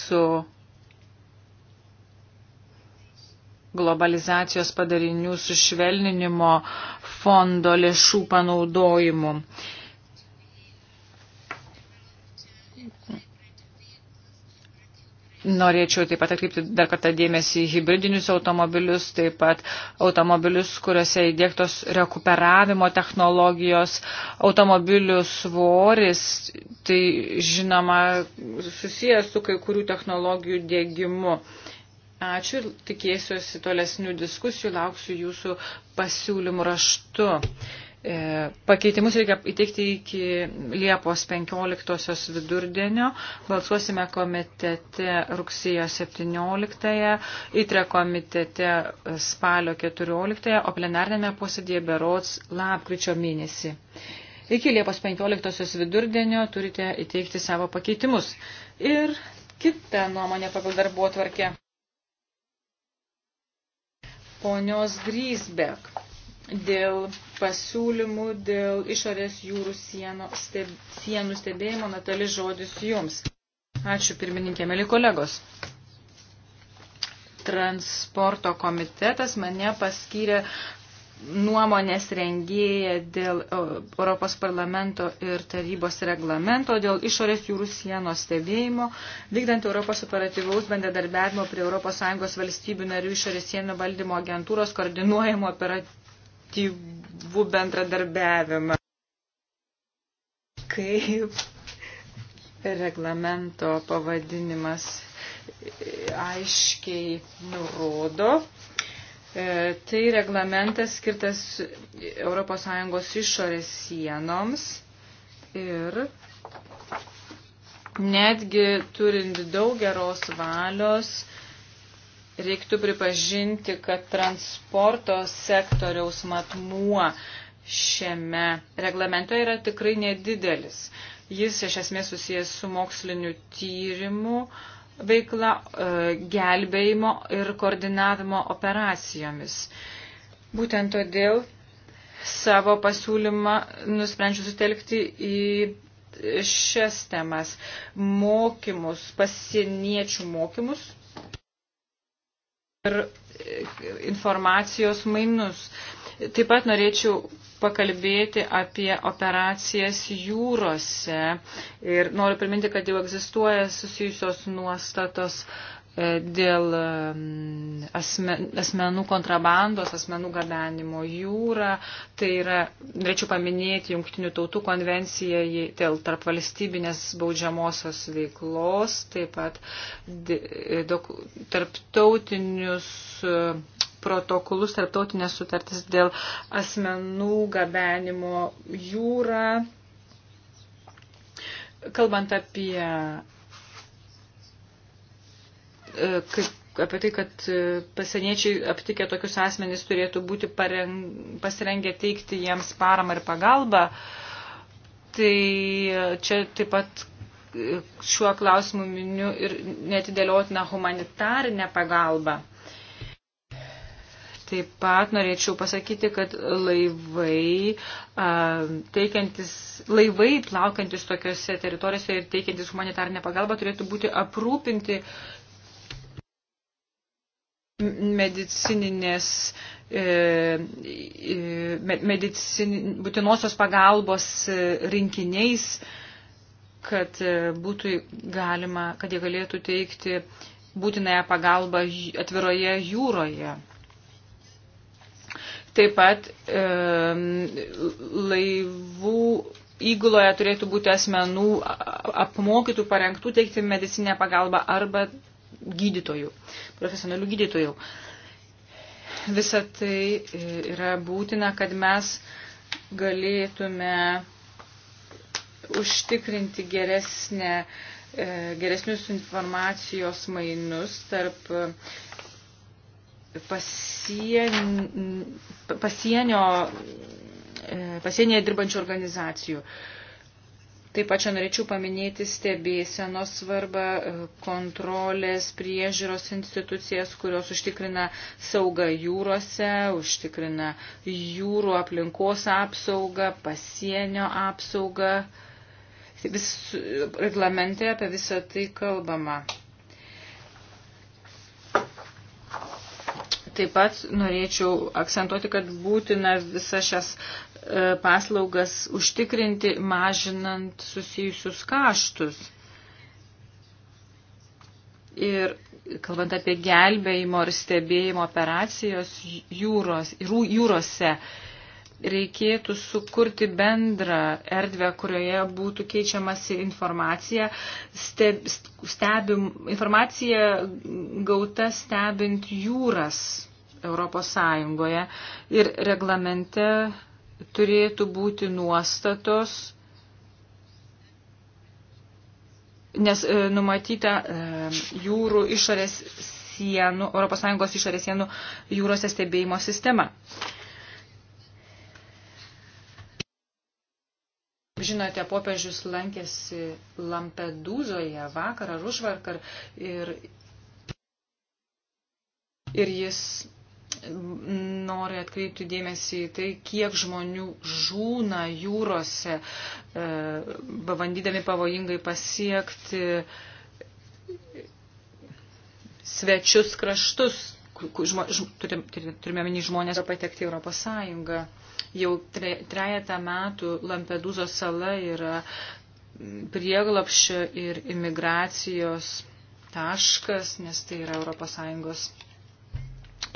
S2: su globalizacijos padarinių sušvelninimo fondo lėšų panaudojimu. Norėčiau taip pat atkreipti dar kartą dėmesį į hybridinius automobilius, taip pat automobilius, kuriuose įdėktos rekuperavimo technologijos, automobilių svoris, tai žinoma susijęs su kai kurių technologijų dėgymu. Ačiū ir tikėsiuosi tolesnių diskusijų, lauksiu jūsų pasiūlymų raštu. E, pakeitimus reikia įteikti iki Liepos 15 vidurdienio. Balsuosime komitete rugsėjo 17, įtre komitete spalio 14, o plenarnėme posėdėje berods lapkričio mėnesį. Iki Liepos 15 vidurdienio turite įteikti savo pakeitimus. Ir kita nuomonė pagal darbo tvarkę. Ponios Grysbek dėl pasiūlymų dėl išorės jūrų sienų, steb, sienų stebėjimo. Natali, žodis jums. Ačiū pirmininkė, mėly kolegos. Transporto komitetas mane paskyrė nuomonės rengėja dėl e, Europos parlamento ir tarybos reglamento dėl išorės jūrų sienos stebėjimo, vykdant Europos operatyvaus bendradarbiavimo prie ES valstybių narių išorės sienų valdymo agentūros koordinuojimo operatyvų laivų bendradarbiavimą. Kaip reglamento pavadinimas aiškiai nurodo, e, tai reglamentas skirtas ES išorės sienoms ir netgi turint daug geros valios, reiktų pripažinti, kad transporto sektoriaus matmuo šiame reglamente yra tikrai nedidelis. Jis iš esmės susijęs su moksliniu tyrimu veikla, e, gelbėjimo ir koordinavimo operacijomis. Būtent todėl savo pasiūlymą nusprendžiu sutelkti į šias temas - mokymus, pasieniečių mokymus, ir e, informacijos mainus. Taip pat norėčiau pakalbėti apie operacijas jūrose ir noriu priminti, kad jau egzistuoja susijusios nuostatos dėl asmen, asmenų kontrabandos, asmenų gabenimo jūra. Tai yra, norėčiau paminėti, Junktinių tautų konvencija dėl tarp valstybinės baudžiamosios veiklos, taip pat dok, tarptautinius e, protokolus, tarptautinės sutartis dėl asmenų gabenimo jūra. Kalbant apie E, kaip, apie tai, kad e, pasieniečiai aptikę tokius asmenys turėtų būti pareng, pasirengę teikti jiems paramą ir pagalbą. Tai e, čia taip pat šiuo klausimu miniu ir netidėliotina humanitarinė pagalba. Taip pat norėčiau pasakyti, kad laivai, teikiantis, laivai plaukiantis tokiuose teritorijose ir teikiantis humanitarinę pagalbą turėtų būti aprūpinti uh, medicininės, e, e medicin, būtinosios pagalbos e, rinkiniais, kad e, būtų galima, kad jie galėtų teikti būtinąją pagalbą atviroje jūroje. Taip pat e, laivų įguloje turėtų būti asmenų apmokytų, parengtų teikti medicinę pagalbą arba gydytojų, profesionalių gydytojų. Visa tai e, yra būtina, kad mes galėtume užtikrinti geresnę, e, geresnius informacijos mainus tarp e, pasien, pasienio, pasienyje dirbančių organizacijų. Taip pat čia norėčiau paminėti stebėsenos svarbą, e, kontrolės, priežiūros institucijas, kurios užtikrina saugą jūrose, užtikrina jūrų aplinkos apsaugą, pasienio apsaugą. Vis reglamente apie visą tai kalbama. Taip pat norėčiau akcentuoti, kad būtina visas šias e, paslaugas užtikrinti, mažinant susijusius kaštus. Ir kalbant apie gelbėjimo ir stebėjimo operacijos jūros, jūrose, reikėtų sukurti bendrą erdvę, kurioje būtų keičiamasi informacija, steb, stebim, informacija gauta stebint jūras Europos Sąjungoje ir reglamente turėtų būti nuostatos, nes e, numatyta e, jūrų išorės sienų, Europos Sąjungos išorės sienų jūrose stebėjimo sistema. E, žinote, popiežius lankėsi Lampedūzoje vakar ar užvakar ir, ir jis nori atkreipti dėmesį į tai, kiek žmonių žūna jūrose, e, bandydami pavojingai pasiekti svečius kraštus, turime minį žmonės patekti Europos Sąjungą. Jau trejata metų Lampedūzos sala yra prieglapščio ir imigracijos taškas, nes tai yra ES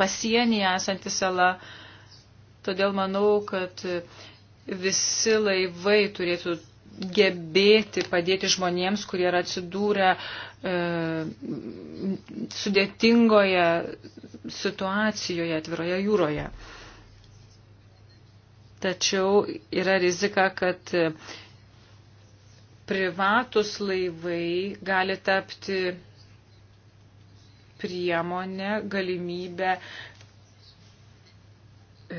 S2: pasienyje esanti sala. Todėl manau, kad visi laivai turėtų gebėti padėti žmonėms, kurie yra atsidūrę e, sudėtingoje situacijoje atviroje jūroje tačiau yra rizika, kad privatus laivai gali tapti priemonę, galimybę e,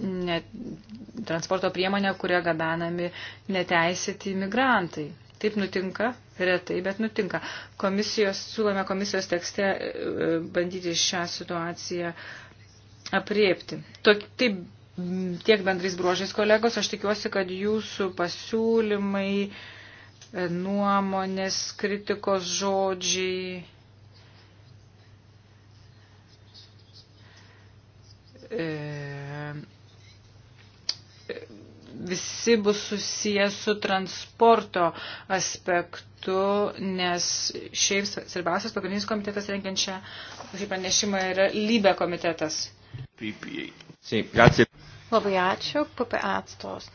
S2: ne, transporto priemonę, kuria gabenami neteisėti imigrantai. Taip nutinka, retai, bet nutinka. Komisijos, siūlome komisijos tekste e, bandyti šią situaciją apriepti. Tok, taip, tiek bendrais bruožais kolegos, aš tikiuosi, kad jūsų pasiūlymai, e, nuomonės, kritikos žodžiai e, visi bus susijęs su transporto aspektu, nes šiaip svarbiausias pagrindinis komitetas rengiant šią šį pranešimą yra lybė komitetas. Labai ačiū, PPA atstovas.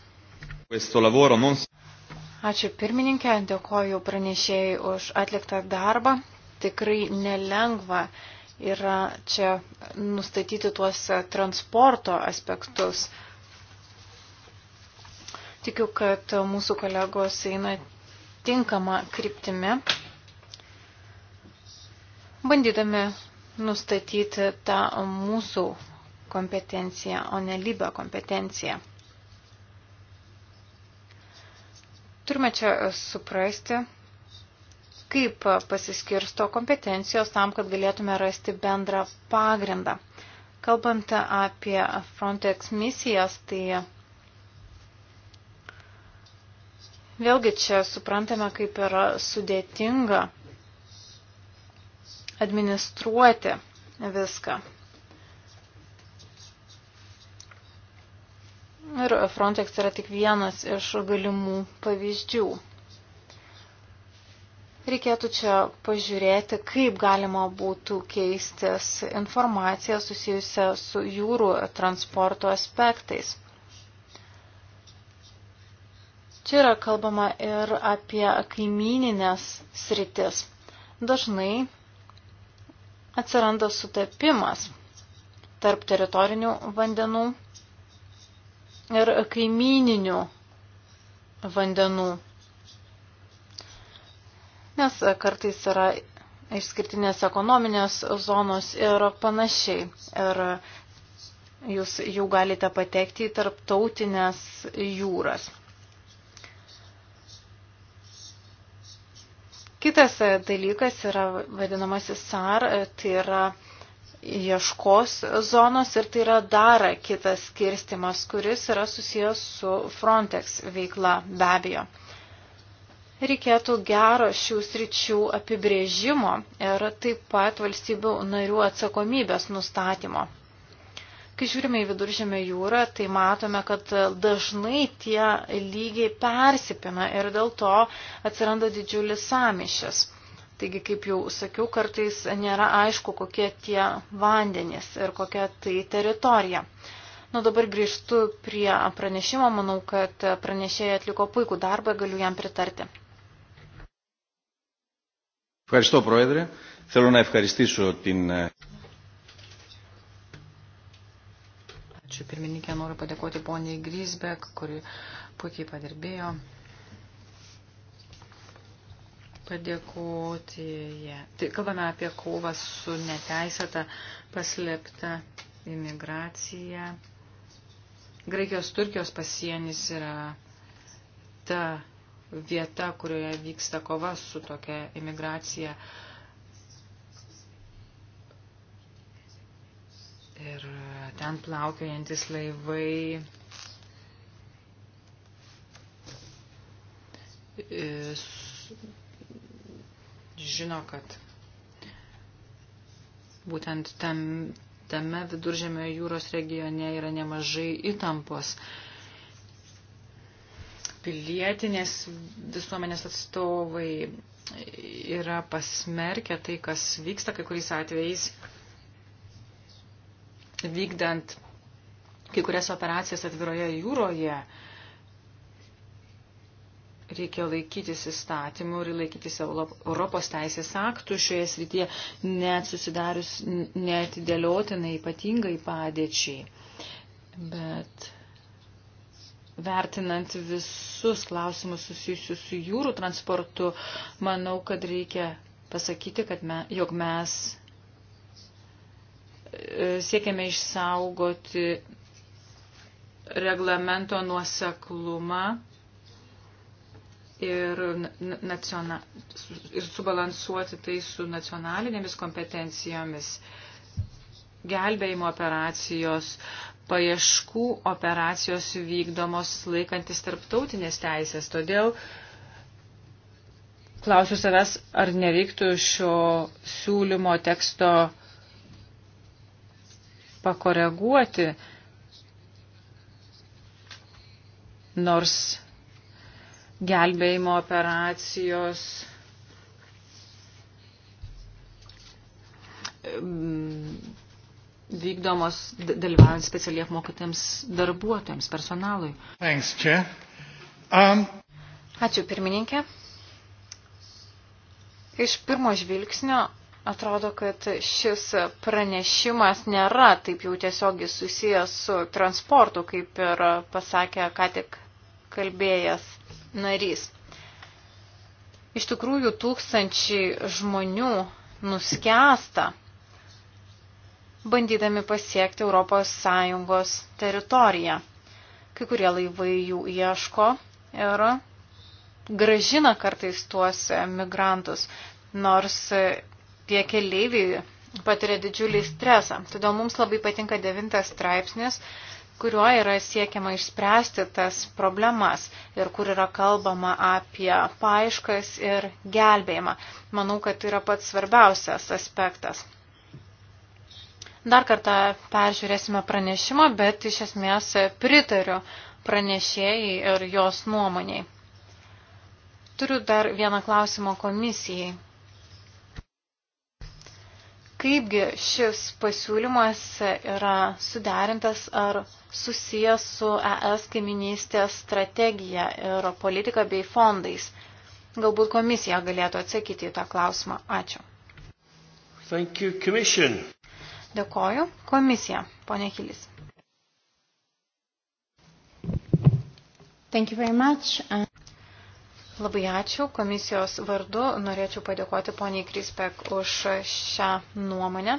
S4: Ačiū pirmininkė, dėkoju pranešėjai už atliktą darbą. Tikrai nelengva yra čia nustatyti tuos transporto aspektus. Tikiu, kad mūsų kolegos eina tinkama kryptimi, bandydami nustatyti tą mūsų kompetenciją, o ne lybę kompetenciją. Turime čia suprasti, kaip pasiskirsto kompetencijos tam, kad galėtume rasti bendrą pagrindą. Kalbant apie Frontex misijas, tai Vėlgi čia suprantame, kaip yra sudėtinga administruoti viską. Ir Frontex yra tik vienas iš galimų pavyzdžių. Reikėtų čia pažiūrėti, kaip galima būtų keistis informacija susijusia su jūrų transporto aspektais. Čia yra kalbama ir apie kaimininės sritis. Dažnai atsiranda sutapimas tarp teritorinių vandenų ir kaimininių vandenų. Nes kartais yra išskirtinės ekonominės zonos ir panašiai. Ir jūs jau galite patekti į tarptautinės jūras. Kitas e, dalykas yra vadinamasis SAR, e, tai yra ieškos zonos ir tai yra dar kitas skirstimas, kuris yra susijęs su Frontex veikla be abejo. Reikėtų gero šių sričių apibrėžimo ir taip pat valstybių narių atsakomybės nustatymo. Kai žiūrime į viduržėmę jūrą, tai matome, kad dažnai tie lygiai persipina ir dėl to atsiranda didžiulis samišis. Taigi, kaip jau sakiau, kartais nėra aišku, kokie tie vandenys ir kokia tai teritorija. Na nu, dabar grįžtu prie pranešimo, manau, kad pranešėjai atliko puikų darbą, galiu jam pritarti.
S1: Ευχαριστώ, Πρόεδρε. Θέλω να ευχαριστήσω την
S2: Ačiū pirmininkė, noriu padėkoti poniai Grisbek, kuri puikiai padirbėjo. Padėkoti jie. Ja. Tai kalbame apie kovą su neteisėta paslėpta imigracija. Graikijos-Turkijos pasienis yra ta vieta, kurioje vyksta kova su tokia imigracija. Ir ten plaukiojantis laivai žino, kad būtent tam, tame viduržėmio jūros regione yra nemažai įtampos. Pilietinės visuomenės atstovai yra pasmerkę tai, kas vyksta kai kuriais atvejais vykdant kai kurias operacijas atviroje jūroje, reikia laikytis įstatymų ir laikytis Europos teisės aktų šioje srityje, net susidarius netidėliotinai ypatingai padėčiai. Bet vertinant visus klausimus susijusius su jūrų transportu, manau, kad reikia pasakyti, kad me, jog mes E, siekiame išsaugoti reglamento nuoseklumą ir, naciona, ir subalansuoti tai su nacionalinėmis kompetencijomis, gelbėjimo operacijos, paieškų operacijos vykdomos laikantis tarptautinės teisės. Todėl klausiu savęs, ar nereiktų šio siūlymo teksto pakoreguoti, nors gelbėjimo operacijos mm, vykdomos dalyvaujant specialiai apmokytiems darbuotojams, personalui.
S1: Thanks, Chair. um...
S2: Ačiū, pirmininkė. Iš
S4: pirmo žvilgsnio Atrodo, kad šis pranešimas nėra taip jau tiesiogiai susijęs su transportu, kaip ir pasakė ką tik kalbėjęs narys. Iš tikrųjų, tūkstančiai žmonių nuskęsta, bandydami pasiekti ES teritoriją. Kai kurie laivai jų ieško ir gražina kartais tuos migrantus, nors tie keleiviai patiria didžiulį stresą. Todėl mums labai patinka devintas straipsnis, kuriuo yra siekiama išspręsti tas problemas ir kur yra kalbama apie paaiškas ir gelbėjimą. Manau, kad tai yra pats svarbiausias aspektas. Dar kartą peržiūrėsime pranešimą, bet iš esmės pritariu pranešėjai ir jos nuomoniai. Turiu dar vieną klausimą komisijai kaipgi šis pasiūlymas yra suderintas ar susijęs su ES kaiminystės strategija ir politika bei fondais. Galbūt komisija galėtų atsakyti į tą klausimą. Ačiū.
S1: Thank you, commission.
S4: Dėkoju. Komisija, ponė Hilis. Thank you very much. Labai ačiū. Komisijos vardu norėčiau padėkoti poniai Krispek už šią nuomonę.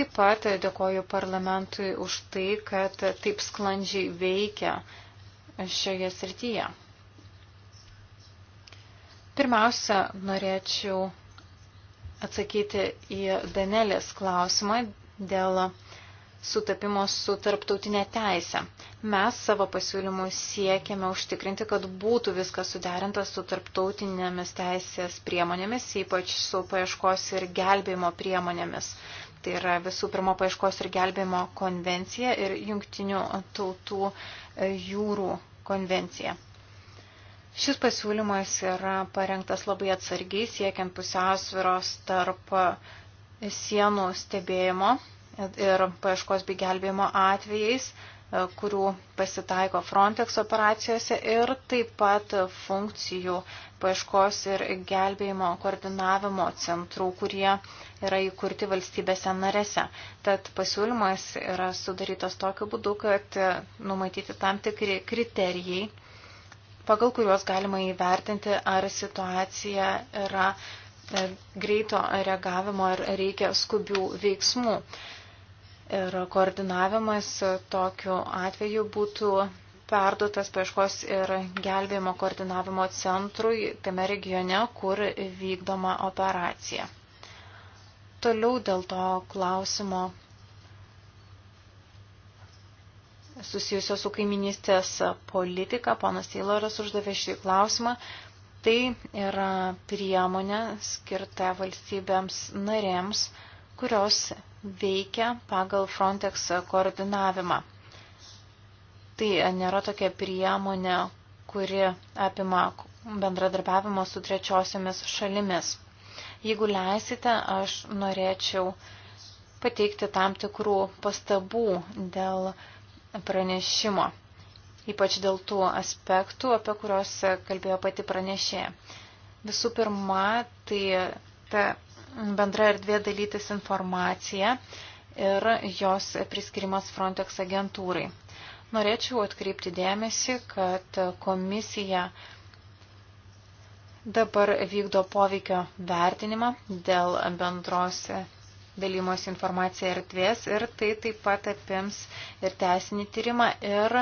S4: Taip pat dėkoju parlamentui už tai, kad taip sklandžiai veikia šioje srityje. Pirmiausia, norėčiau atsakyti į Danelės klausimą dėl sutapimo su tarptautinė teisė. Mes savo pasiūlymų siekiame užtikrinti, kad būtų viskas suderinta su tarptautinėmis teisės priemonėmis, ypač su paieškos ir gelbėjimo priemonėmis. Tai yra visų pirma paieškos ir gelbėjimo konvencija ir jungtinių tautų e, jūrų konvencija. Šis pasiūlymas yra parengtas labai atsargiai, siekiant pusiausviros tarp e, sienų stebėjimo ir paieškos bei gelbėjimo atvejais, e, kurių pasitaiko Frontex operacijose ir taip pat funkcijų paieškos ir gelbėjimo koordinavimo centrų, kurie yra įkurti valstybėse narėse. Tad pasiūlymas yra sudarytas tokiu būdu, kad e, numatyti tam tikri kriterijai, pagal kuriuos galima įvertinti, ar situacija yra e, greito reagavimo ir reikia skubių veiksmų. Ir koordinavimas tokiu atveju būtų perduotas paieškos ir gelbėjimo koordinavimo centrui tame regione, kur vykdoma operacija. Toliau dėl to klausimo susijusio su kaiminystės politika, ponas Tayloras uždavė šį klausimą, tai yra priemonė skirta valstybėms narėms kurios veikia pagal Frontex koordinavimą. Tai nėra tokia priemonė, kuri apima bendradarbiavimo su trečiosiamis šalimis. Jeigu leisite, aš norėčiau pateikti tam tikrų pastabų dėl pranešimo, ypač dėl tų aspektų, apie kuriuos kalbėjo pati pranešėja. Visų pirma, tai ta bendra erdvė dalytis informacija ir jos priskirimas Frontex agentūrai. Norėčiau atkreipti dėmesį, kad komisija dabar vykdo poveikio vertinimą dėl bendros dalymos informacija erdvės ir tai taip pat apims ir teisinį tyrimą ir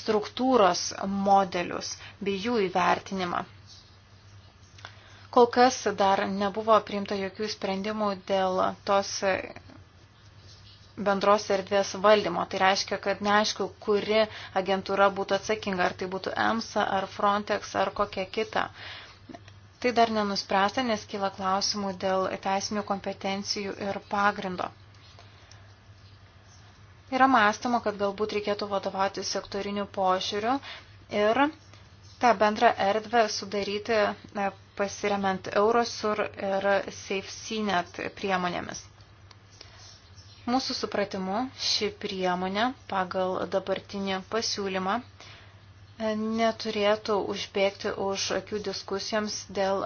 S4: struktūros modelius bei jų įvertinimą. Kol kas dar nebuvo priimta jokių sprendimų dėl tos bendros erdvės valdymo. Tai reiškia, kad neaišku, kuri agentūra būtų atsakinga, ar tai būtų EMSA, ar Frontex, ar kokia kita. Tai dar nenuspręsta, nes kyla klausimų dėl teisinių kompetencijų ir pagrindo. Yra mąstama, kad galbūt reikėtų vadovauti sektoriniu pošiūriu ir tą bendrą erdvę sudaryti pasiremiant Eurosur ir SafeCNet priemonėmis. Mūsų supratimu, ši priemonė pagal dabartinį pasiūlymą neturėtų užbėgti už akių diskusijoms dėl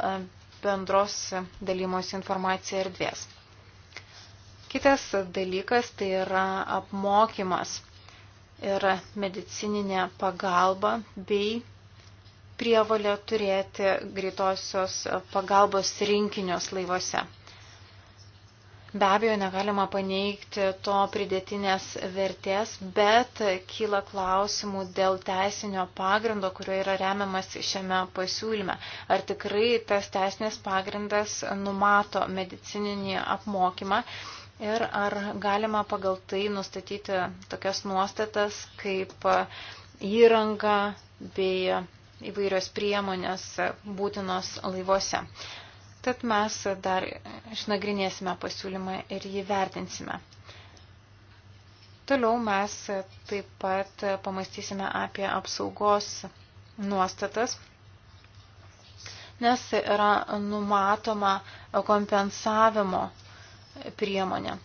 S4: bendros dalymos informacija erdvės. Kitas dalykas tai yra apmokymas ir medicininė pagalba bei prievalė turėti greitosios pagalbos rinkinius laivuose. Be abejo, negalima paneigti to pridėtinės vertės, bet kyla klausimų dėl teisinio pagrindo, kurio yra remiamas šiame pasiūlyme. Ar tikrai tas teisinės pagrindas numato medicininį apmokymą ir ar galima pagal tai nustatyti tokias nuostatas kaip įranga bei įvairios priemonės būtinos laivuose. Tad mes dar išnagrinėsime pasiūlymą ir jį vertinsime. Toliau mes taip pat pamastysime apie apsaugos nuostatas, nes yra numatoma kompensavimo priemonė.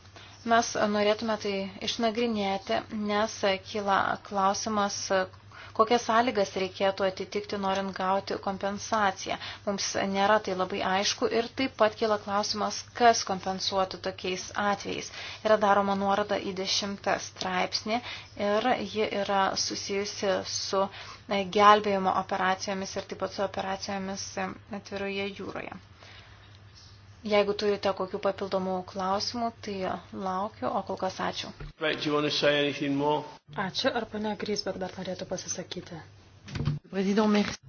S4: Mes norėtume tai išnagrinėti, nes kyla klausimas, kokias sąlygas reikėtų atitikti, norint gauti kompensaciją. Mums nėra tai labai aišku ir taip pat kila klausimas, kas kompensuotų tokiais atvejais. Yra daroma nuoroda į dešimtą straipsnį ir ji yra susijusi su e, gelbėjimo operacijomis ir taip pat su operacijomis e, atviroje jūroje. Jeigu turite kokių papildomų klausimų, tai laukiu, o kol kas ačiū.
S1: Ačiū,
S3: ar ponia Grisbek dar norėtų pasisakyti?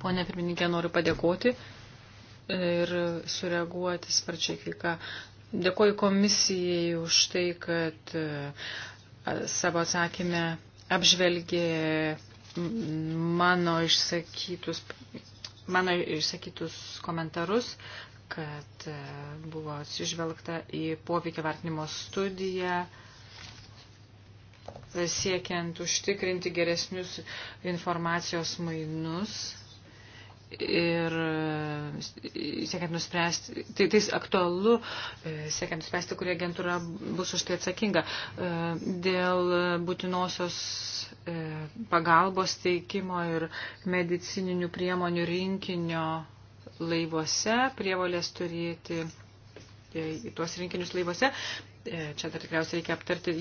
S3: Pone pirmininkė, noriu padėkoti ir sureaguoti
S2: sparčiai kai ką. Dėkoju komisijai už tai, kad e, savo atsakymę apžvelgė mano išsakytus, mano išsakytus komentarus kad e, buvo atsižvelgta į poveikio vertinimo studiją, e, siekiant užtikrinti geresnius informacijos mainus ir e, siekiant nuspręsti, tai tais aktualu, siekiant nuspręsti, kurie agentūra bus už tai atsakinga. Dėl būtinosios pagalbos teikimo ir medicininių priemonių rinkinio laivuose, prievolės turėti e, į tuos rinkinius laivuose. E, čia dar tikriausiai reikia aptarti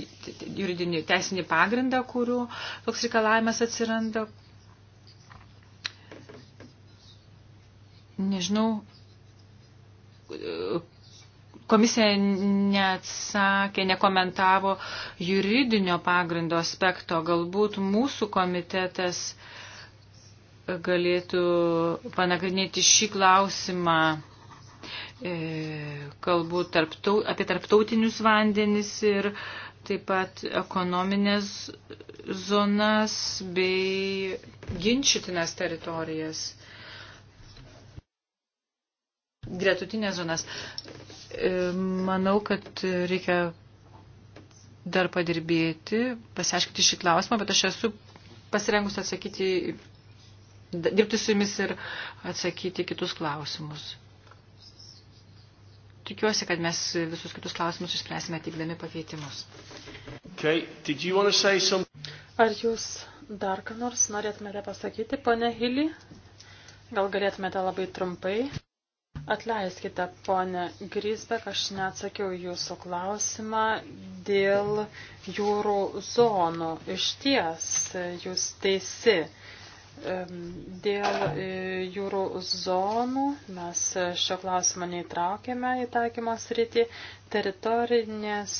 S2: juridinį teisinį pagrindą, kuriuo toks reikalavimas atsiranda. Nežinau, komisija neatsakė, nekomentavo juridinio pagrindo aspekto. Galbūt mūsų komitetas uh, galėtų panagrinėti šį klausimą e, kalbu tarptau, apie tarptautinius vandenis ir taip pat ekonominės zonas bei ginčytinas teritorijas. Gretutinės zonas. E, manau, kad reikia dar padirbėti, pasiaiškinti šį klausimą, bet aš esu pasirengus atsakyti dirbti su jumis ir atsakyti kitus klausimus. Tikiuosi, kad mes visus kitus klausimus išspręsime teikdami pakeitimus.
S1: Okay. Some...
S3: Ar jūs dar ką nors norėtumėte pasakyti, pane Hilį? Gal galėtumėte labai trumpai? Atleiskite, ponė Grisbek, aš neatsakiau jūsų klausimą dėl jūrų zonų. Iš ties, jūs teisi. Dėl e, jūrų zonų mes šio klausimo neįtraukėme į taikymo sritį. Teritorinės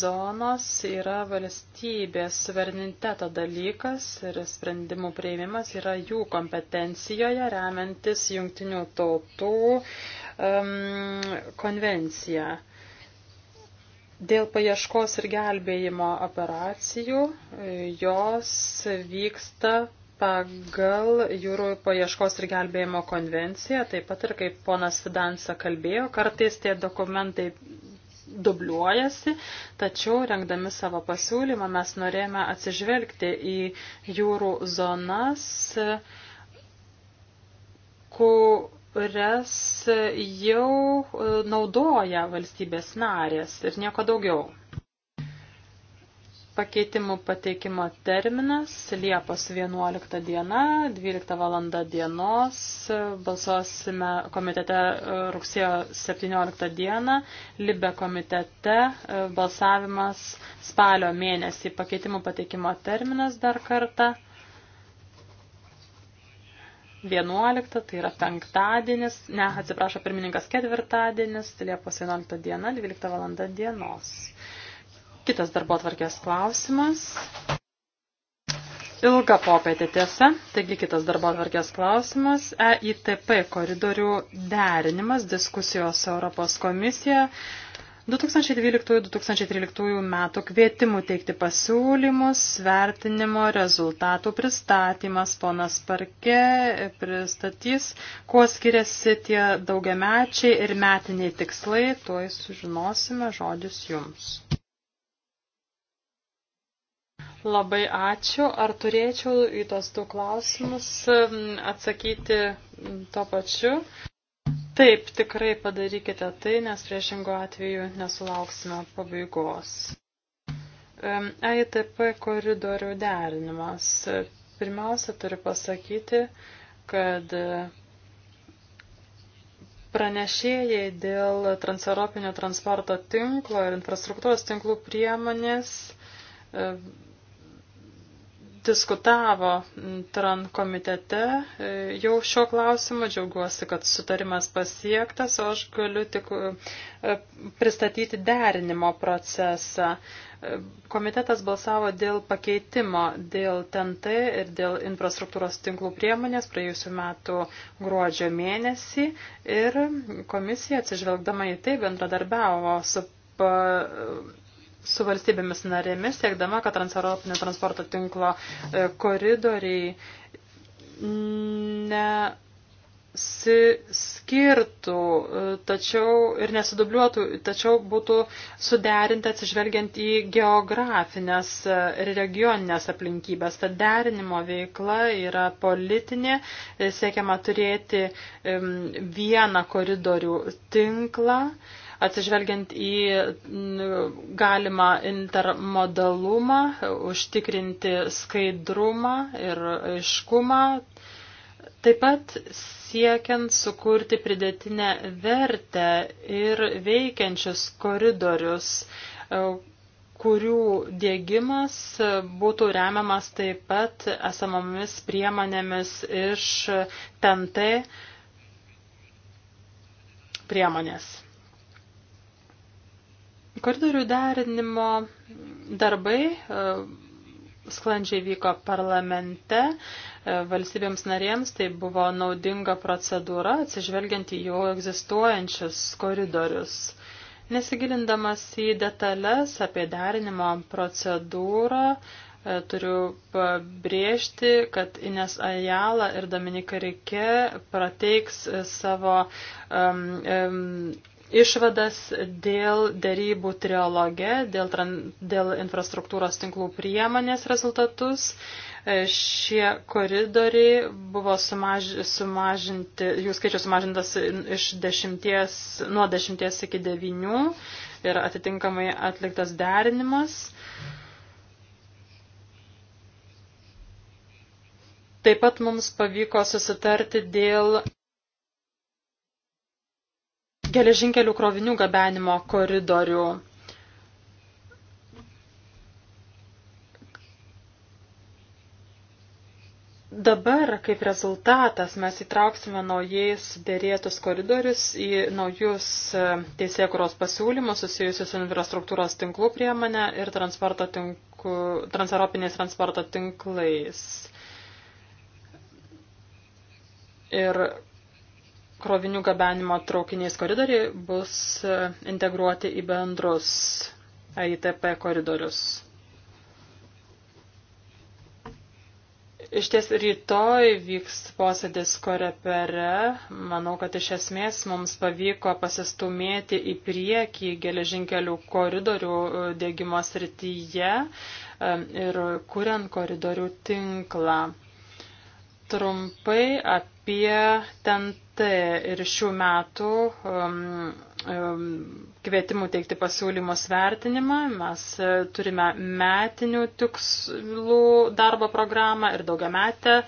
S3: zonos yra valstybės suvereniteto dalykas ir sprendimų prieimimas yra jų kompetencijoje remiantis jungtinių tautų um, konvenciją. Dėl paieškos ir gelbėjimo operacijų e, jos vyksta pagal jūrų paieškos ir gelbėjimo konvenciją, taip pat ir kaip ponas Fidansa kalbėjo, kartais tie dokumentai dubliuojasi, tačiau rengdami savo pasiūlymą mes norėjome atsižvelgti į jūrų zonas, kurias jau naudoja valstybės narės ir nieko daugiau. Pakeitimų pateikimo terminas Liepos 11 diena, 12 valanda dienos. Balsuosime komitete e, rugsėjo 17 dieną, Libe komitete e, balsavimas spalio mėnesį. Pakeitimų pateikimo terminas dar kartą. 11, tai yra penktadienis, ne, atsiprašo pirmininkas ketvirtadienis, Liepos 11 diena, 12 valanda dienos. Kitas darbo tvarkės klausimas. Ilga popietė tiesa, taigi kitas darbo atvarkės klausimas. EITP koridorių derinimas diskusijos Europos komisija 2012-2013 metų kvietimų teikti pasiūlymus, vertinimo rezultatų pristatymas. Ponas Parke pristatys, kuo skiriasi tie daugiamečiai ir metiniai tikslai, tuoj sužinosime žodis jums. Labai ačiū. Ar turėčiau į tos du klausimus atsakyti to pačiu? Taip, tikrai padarykite tai, nes priešingo atveju nesulauksime pabaigos. AITP e koridorių derinimas. Pirmiausia, turiu pasakyti, kad pranešėjai dėl transeuropinio transporto tinklo ir infrastruktūros tinklų priemonės diskutavo TRAN komitete e, jau šio klausimo, džiaugiuosi, kad sutarimas pasiektas, o aš galiu tik e, pristatyti derinimo procesą. E, komitetas balsavo dėl pakeitimo, dėl TNT ir dėl infrastruktūros tinklų priemonės praėjusiu metu gruodžio mėnesį ir komisija atsižvelgdama į tai bendradarbiavo su su valstybėmis narėmis, siekdama, kad transeuropinio transporto tinklo e, koridoriai nesiskirtų e, tačiau, ir nesidubliuotų, tačiau būtų suderinti atsižvelgiant į geografinės e, ir regioninės aplinkybės. Ta derinimo veikla yra politinė, siekiama turėti vieną koridorių tinklą atsižvelgiant į galimą intermodalumą, užtikrinti skaidrumą ir aiškumą, taip pat siekiant sukurti pridėtinę vertę ir veikiančius koridorius, e, kurių dėgymas būtų remiamas taip pat esamomis priemonėmis iš TNT priemonės. Koridorių derinimo darbai e, sklandžiai vyko parlamente, e, valstybėms narėms tai buvo naudinga procedūra atsižvelgiant į jau egzistuojančius koridorius. Nesigilindamas į detalės apie derinimo procedūrą, e, turiu pabrėžti, kad Ines Ajala ir Dominika Rike prateiks savo um, um, išvadas dėl dėrybų triologe, dėl, dėl infrastruktūros tinklų priemonės rezultatus. E, šie koridoriai buvo sumaž, sumažinti, jų skaičius sumažintas iš dešimties, nuo dešimties iki devinių ir atitinkamai atliktas derinimas. Taip pat mums pavyko susitarti dėl geležinkelių krovinių gabenimo koridorių. Dabar, kaip rezultatas, mes įtrauksime naujais dėrėtus koridorius į naujus e, teisėkuros pasiūlymus susijusius su infrastruktūros tinklų priemonė ir transporto tinku, transeuropiniais transporto tinklais. Ir krovinių gabenimo traukiniais koridoriai bus e, integruoti į bendrus AITP koridorius. Iš ties rytoj vyks posėdis korepere. Manau, kad iš esmės mums pavyko pasistumėti į priekį geležinkelių koridorių e, dėgymo srityje e, ir kuriant koridorių tinklą trumpai apie TNT ir šių metų um, kvietimų teikti pasiūlymus vertinimą. Mes e, turime metinių tikslų darbo programą ir daugiametę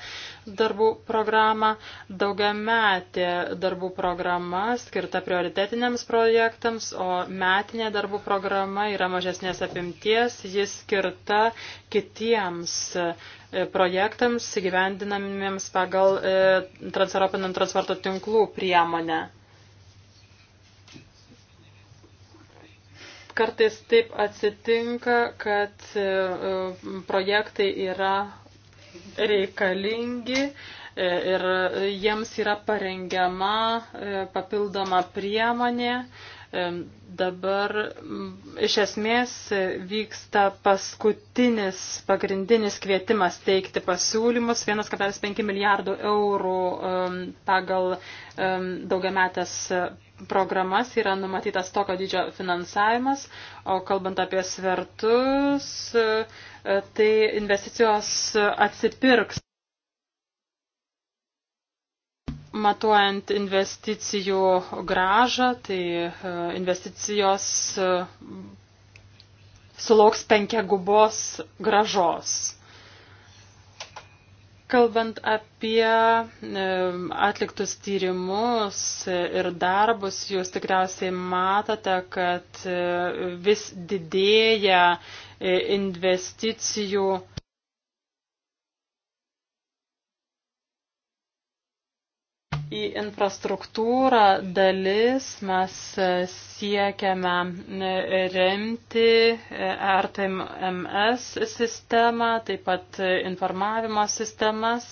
S3: darbų programą. Daugiametė darbų programa skirta prioritetiniams projektams, o metinė darbų programa yra mažesnės apimties, jis skirta kitiems e, projektams įgyvendinamiems pagal e, transeuropinio transporto tinklų priemonę. kartais taip atsitinka, kad e, projektai yra reikalingi e, ir jiems yra parengiama e, papildoma priemonė. Dabar iš esmės vyksta paskutinis pagrindinis kvietimas teikti pasiūlymus 1,5 milijardų eurų pagal daugiametės programas yra numatytas tokio dydžio finansavimas, o kalbant apie svertus, e, tai investicijos atsipirks. Matuojant investicijų gražą, tai e, investicijos e, sulauks penkiagubos gražos. Kalbant apie e, atliktus tyrimus ir darbus, jūs tikriausiai matote, kad e, vis didėja e, investicijų į infrastruktūrą dalis mes e, siekiame e, remti e, RTMS sistemą, taip pat informavimo sistemas,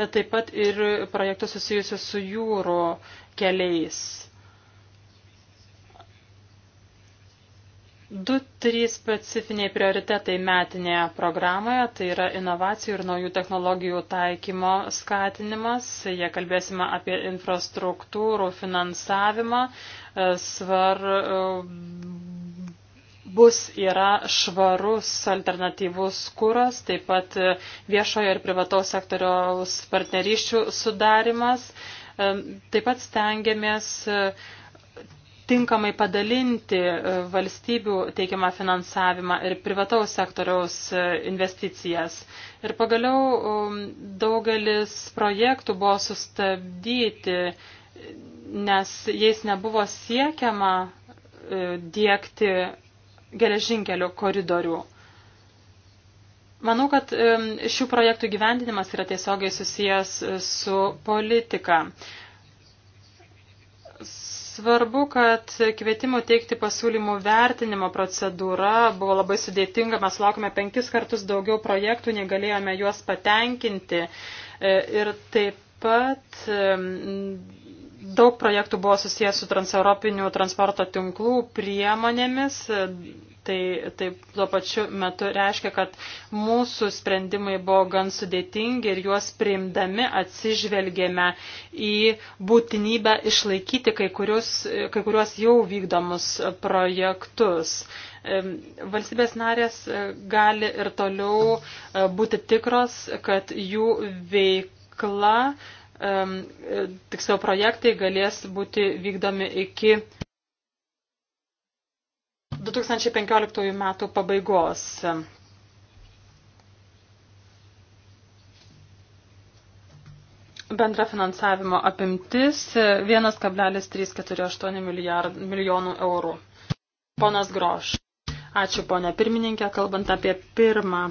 S3: taip pat ir projektus susijusius su jūro keliais. Du, trys specifiniai prioritetai metinėje programoje, tai yra inovacijų ir naujų technologijų taikymo skatinimas. Jie kalbėsime apie infrastruktūrų finansavimą. E, svar e, bus yra švarus alternatyvus kuras, taip pat e, viešojo ir privataus sektoriaus partnerysčių sudarimas. Taip pat stengiamės tinkamai padalinti e, valstybių teikiamą finansavimą ir privataus sektoriaus e, investicijas. Ir pagaliau e, daugelis projektų buvo sustabdyti, nes jais nebuvo siekiama dėkti geležinkelio koridorių. Manau, kad šių projektų gyvendinimas yra tiesiogiai susijęs su politika Svarbu, kad kvietimo teikti pasiūlymų vertinimo procedūra buvo labai sudėtinga. Mes laukime penkis kartus daugiau projektų, negalėjome juos patenkinti. E, ir taip pat daug projektų buvo susijęs su transeuropinių transporto tinklų priemonėmis tai taip tuo pačiu metu reiškia, kad mūsų sprendimai buvo gan sudėtingi ir juos priimdami atsižvelgėme į būtinybę išlaikyti kai kuriuos, kai kuriuos jau vykdomus projektus. Valstybės narės e, gali ir toliau e, būti tikros, kad jų veikla, e, tiksliau projektai galės būti vykdomi iki 2015 metų pabaigos. Bendra finansavimo apimtis 1,348 milijonų eurų. Ponas Groš. Ačiū, ponė pirmininkė. Kalbant apie pirmą e,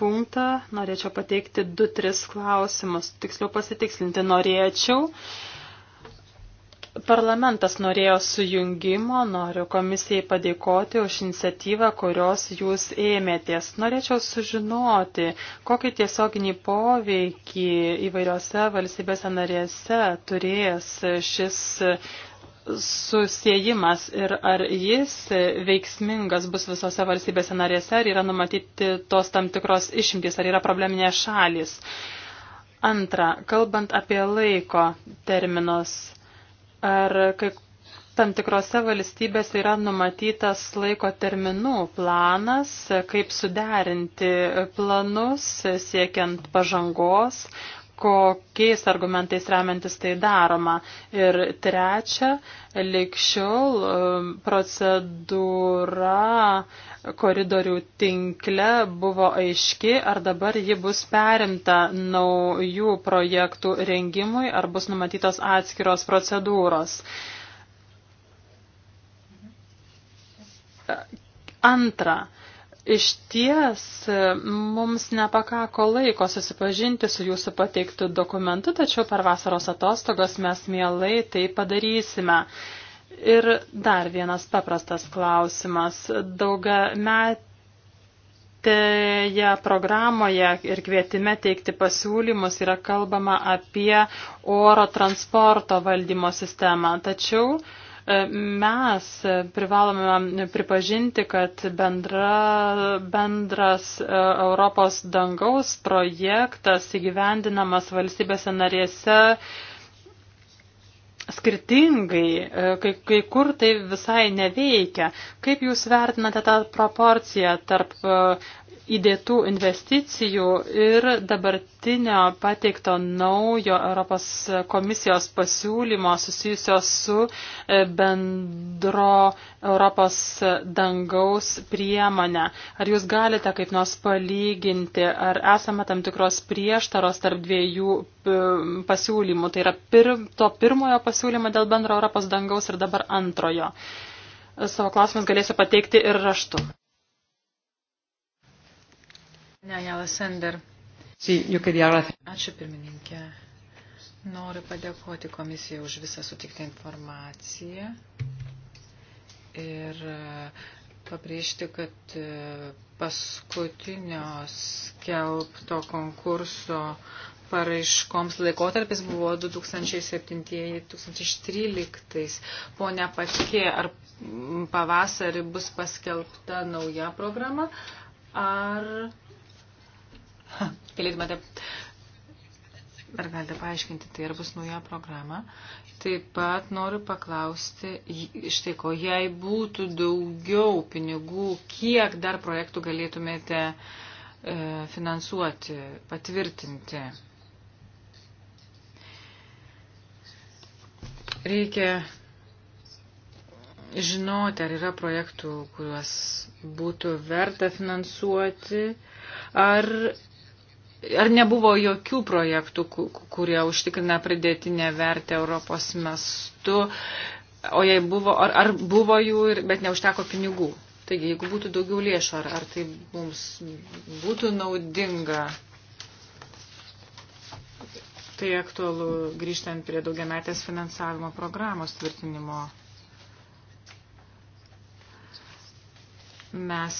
S3: punktą, norėčiau pateikti 2-3 klausimus. Tiksliau pasitikslinti norėčiau. E, Parlamentas norėjo sujungimo, noriu komisijai padėkoti už iniciatyvą, kurios jūs ėmėtės. Norėčiau sužinoti, kokį tiesioginį poveikį įvairiose valstybėse narėse turės šis susijimas ir ar jis veiksmingas bus visose valstybėse narėse, ar yra numatyti tos tam tikros išimtys, ar yra probleminės šalis. Antra, kalbant apie laiko terminus, Ar kaip tam tikrose valstybėse yra numatytas laiko terminų planas, kaip suderinti planus siekiant pažangos, kokiais argumentais remiantis tai daroma. Ir trečia, likščiol um, procedūra koridorių tinkle buvo aiški, ar dabar ji bus perimta naujų projektų rengimui, ar bus numatytos atskiros procedūros. Antra, Iš ties e, mums nepakako laiko susipažinti su jūsų pateiktų dokumentu, tačiau per vasaros atostogas mes mielai tai padarysime. Ir dar vienas paprastas klausimas. Daugia metėje programoje ir kvietime teikti pasiūlymus yra kalbama apie oro transporto valdymo sistemą. Tačiau uh, E, mes privalome pripažinti, kad bendra, bendras e, Europos dangaus projektas įgyvendinamas valstybėse narėse skirtingai, e, kai, kai kur tai visai neveikia. Kaip jūs vertinate tą proporciją tarp e, įdėtų investicijų ir dabartinio pateikto naujo Europos komisijos pasiūlymo susijusio su e, bendro Europos dangaus priemonė. Ar jūs galite kaip nors palyginti, ar esame tam tikros prieštaros tarp dviejų pasiūlymų, tai yra pir, to pirmojo pasiūlymo pasiūlymą dėl bendro Europos dangaus ir dabar antrojo. Savo klausimus galėsiu pateikti ir raštu.
S2: Ne, Jala Sender.
S3: Ačiū pirmininkė.
S2: Noriu padėkoti komisijai už visą sutiktą informaciją ir e, pabrėžti, kad e, paskutinio skelbto konkurso paraiškoms laikotarpis buvo 2007-2013. Pone Pačkė, ar pavasarį bus paskelbta nauja programa, ar galėtumėte, ar galite paaiškinti, tai ar bus nauja programa. Taip pat noriu paklausti, štai ko, jei būtų daugiau pinigų, kiek dar projektų galėtumėte e, finansuoti, patvirtinti? Reikia žinoti, ar yra projektų, kuriuos būtų verta finansuoti, ar, ar nebuvo jokių projektų, kurie užtikrina pridėtinę vertę Europos mestu, o jei buvo, ar, ar buvo jų, bet neužteko pinigų. Taigi, jeigu būtų daugiau lėšų, ar, ar tai mums būtų naudinga Tai aktualu grįžtant prie daugiametės finansavimo programos tvirtinimo. Mes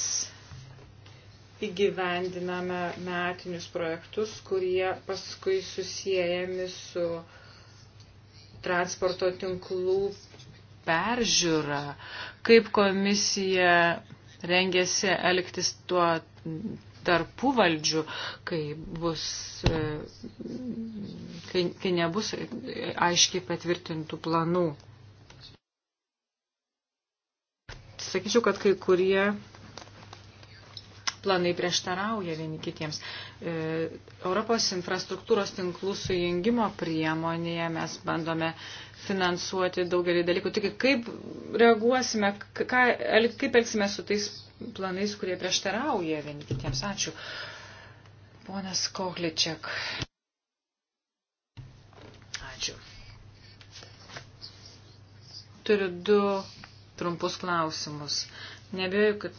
S2: įgyvendiname metinius projektus, kurie paskui susijęjami su transporto tinklų peržiūra, kaip komisija rengėsi elgtis tuo tarpuvaldžiu, kai bus e, kai, kai nebus aiškiai patvirtintų planų. Sakyčiau, kad kai kurie planai prieštarauja vieni kitiems. E, Europos infrastruktūros tinklų sujungimo priemonėje mes bandome finansuoti daugelį dalykų. Tik kaip reaguosime, ką, kaip elgsime su tais planais, kurie prieštarauja vieni kitiems. Ačiū. Ponas Kohličiak. Ačiū. Turiu du trumpus klausimus. Nebėjau, kad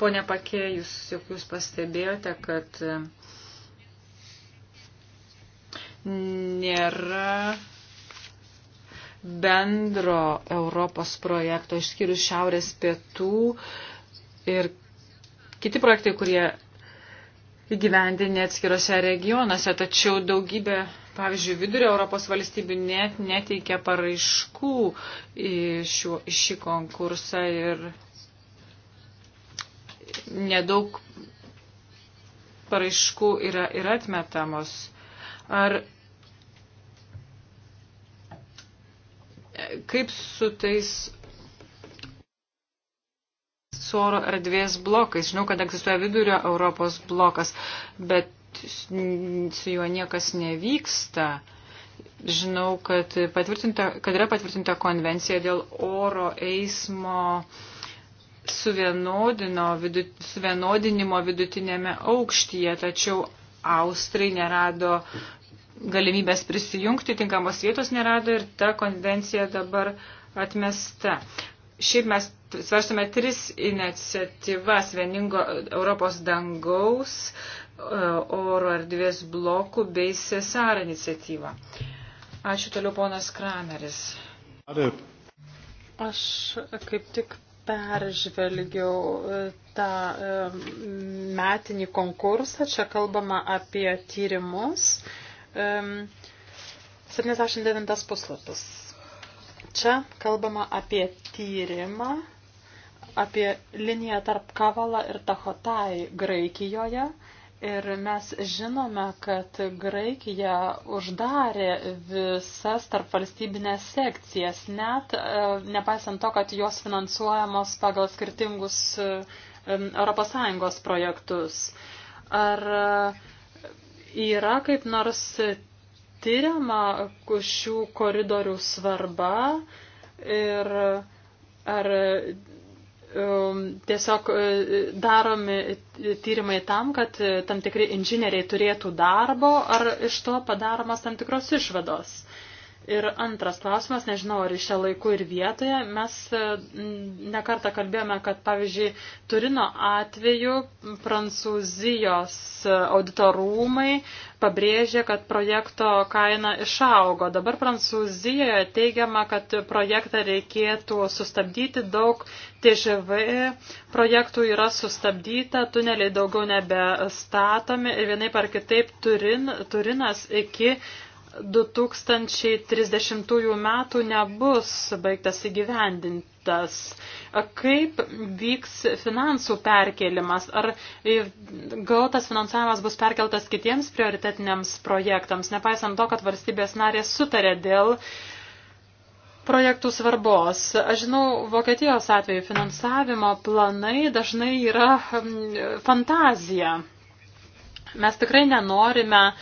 S2: ponia Pakė, jūs, juk jūs pastebėjote, kad mm, nėra bendro Europos projekto, išskyrus šiaurės pietų ir kiti projektai, kurie įgyvendinė atskirose regionuose, tačiau daugybė Pavyzdžiui, vidurio Europos valstybių net neteikia paraiškų į, šiuo, į šį konkursą ir nedaug paraiškų yra, yra atmetamos. Ar kaip su tais su oro erdvės blokais. Žinau, kad egzistuoja vidurio Europos blokas, bet su juo niekas nevyksta. Žinau, kad, kad yra patvirtinta konvencija dėl oro eismo vidu, suvienodinimo vidutinėme aukštyje, tačiau Austrai nerado galimybės prisijungti, tinkamos vietos nerado ir ta konvencija dabar atmesta. Šiaip mes svarstame tris iniciatyvas vieningo Europos dangaus, E, oro erdvės blokų bei Cesar iniciatyvą.
S3: Ačiū toliau ponas Krameris. Aš kaip tik peržvelgiau e, tą e, metinį konkursą, čia kalbama apie tyrimus. 79 puslapis. Čia kalbama apie tyrimą, apie liniją tarp Kavala ir Tahotai Graikijoje. Ir mes žinome, kad Graikija uždarė visas tarpvalstybinės sekcijas, net e, nepaisant to, kad jos finansuojamos pagal skirtingus ES projektus. Ar e, yra kaip nors tyriama šių koridorių svarba ir ar Um, tiesiog e, daromi tyrimai tam, kad e, tam tikri inžinieriai turėtų darbo ar iš to padaromas tam tikros išvados. Ir antras klausimas, nežinau, ar iš čia laiku ir vietoje, mes e, nekartą kalbėjome, kad pavyzdžiui, Turino atveju Prancūzijos auditorumai pabrėžė, kad projekto kaina išaugo. Dabar Prancūzijoje teigiama, kad projektą reikėtų sustabdyti, daug TŽV projektų yra sustabdyta, tuneliai daugiau nebestatomi ir vienaip ar kitaip Turin, Turinas iki 2030 metų nebus baigtas įgyvendintas. Kaip vyks finansų perkelimas? Ar gautas finansavimas bus perkeltas kitiems prioritetiniams projektams, nepaisant to, kad valstybės narės sutarė dėl projektų svarbos. Aš žinau, Vokietijos atveju finansavimo planai dažnai yra mm, fantazija. Mes tikrai nenorime uh,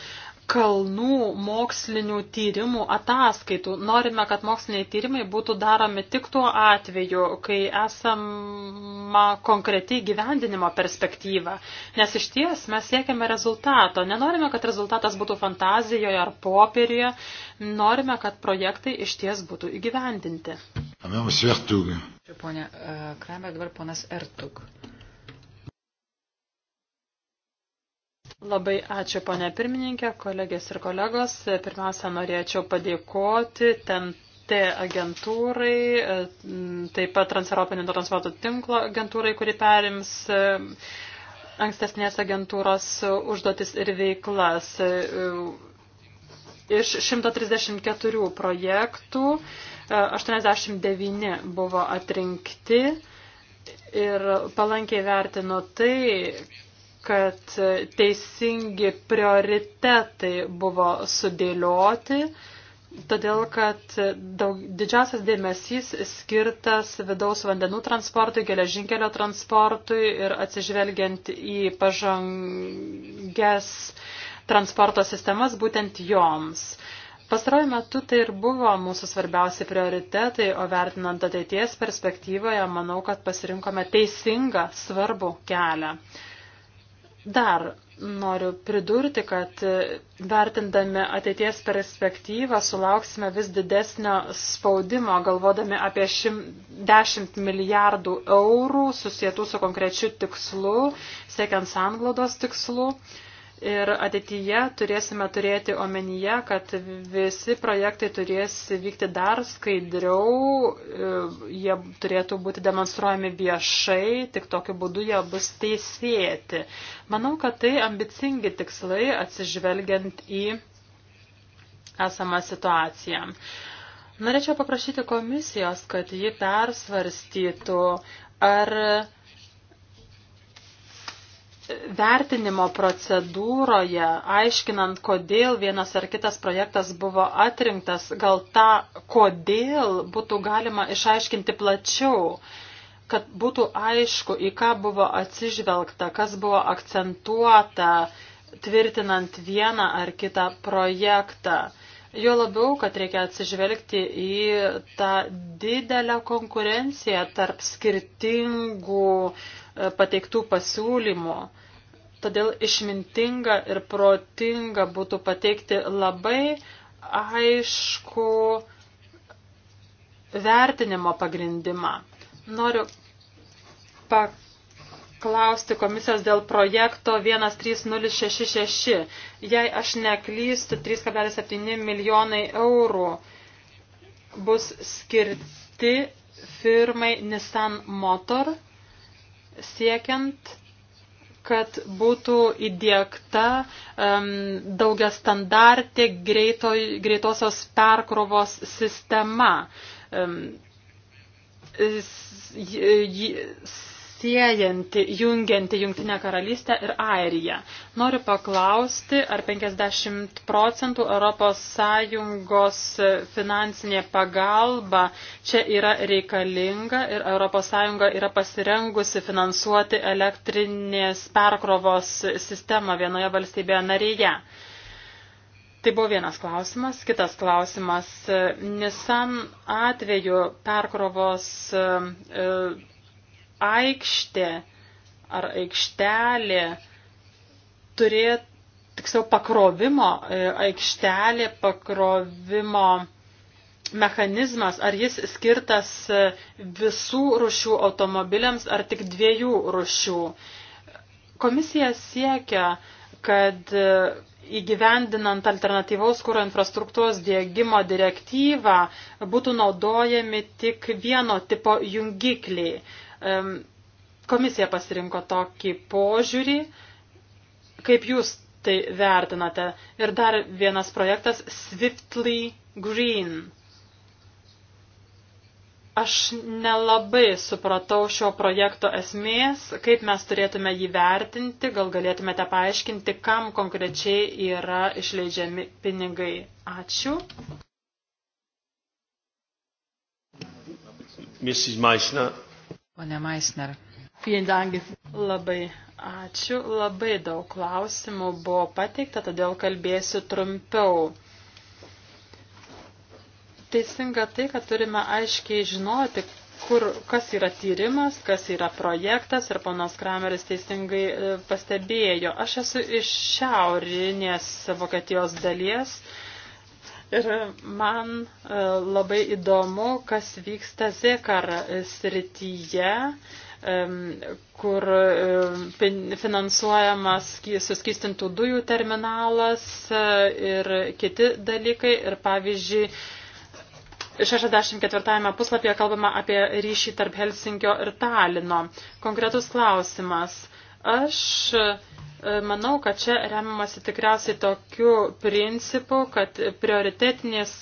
S3: kalnų mokslinių tyrimų ataskaitų. Norime, kad moksliniai tyrimai būtų daromi tik tuo atveju, kai esama konkretiai gyvendinimo perspektyva. Nes iš ties mes siekiame rezultato. Nenorime, kad rezultatas būtų fantazijoje ar popieriuje. Norime, kad projektai iš ties būtų įgyvendinti. Pone Kramer, dabar ponas Ertug. Labai ačiū, ponė pirmininkė, kolegės ir kolegos. Pirmiausia, norėčiau padėkoti TNT agentūrai, taip pat Transeuropinio transporto tinklo agentūrai, kuri perims e, ankstesnės agentūros užduotis ir veiklas. E, iš 134 projektų 89 e, buvo atrinkti ir palankiai vertino tai, kad teisingi prioritetai buvo sudėlioti, todėl kad daug, didžiausias dėmesys skirtas vidaus vandenų transportui, geležinkelio transportui ir atsižvelgiant į pažangęs transporto sistemas būtent joms. Pastaruoju metu tai ir buvo mūsų svarbiausi prioritetai, o vertinant ateities perspektyvoje, manau, kad pasirinkome teisingą, svarbų kelią. Dar noriu pridurti, kad vertindami ateities perspektyvą sulauksime vis didesnio spaudimo, galvodami apie šim, 10 milijardų eurų susijętų su konkrečiu tikslu, siekiant sanglaudos tikslu. Uh, Ir ateityje turėsime turėti omenyje, kad visi projektai turės vykti dar skaidriau, e, jie turėtų būti demonstruojami viešai, tik tokiu būdu jie bus teisėti. Manau, kad tai ambicingi tikslai atsižvelgiant į esamą situaciją. Norėčiau paprašyti komisijos, kad ji persvarstytų, ar vertinimo procedūroje, aiškinant, kodėl vienas ar kitas projektas buvo atrinktas, gal tą kodėl būtų galima išaiškinti plačiau, kad būtų aišku, į ką buvo atsižvelgta, kas buvo akcentuota, tvirtinant vieną ar kitą projektą. Jo labiau, kad reikia atsižvelgti į tą didelę konkurenciją tarp skirtingų e, pateiktų pasiūlymų. Todėl išmintinga ir protinga būtų pateikti labai aišku vertinimo pagrindimą. Noriu paklausti komisijos dėl projekto 13066. Jei aš neklystu, 3,7 milijonai eurų bus skirti firmai Nissan Motor siekiant kad būtų įdėkta um, daugia standartė greito, greitosios perkrovos sistema. Um, siejanti, jungianti Jungtinę karalystę ir Airiją. Noriu paklausti, ar 50 procentų ES finansinė pagalba čia yra reikalinga ir ES yra pasirengusi finansuoti elektrinės perkrovos sistemą vienoje valstybėje narėje. Tai buvo vienas klausimas. Kitas klausimas. Nissan atveju perkrovos e, aikštė ar aikštelė turėtų, tiksliau, pakrovimo e, aikštelė, pakrovimo mechanizmas, ar jis skirtas e, visų rušių automobiliams ar tik dviejų rušių. Komisija siekia, kad e, įgyvendinant alternatyvaus kūro infrastruktūros dėgymo direktyvą būtų naudojami tik vieno tipo jungikliai. Komisija pasirinko tokį požiūrį, kaip jūs tai vertinate. Ir dar vienas projektas Swiftly Green. Aš nelabai supratau šio projekto esmės, kaip mes turėtume jį vertinti, gal galėtumėte paaiškinti, kam konkrečiai yra išleidžiami pinigai. Ačiū.
S1: Mrs. Meissner.
S2: Pone Maisner.
S3: Labai ačiū. Labai daug klausimų buvo pateikta, todėl kalbėsiu trumpiau. Teisinga tai, kad turime aiškiai žinoti, kur, kas yra tyrimas, kas yra projektas ir ponas Krameris teisingai e, pastebėjo. Aš esu iš šiaurinės Vokietijos dalies Ir man e, labai įdomu, kas vyksta Zekar srityje, kur finansuojamas suskistintų dujų terminalas e, ir kiti dalykai. Ir pavyzdžiui, 64 puslapyje kalbama apie ryšį tarp Helsinkio ir Talino. Konkretus klausimas. Aš E, manau, kad čia remiamasi tikriausiai tokiu principu, kad prioritetinės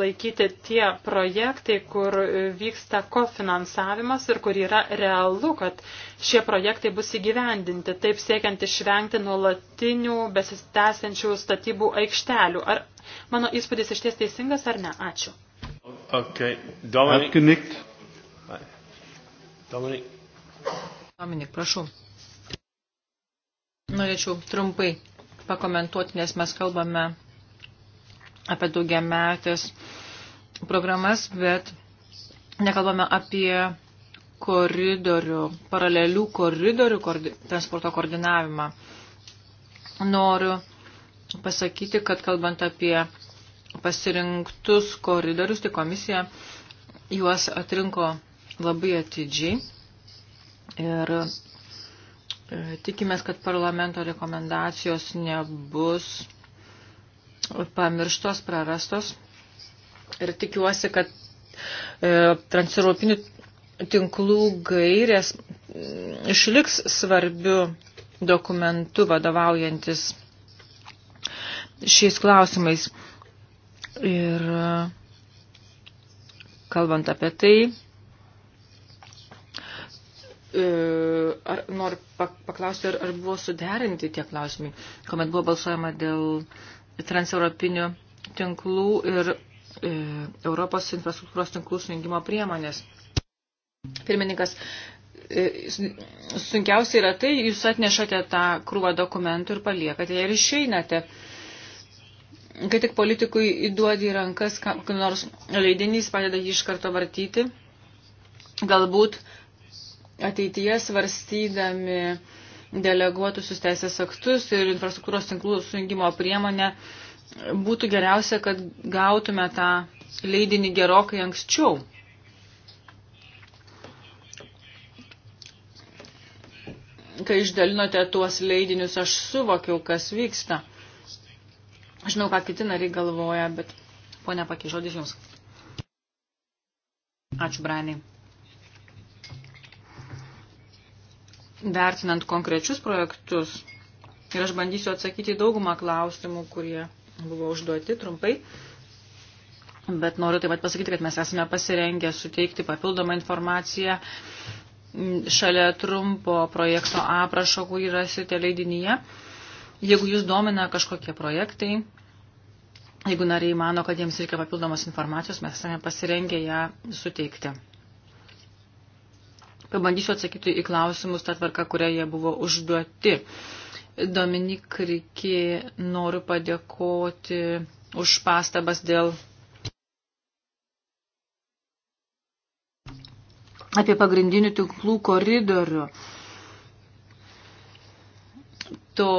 S3: laikyti tie projektai, kur vyksta kofinansavimas ir kur yra realu, kad šie projektai bus įgyvendinti, taip siekiant išvengti nuolatinių besistęsiančių statybų aikštelių. Ar mano įspūdis iš ties teisingas ar ne? Ačiū.
S1: Okay. Dominik. Dominik.
S2: Dominik, prašau. Norėčiau trumpai pakomentuoti, nes mes kalbame apie daugiametės programas, bet nekalbame apie koridorių, paralelių koridorių koordi, transporto koordinavimą. Noriu pasakyti, kad kalbant apie pasirinktus koridorius, tai komisija juos atrinko labai atidžiai ir E, tikimės, kad parlamento rekomendacijos nebus pamirštos, prarastos. Ir tikiuosi, kad e, transeuropinių tinklų gairės mm, išliks svarbiu dokumentu vadovaujantis šiais klausimais. Ir kalbant apie tai, E, ar, noriu paklausti, ar, ar buvo suderinti tie klausimai, kuomet buvo balsuojama dėl transeuropinių tinklų ir e, Europos infrastruktūros tinklų sujungimo priemonės. Pirmininkas, e, sunkiausia yra tai, jūs atnešate tą krūvą dokumentų ir paliekate ir išeinate. Kai tik politikui įduodi į rankas, kam nors leidinys padeda jį iš karto vartyti, galbūt ateityje svarstydami deleguotusius teisės aktus ir infrastruktūros tinklų sujungimo priemonę, būtų geriausia, kad gautume tą leidinį gerokai anksčiau. Kai išdalinote tuos leidinius, aš suvokiau, kas vyksta. Žinau, ką kiti nariai galvoja, bet ponia Pakė, žodis jums. Ačiū, Branai. vertinant konkrečius projektus. Ir aš bandysiu atsakyti į daugumą klausimų, kurie buvo užduoti trumpai. Bet noriu taip pat pasakyti, kad mes esame pasirengę suteikti papildomą informaciją šalia trumpo projekto aprašo, kurį rasite leidinyje. Jeigu jūs domina kažkokie projektai, jeigu nariai mano, kad jiems reikia papildomos informacijos, mes esame pasirengę ją suteikti. Pabandysiu atsakyti į klausimus tą tvarką, kurią jie buvo užduoti. Dominik Rikė, noriu padėkoti už pastabas dėl apie pagrindinių tinklų koridorių. To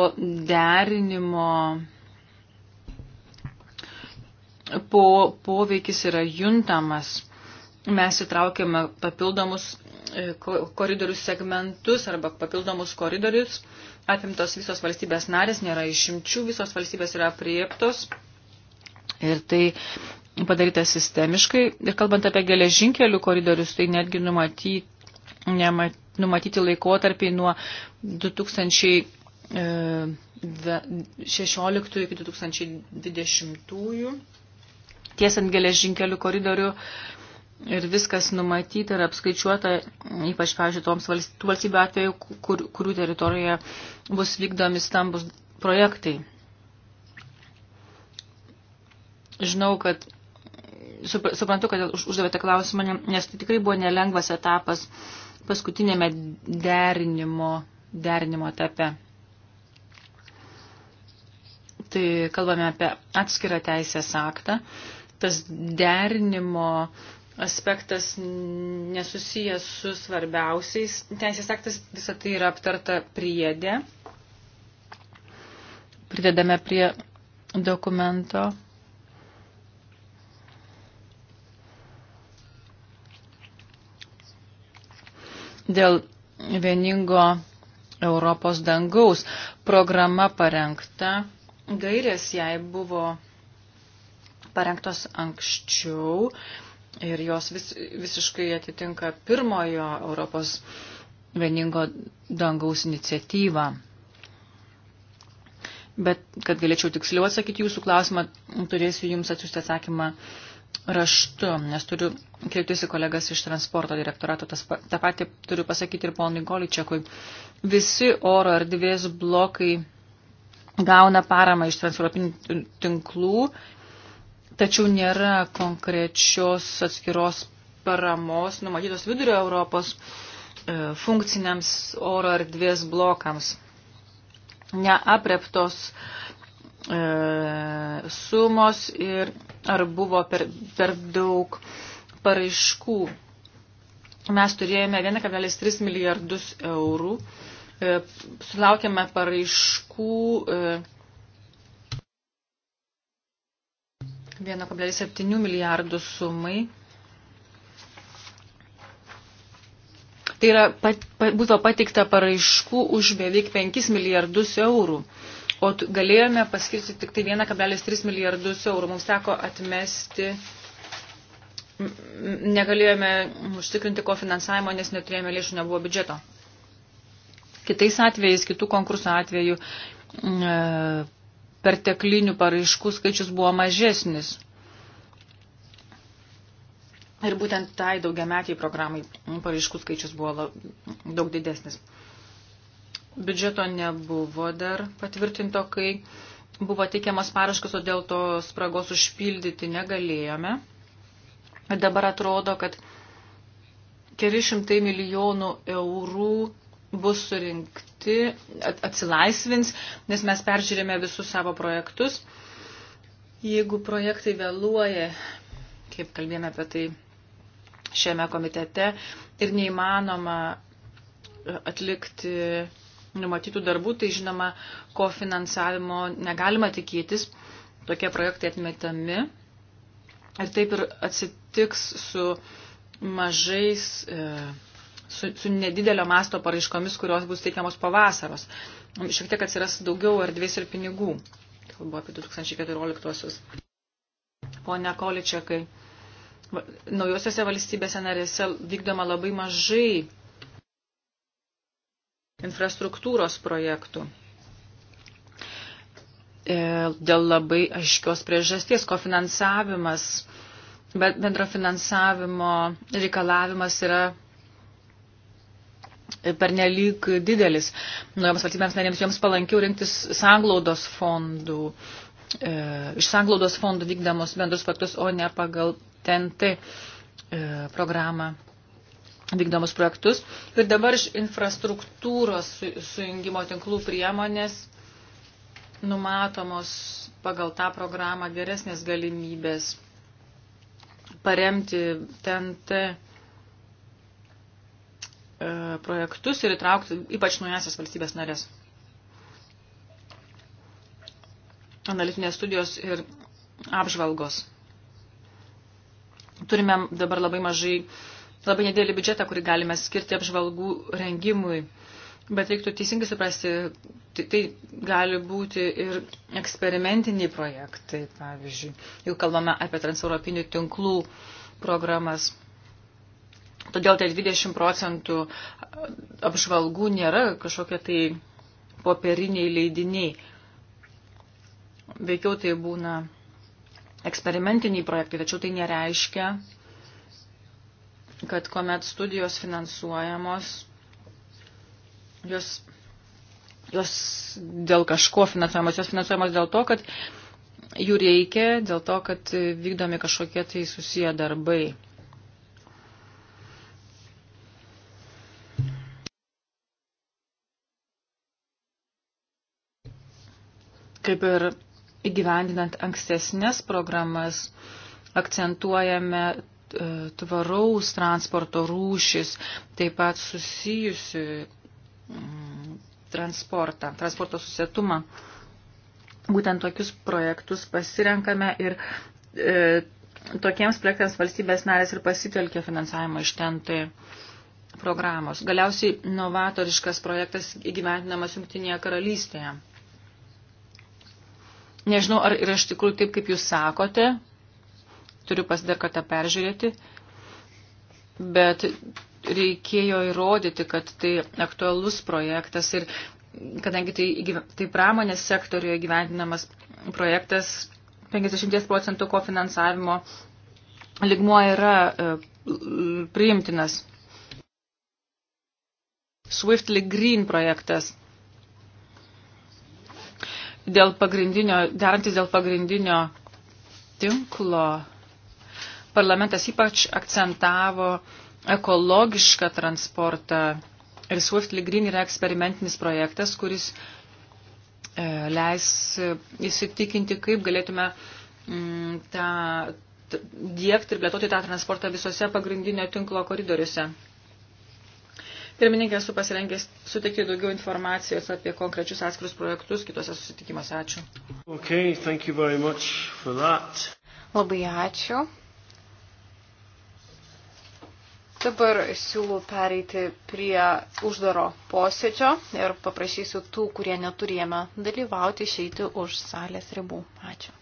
S2: derinimo po, poveikis yra juntamas. Mes įtraukėme papildomus E, koridorių segmentus arba papildomus koridorius. Apimtos visos valstybės narės, nėra išimčių, visos valstybės yra prieptos. Ir tai padaryta sistemiškai. Ir kalbant apie geležinkelių koridorius, tai netgi numatyti, nemat, numatyti laikotarpį nuo 2016 e, iki 2020. Tiesant geležinkelių koridorių ir viskas numatyta ir apskaičiuota, ypač, pavyzdžiui, toms valstybių atveju, kur, kurių teritorijoje bus vykdomi stambus projektai. Žinau, kad suprantu, kad uždavėte klausimą, nes tai tikrai buvo nelengvas etapas paskutinėme derinimo, derinimo etape. Tai kalbame apie atskirą teisės aktą. Tas derinimo aspektas nesusijęs su svarbiausiais. Teisės aktas visą tai yra aptarta priedė. Pridedame prie dokumento. Dėl vieningo Europos dangaus programa parengta, gairės jai buvo parengtos anksčiau ir jos vis, visiškai atitinka pirmojo Europos vieningo dangaus iniciatyvą. Bet kad galėčiau tiksliau atsakyti jūsų klausimą, turėsiu jums atsiųsti atsakymą raštu, nes turiu kreiptis į kolegas iš transporto direktorato. Tas, tą patį turiu pasakyti ir ponui Goličiakui. Visi oro erdvės blokai gauna paramą iš transeuropinių tinklų tačiau nėra konkrečios atskiros paramos numatytos vidurio Europos e, funkciniams oro erdvės blokams. Neapreptos e, sumos ir ar buvo per, per daug paraiškų. Mes turėjome 1,3 milijardus eurų, e, sulaukėme paraiškų. E, 1,7 milijardų sumai. Tai yra, pat, pat, buvo pateikta paraiškų už beveik 5 milijardus eurų, o galėjome paskirti tik tai 1,3 milijardus eurų. Mums teko atmesti, negalėjome užtikrinti kofinansavimo, nes neturėjome lėšų, nebuvo biudžeto. Kitais atvejais, kitų konkursų atveju, e, perteklinių paraiškų skaičius buvo mažesnis. Ir būtent tai daugiametiai programai paraiškų skaičius buvo daug didesnis. Biudžeto nebuvo dar patvirtinto, kai buvo teikiamas paraškas, o dėl to spragos užpildyti negalėjome. Dabar atrodo, kad keli šimtai milijonų eurų bus surinkti, atsilaisvins, nes mes peržiūrėme visus savo projektus. Jeigu projektai vėluoja, kaip kalbėjome apie tai šiame komitete, ir neįmanoma e, atlikti numatytų darbų, tai žinoma, ko finansavimo negalima tikėtis, tokie projektai atmetami. Ir taip ir atsitiks su mažais. E, su, su nedidelio masto paraiškomis, kurios bus teikiamos po vasaros. Šiek tiek atsiras daugiau erdvės ir pinigų. Kalbu apie 2014-osius. Pone Količiakai, naujosiuose valstybėse narėse vykdoma labai mažai infrastruktūros projektų. E, dėl labai aiškios priežasties, kofinansavimas, bet bendrofinansavimo reikalavimas yra pernelyg didelis. Naujoms valstybėms narėms joms palankiau rinktis sanglaudos fondų, e, iš sanglaudos fondų vykdamos bendrus faktus, o ne pagal TNT e, programą vykdomus projektus. Ir dabar iš infrastruktūros su, sujungimo tinklų priemonės numatomos pagal tą programą geresnės galimybės paremti TNT E, projektus ir įtraukti ypač naujasias valstybės narės. Analitinės studijos ir apžvalgos. Turime dabar labai mažai, labai nedėlį biudžetą, kurį galime skirti apžvalgų rengimui. Bet reiktų teisingai suprasti, tai, tai gali būti ir eksperimentiniai projektai, pavyzdžiui, jau kalbame apie transeuropinių tinklų programas. Todėl tie 20 procentų apžvalgų nėra kažkokie tai popieriniai leidiniai. Veikiau tai būna eksperimentiniai projektai, tačiau tai nereiškia, kad kuomet studijos finansuojamos, jos, jos dėl kažko finansuojamos, jos finansuojamos dėl to, kad jų reikia, dėl to, kad vykdomi kažkokie tai susiję darbai Kaip ir įgyvendinant ankstesnės programas, akcentuojame e, tvaraus transporto rūšis, taip pat susijusi mm, transportą, transporto susietumą. Būtent tokius projektus pasirenkame ir e, tokiems projektams valstybės narės ir pasitelkė finansavimo iš ten tai programos. Galiausiai novatoriškas projektas įgyventinamas Junktinėje karalystėje. Nežinau, ar yra iš tikrųjų taip, kaip jūs sakote. Turiu pasidar kartą peržiūrėti. Bet reikėjo įrodyti, kad tai aktualus projektas ir kadangi tai, tai pramonės sektoriuje gyventinamas projektas 50 procentų kofinansavimo ligmuo yra e, priimtinas. Swiftly Green projektas – dėl pagrindinio, derantis dėl pagrindinio tinklo, parlamentas ypač akcentavo ekologišką transportą. Ir Swiftly Green yra eksperimentinis projektas, kuris e, leis e, įsitikinti, kaip galėtume mm, tą, dėkti ir plėtoti tą transportą visose pagrindinio tinklo koridoriuose. Pirmininkė, esu pasirengęs suteikti daugiau informacijos apie konkrečius atskirus projektus kitose susitikimuose. Ačiū.
S1: Okay, thank you very much for that.
S2: Labai ačiū.
S4: Dabar siūlau pereiti prie uždaro posėdžio ir paprašysiu tų, kurie neturėjame dalyvauti,
S2: išeiti už salės ribų. Ačiū.